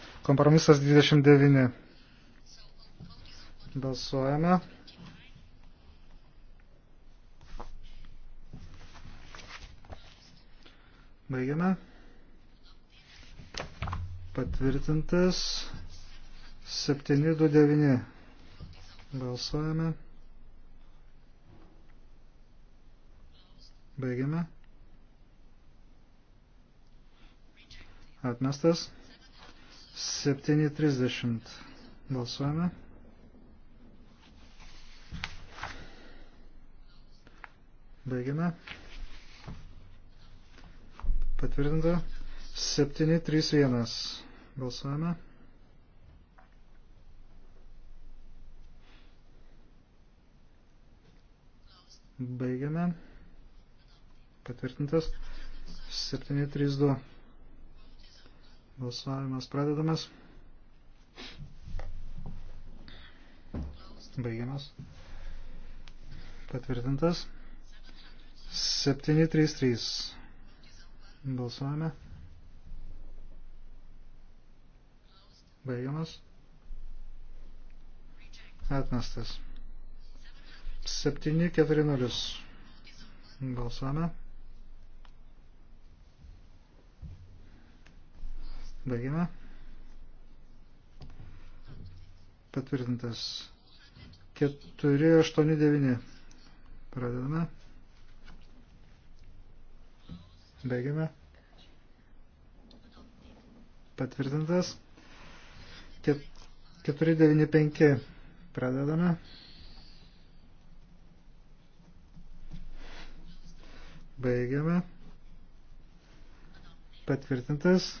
Kompromisas 29. Balsuojame. Baigiame. Patvirtintas 729. Balsuojame. Baigiame. Atmestas. 7.30 balsuojame. Baigiame. Patvirtinta. 7.31 balsuojame. Baigiame. Patvirtintas. 7.32 Balsavimas pradedamas. Baigiamas. Patvirtintas. 733. Balsuojame. Baigiamas. Atmestas. 740. Balsuojame. Baigime. Patvirtintas. 489. Pradedame. Baigiame. Patvirtintas. 495. Pradedame. Baigiame. Patvirtintas.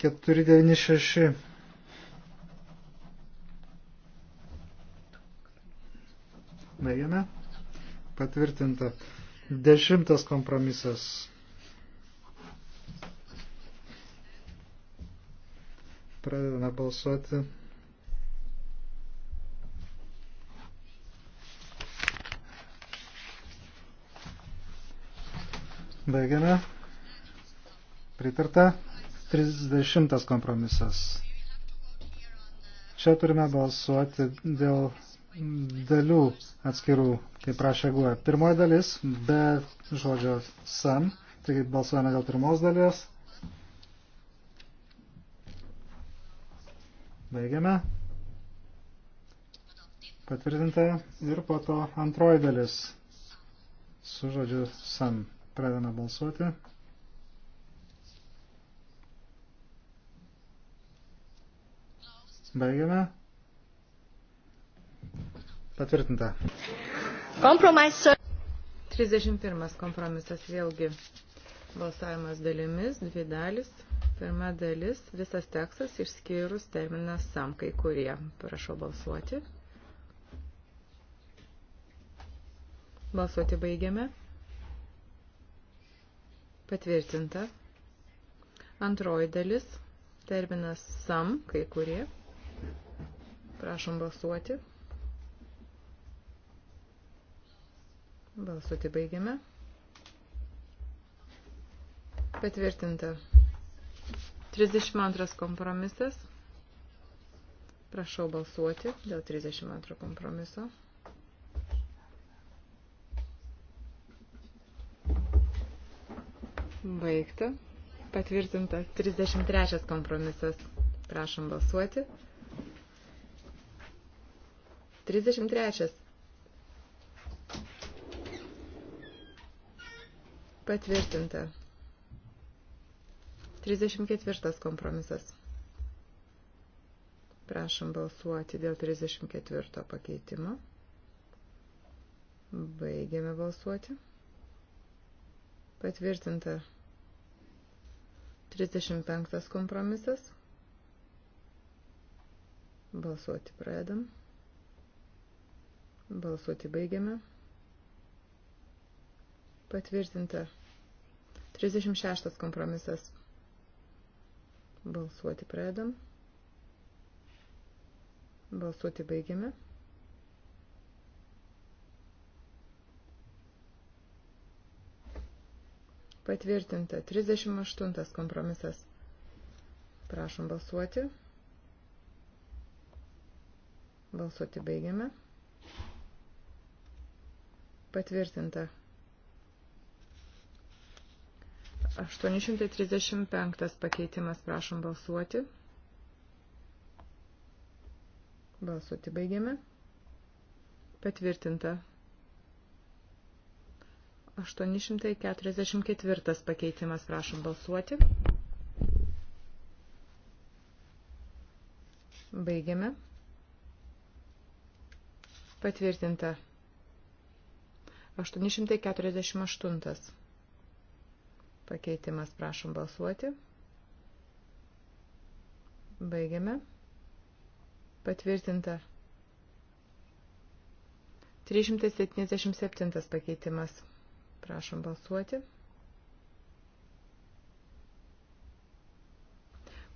496. Baigiame. Patvirtinta. Dešimtas kompromisas. Pradedame balsuoti. Baigiame. Pritarta. 30 kompromisas. Čia turime balsuoti dėl dalių atskirų, kaip prašė guoja. Pirmoji dalis be žodžio sam, taigi balsuojame dėl pirmos dalies. Baigiame. Patvirtinta ir po to antroji dalis su žodžiu sam. Pradame balsuoti. Baigiame. Patvirtinta. Kompromisas. 31 kompromisas vėlgi balsavimas dalimis, dvi dalis. Pirma dalis, visas tekstas išskyrus terminas sam kai kurie. Prašau balsuoti. Balsuoti baigiame. Patvirtinta. Antroji dalis, terminas sam kai kurie. Prašom balsuoti. Balsuoti baigiame. Patvirtinta. 32 kompromisas. Prašau balsuoti dėl 32 kompromiso. Baigta. Patvirtinta 33 kompromisas. Prašom balsuoti. 33. Patvirtinta. 34 kompromisas. Prašom balsuoti dėl 34 pakeitimo. Baigiame balsuoti. Patvirtinta. 35 kompromisas. Balsuoti pradedam. Balsuoti baigiame. Patvirtinta. 36 kompromisas. Balsuoti pradedam. Balsuoti baigiame. Patvirtinta. 38 kompromisas. Prašom balsuoti. Balsuoti baigiame. Patvirtinta. 835 pakeitimas, prašom balsuoti. Balsuoti baigiame. Patvirtinta. 844 pakeitimas, prašom balsuoti. Baigiame. Patvirtinta. 848 pakeitimas, prašom balsuoti. Baigiame. Patvirtinta. 377 pakeitimas. Prašom balsuoti.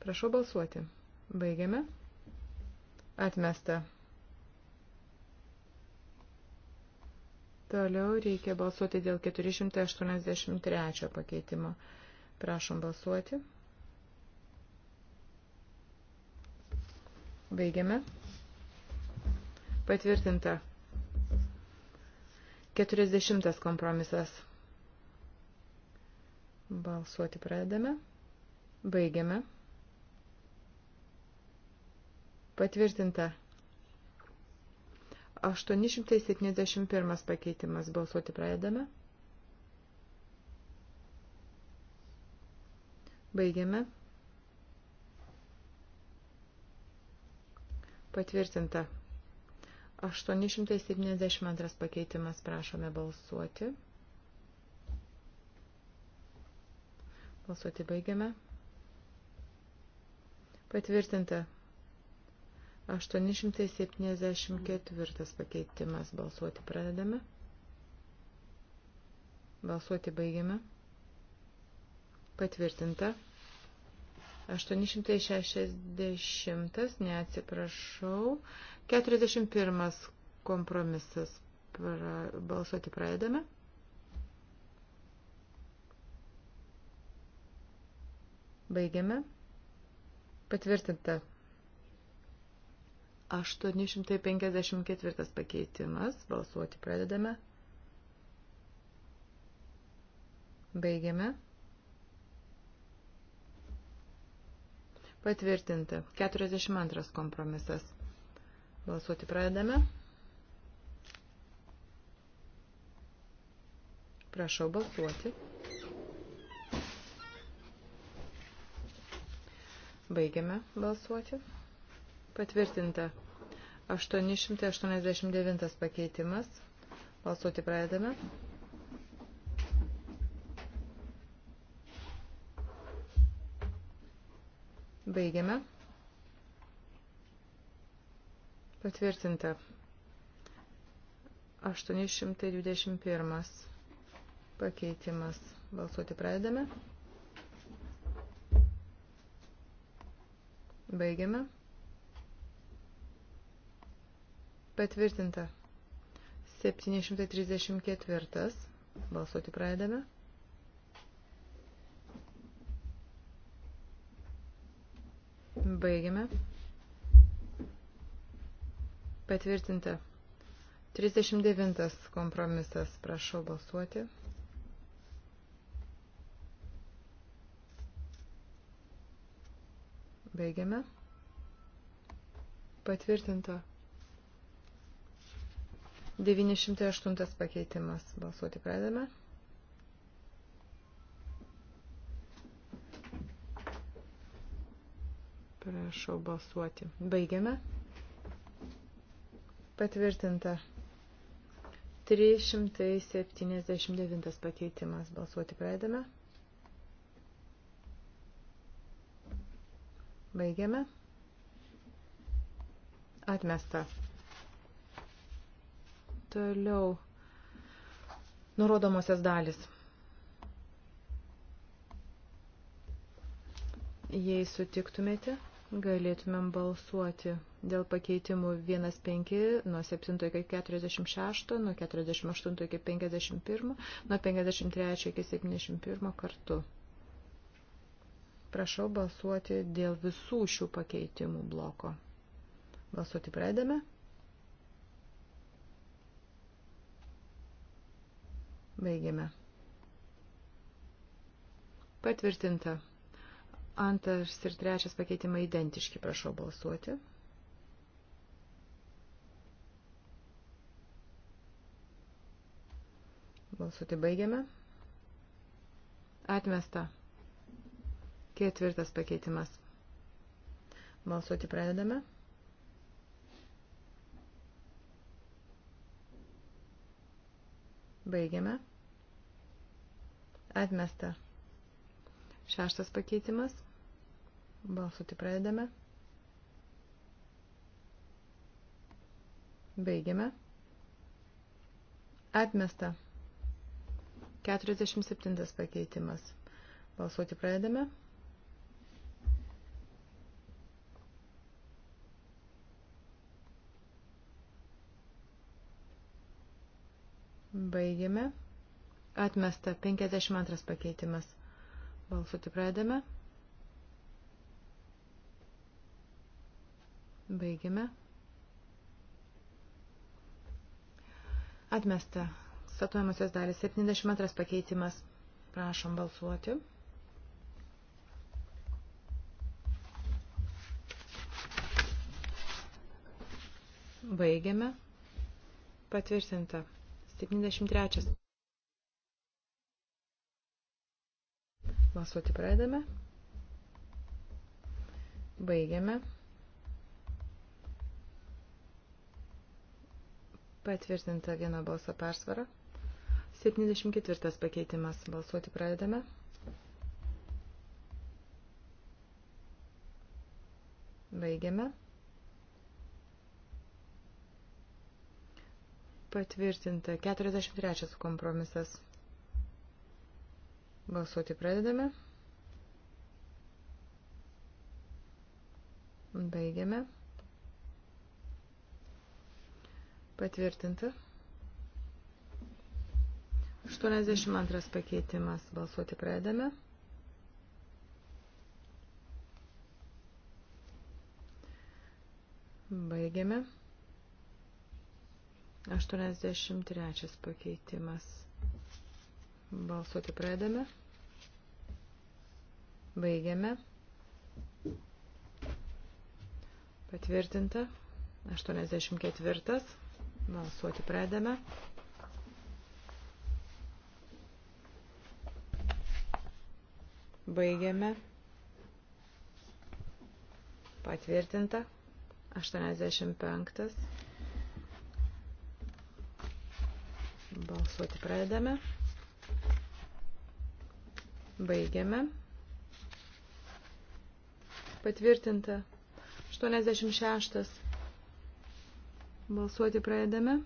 Prašau balsuoti. Baigiame. Atmesta. Toliau reikia balsuoti dėl 483 pakeitimo. Prašom balsuoti. Baigiame. Patvirtinta. 40 kompromisas. Balsuoti pradedame. Baigiame. Patvirtinta. 871 pakeitimas. Balsuoti pradedame. Baigiame. Patvirtinta. 872 pakeitimas prašome balsuoti. Balsuoti baigiame. Patvirtinta. 874 pakeitimas. Balsuoti pradedame. Balsuoti baigiame. Patvirtinta. 860, neatsiprašau. 41 kompromisas. Pra, balsuoti pradedame. Baigiame. Patvirtinta. 854 pakeitimas. Balsuoti pradedame. Baigiame. Patvirtinti. 42 kompromisas. Balsuoti pradedame. Prašau balsuoti. Baigiame balsuoti. Patvirtinta. 889 pakeitimas. Balsuoti pradedame. Baigiame. Patvirtinta. 821 pakeitimas. Balsuoti pradedame. Baigiame. Patvirtinta. 734. Balsuoti pradedame. Baigiame. Patvirtinta. 39 kompromisas. Prašau balsuoti. Baigiame. Patvirtinta. 908 pakeitimas. Balsuoti pradame. Prašau balsuoti. Baigiame. Patvirtinta. 379 pakeitimas. Balsuoti pradame. Baigiame. Atmesta. Toliau. Nurodomosios dalis. Jei sutiktumėte, galėtumėm balsuoti dėl pakeitimų 1.5 nuo 7 iki 46, nuo 48 iki 51, nuo 53 iki 71 kartu. Prašau balsuoti dėl visų šių pakeitimų bloko. Balsuoti pradame. Baigiame. Patvirtinta. Antras ir trečias pakeitimai identiški, prašau balsuoti. Balsuoti baigiame. Atmesta. Ketvirtas pakeitimas. Balsuoti pradedame. Baigiame. Atmesta. Šeštas pakeitimas. Balsuoti pradedame. Baigiame. Atmesta. 47 pakeitimas. Balsuoti pradedame. Baigiame. Atmesta 52 pakeitimas. Balsuoti pradame. Baigiame. Atmesta. Statuojamosios dalis 72 pakeitimas. Prašom balsuoti. Baigiame. Patvirtinta. 73. Balsuoti pradedame. Baigiame. Patvirtinta vieno balso persvara. 74 pakeitimas. Balsuoti pradedame. Baigiame. Patvirtinta. 43 kompromisas. Balsuoti pradedame. Baigiame. Patvirtinta. 82 pakeitimas. Balsuoti pradedame. Baigiame. 83 pakeitimas. Balsuoti pradame. Baigiame. Patvirtinta. 84. Balsuoti pradame. Baigiame. Patvirtinta. 85. Balsuoti pradedame. Baigiame. Patvirtinta. 86. Balsuoti pradedame.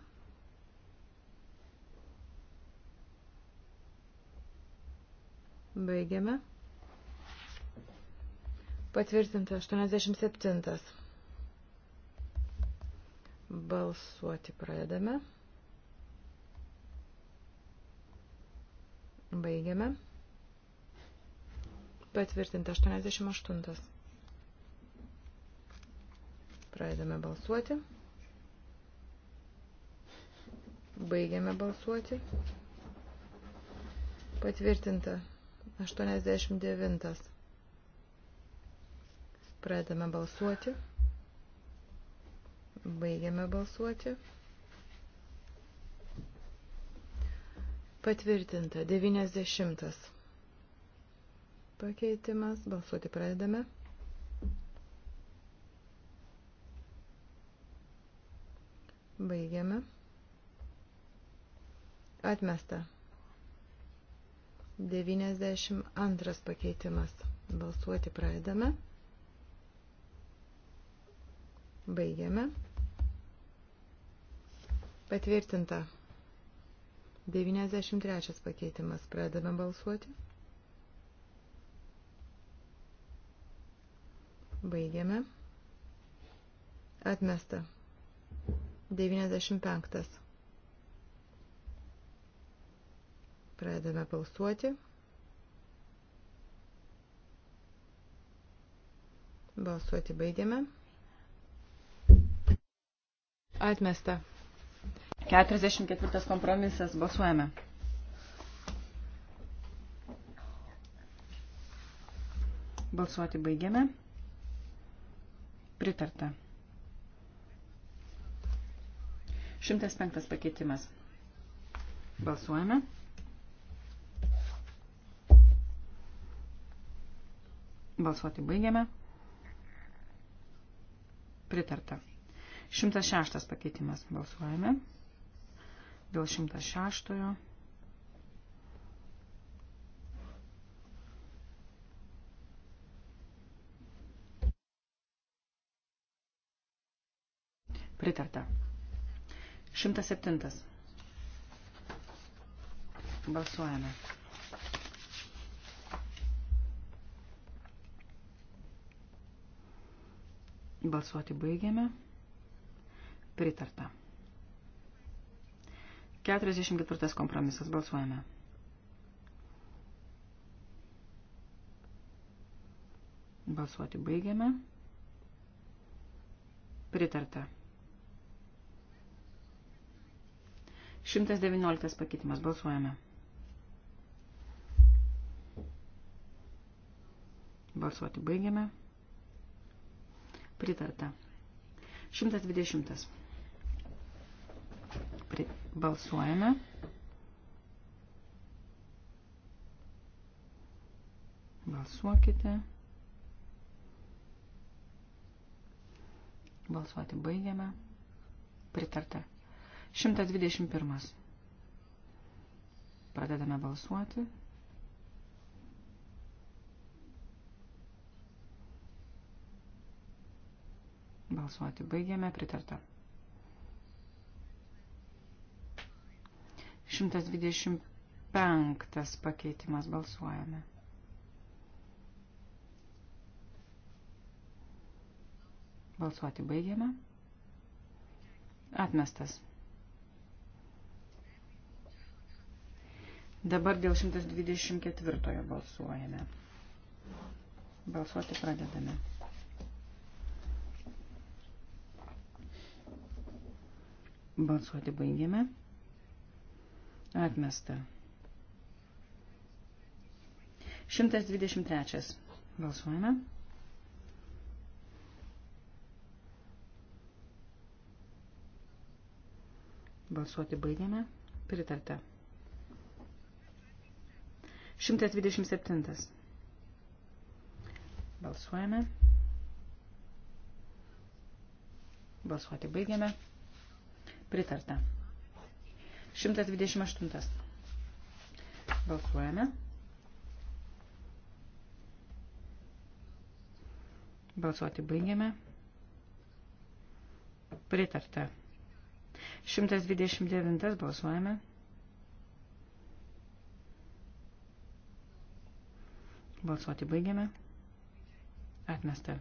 Baigiame. Patvirtinta 87. Balsuoti pradedame. Baigiame. Patvirtinta 88. Pradedame balsuoti. Baigiame balsuoti. Patvirtinta 89. Pradedame balsuoti. Baigiame balsuoti. Patvirtinta 90. Pakeitimas. Balsuoti pradedame. Baigiame. Atmesta. 92 pakeitimas. Balsuoti pradedame. Baigiame. Patvirtinta. 93 pakeitimas. Pradedame balsuoti. Baigiame. Atmesta. 95. Pradedame balsuoti. Balsuoti baigiame. Atmesta. 44 kompromisas. Balsuojame. Balsuoti baigiame. Pritarta. 105 pakeitimas. Balsuojame. Balsuoti baigiame. Pritarta. 106 pakeitimas. Balsuojame dėl 106. Pritarta. 107. Balsuojame. Balsuoti baigiame. Pritarta. 44 kompromisas. Balsuojame. Balsuoti baigiame. Pritarta. 119 pakeitimas. Balsuojame. Balsuoti baigiame. Pritarta. 120. Pritarta. Balsuojame. Balsuokite. Balsuoti baigiame. Pritarta. 121. Pradedame balsuoti. Balsuoti baigiame. Pritarta. 125 pakeitimas balsuojame. Balsuoti baigiame. Atmestas. Dabar dėl 124 balsuojame. Balsuoti pradedame. Balsuoti baigiame. Atmesta. 123. Balsuojame. Balsuoti baigiame. Pritarta. 127. Balsuojame. Balsuoti baigiame. Pritarta. 128. Balsuojame. Balsuoti baigiame. Pritarta. 129 balsuojame. Balsuoti baigiame. Atmesta.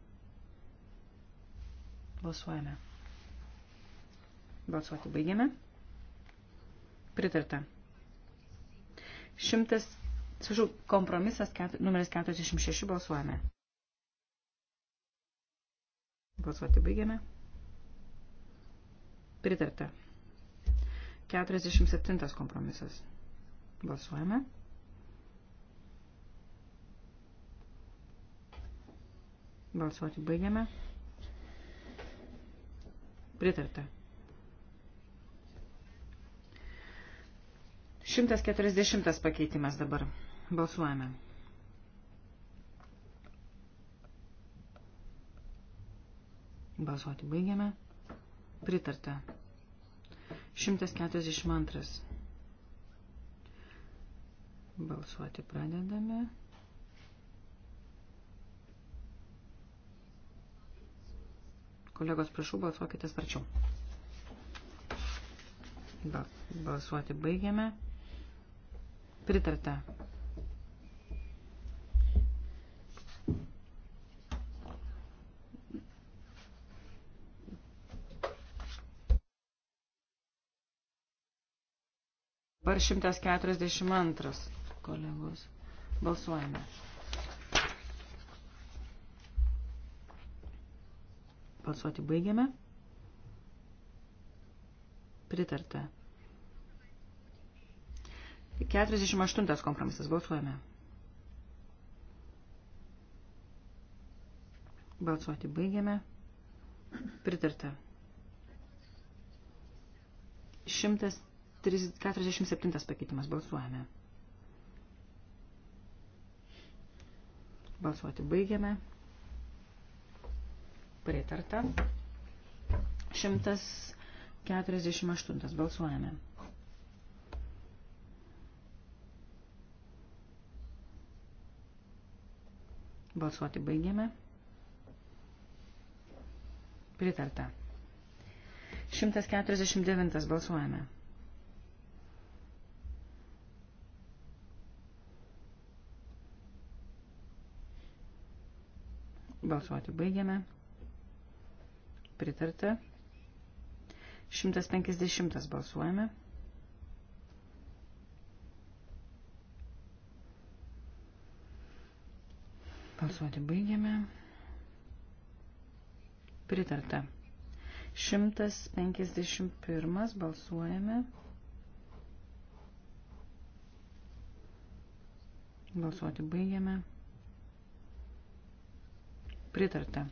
Balsuojame. Balsuoti baigiame. Pritarta. Šimtas, sužau, kompromisas ketur, numeris 46 balsuojame. Balsuoti baigiame. Pritarta. 47 kompromisas. Balsuojame. Balsuoti baigiame. Pritarta. 140 pakeitimas dabar. Balsuojame. Balsuoti baigiame. Pritarta. 142. Balsuoti pradedame. Kolegos, prašau, balsuokite sparčiau. Balsuoti baigiame. Pritarta. Dabar 142 kolegos. Balsuojame. Balsuoti baigiame. Pritarta. 48 kompromisas. Balsuojame. Balsuoti baigiame. Pritarta. 147 pakeitimas. Balsuojame. Balsuoti baigiame. Pritarta. 148. Balsuojame. Balsuoti baigėme. Pritarta. 149 balsuojame. Balsuoti baigėme pritarta. 150 balsuojame. Balsuoti baigiame. Pritarta. 151 balsuojame. Balsuoti baigiame. Pritarta.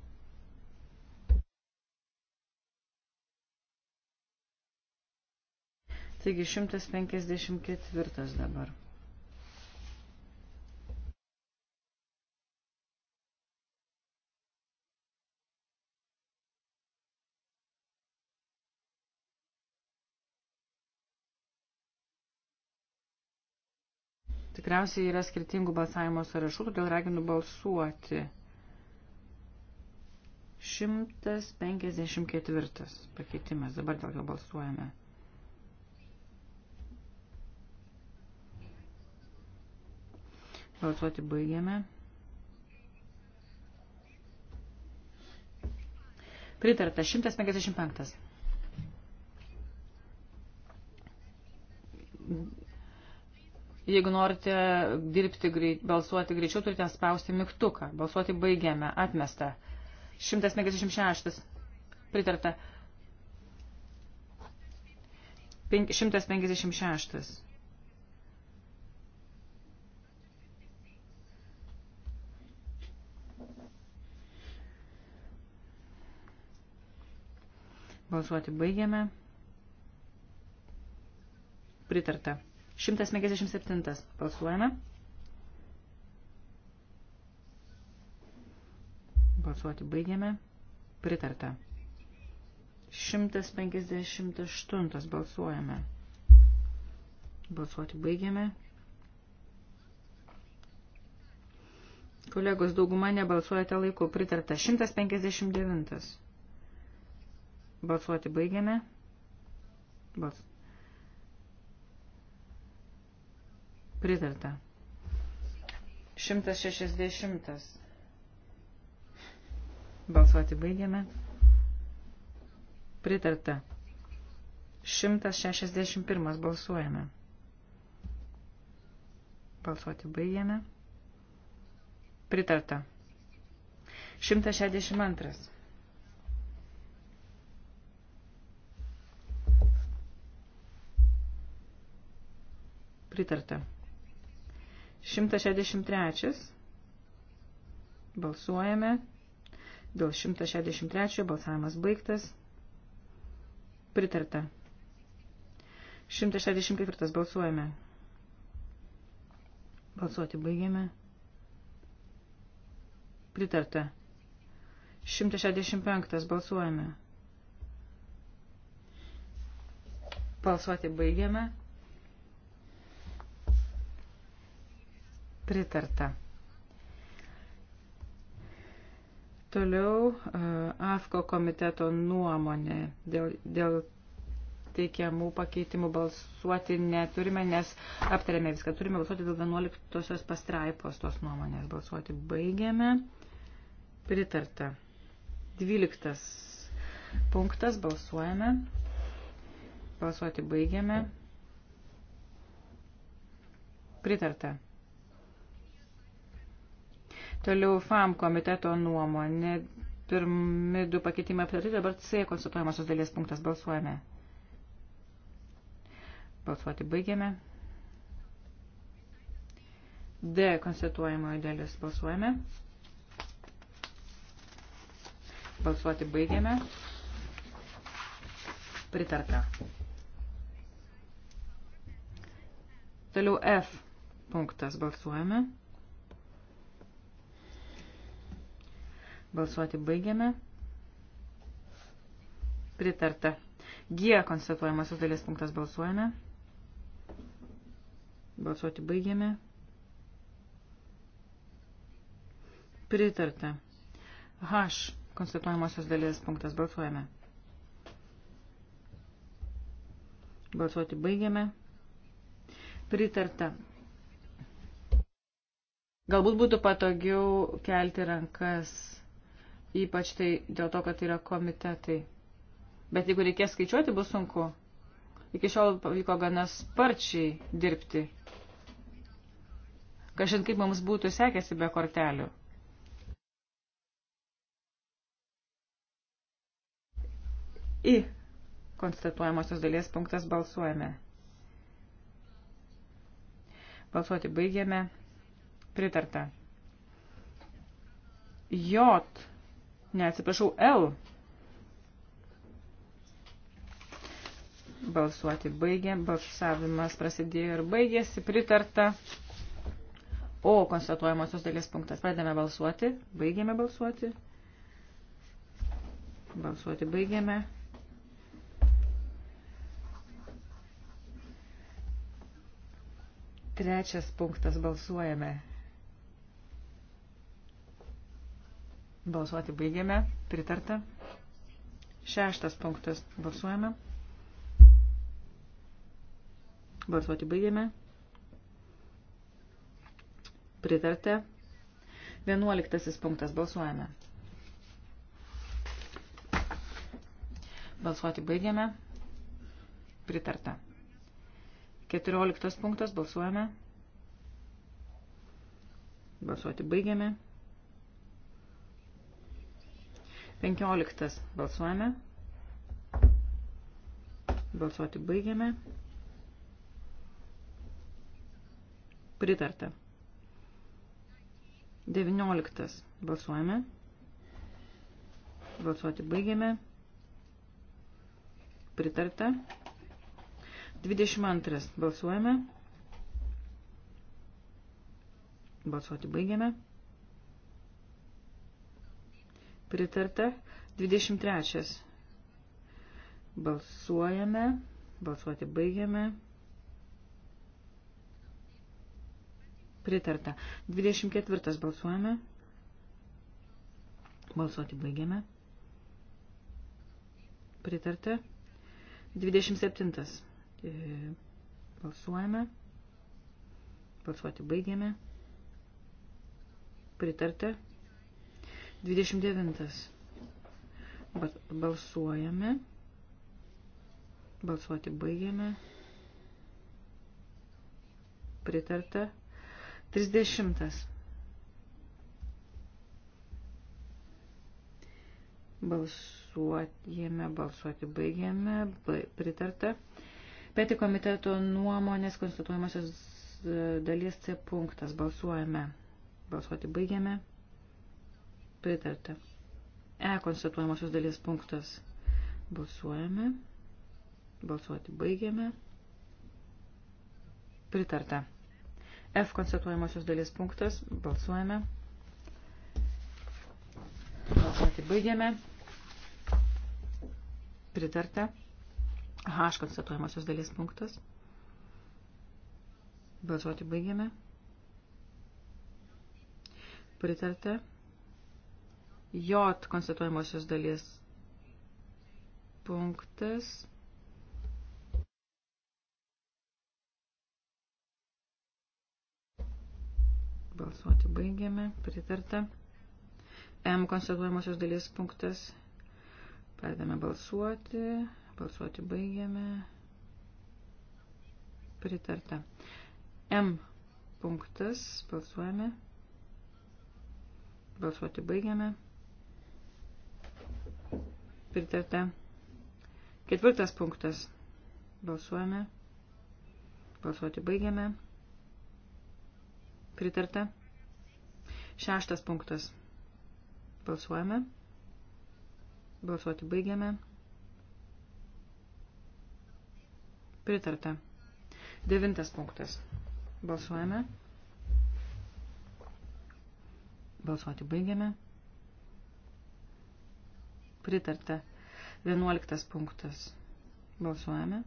Taigi 154 dabar. Tikriausiai yra skirtingų balsavimo sąrašų, todėl raginu balsuoti. 154 pakeitimas. Dabar dėl jo balsuojame. Balsuoti baigiame. Pritarta 155. Jeigu norite dirbti, greit, balsuoti greičiau, turite spausti mygtuką. Balsuoti baigiame. Atmesta. 156. Pritarta. 5, 156. Balsuoti baigiame. Pritarta. 157. Balsuojame. Balsuoti baigiame. Pritarta. 158. Balsuojame. Balsuoti baigiame. Kolegos, dauguma nebalsuojate laiku. Pritarta. 159. Balsuoti baigiame. Bals. Pritarta. 160. Balsuoti baigiame. Pritarta. 161 balsuojame. Balsuoti baigiame. Pritarta. 162. pritarta. 163. Balsuojame. Dėl 163 balsavimas baigtas. Pritarta. 164 balsuojame. Balsuoti baigėme. Pritarta. 165 balsuojame. Balsuoti baigėme. pritarta. Toliau e, AFKO komiteto nuomonė dėl, dėl teikiamų pakeitimų balsuoti neturime, nes aptarėme viską. Turime balsuoti dėl 11 pastraipos tos nuomonės. Balsuoti baigėme. Pritarta. 12 punktas. Balsuojame. Balsuoti baigėme. Pritarta. Toliau FAM komiteto nuomonė. Pirmi du pakeitimai apie tai dabar C konsultuojamosios dalies punktas. Balsuojame. Balsuoti baigiame. D konstatuojamoji dalis balsuojame. Balsuoti baigiame. Pritarta. Toliau F punktas balsuojame. Balsuoti baigiame. Pritarta. G konstatuojamasis dalies punktas balsuojame. Balsuoti baigiame. Pritarta. H konstatuojamosios dalies punktas balsuojame. Balsuoti baigiame. Pritarta. Galbūt būtų patogiau kelti rankas Ypač tai dėl to, kad tai yra komitetai. Bet jeigu reikės skaičiuoti, bus sunku. Iki šiol pavyko gana sparčiai dirbti. Kažin kaip mums būtų sekėsi be kortelių. Į konstatuojamosios dalies punktas balsuojame. Balsuoti baigėme. Pritarta. Jot neatsiprašau, L. Balsuoti baigė, balsavimas prasidėjo ir baigėsi, pritarta. O konstatuojamosios dalies punktas. Pradėme balsuoti, baigėme balsuoti. Balsuoti baigėme. Trečias punktas balsuojame. Balsuoti baigėme. Pritarta. Šeštas punktas. Balsuojame. Balsuoti baigėme. Pritarta. Vienuoliktasis punktas. Balsuojame. Balsuoti baigėme. Pritarta. Keturioliktas punktas. Balsuojame. Balsuoti baigėme. 15 balsuojame. Balsuoti baigiame. Pritarta. 19 balsuojame. Balsuoti baigiame. Pritarta. 22 balsuojame. Balsuoti baigiame pritarta. 23. Balsuojame, balsuoti baigiame. Pritarta. 24 balsuojame. Balsuoti baigiame. Pritarta. 27. E, balsuojame. Balsuoti baigiame. Pritarta. 29. Balsuojame. Balsuoti baigiame. Pritarta. 30. Balsuojame, balsuoti baigiame. Pritarta. Peti komiteto nuomonės konstatuojamosios e, dalies C punktas. Balsuojame. Balsuoti baigiame. Pritarta. E konstatuojamosios dalies punktas. Balsuojame. Balsuoti baigiame. Pritarta. F konstatuojamosios dalies punktas. Balsuojame. Balsuoti baigiame. Pritarta. H konstatuojamosios dalies punktas. Balsuoti baigiame. Pritarta. J konstatuojamosios dalies punktas. Balsuoti baigėme. Pritarta. M konstatuojamosios dalies punktas. Pradedame balsuoti. Balsuoti baigėme. Pritarta. M punktas. Balsuojame. Balsuoti baigėme. Pritarta. Ketvirtas punktas. Balsuojame. Balsuoti baigiame. Pritarta. Šeštas punktas. Balsuojame. Balsuoti baigiame. Pritarta. Devintas punktas. Balsuojame. Balsuoti baigiame. Pritarta. Vienuoliktas punktas. Balsuojame.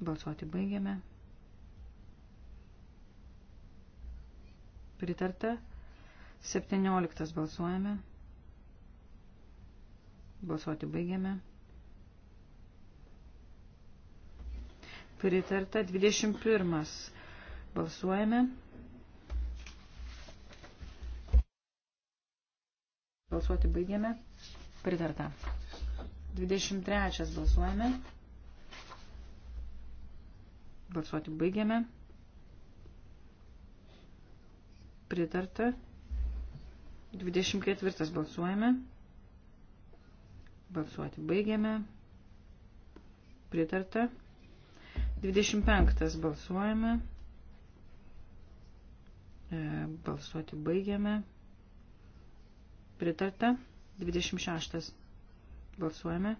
Balsuoti baigiame. Pritarta. Septynioliktas balsuojame. Balsuoti baigiame. Pritarta. Dvidešimt pirmas. Balsuojame. Balsuoti baigėme. Pritarta. 23 balsuojame. Balsuoti baigėme. Pritarta. 24 balsuojame. Balsuoti baigėme. Pritarta. 25 balsuojame. E, balsuoti baigėme. Pritarta. 26. Balsuojame.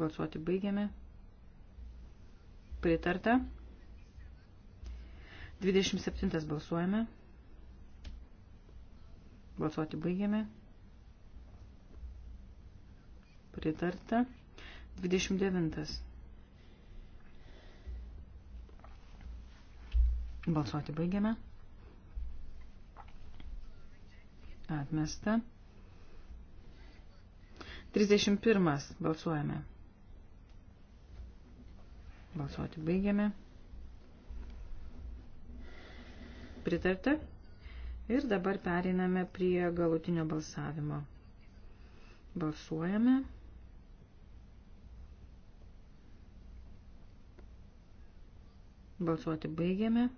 Balsuoti baigiame. Pritarta. 27 balsuojame. Balsuoti baigiame. Pritarta. 29. Balsuoti baigiame. Atmesta. 31. Balsuojame. Balsuoti baigiame. Pritarta. Ir dabar pereiname prie galutinio balsavimo. Balsuojame. Balsuoti baigiame.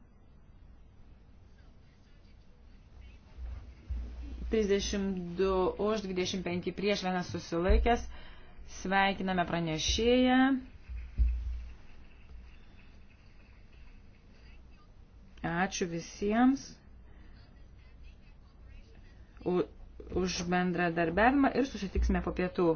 32 už 25 prieš vienas susilaikęs. Sveikiname pranešėją. Ačiū visiems už bendradarbiavimą ir susitiksime po pietų.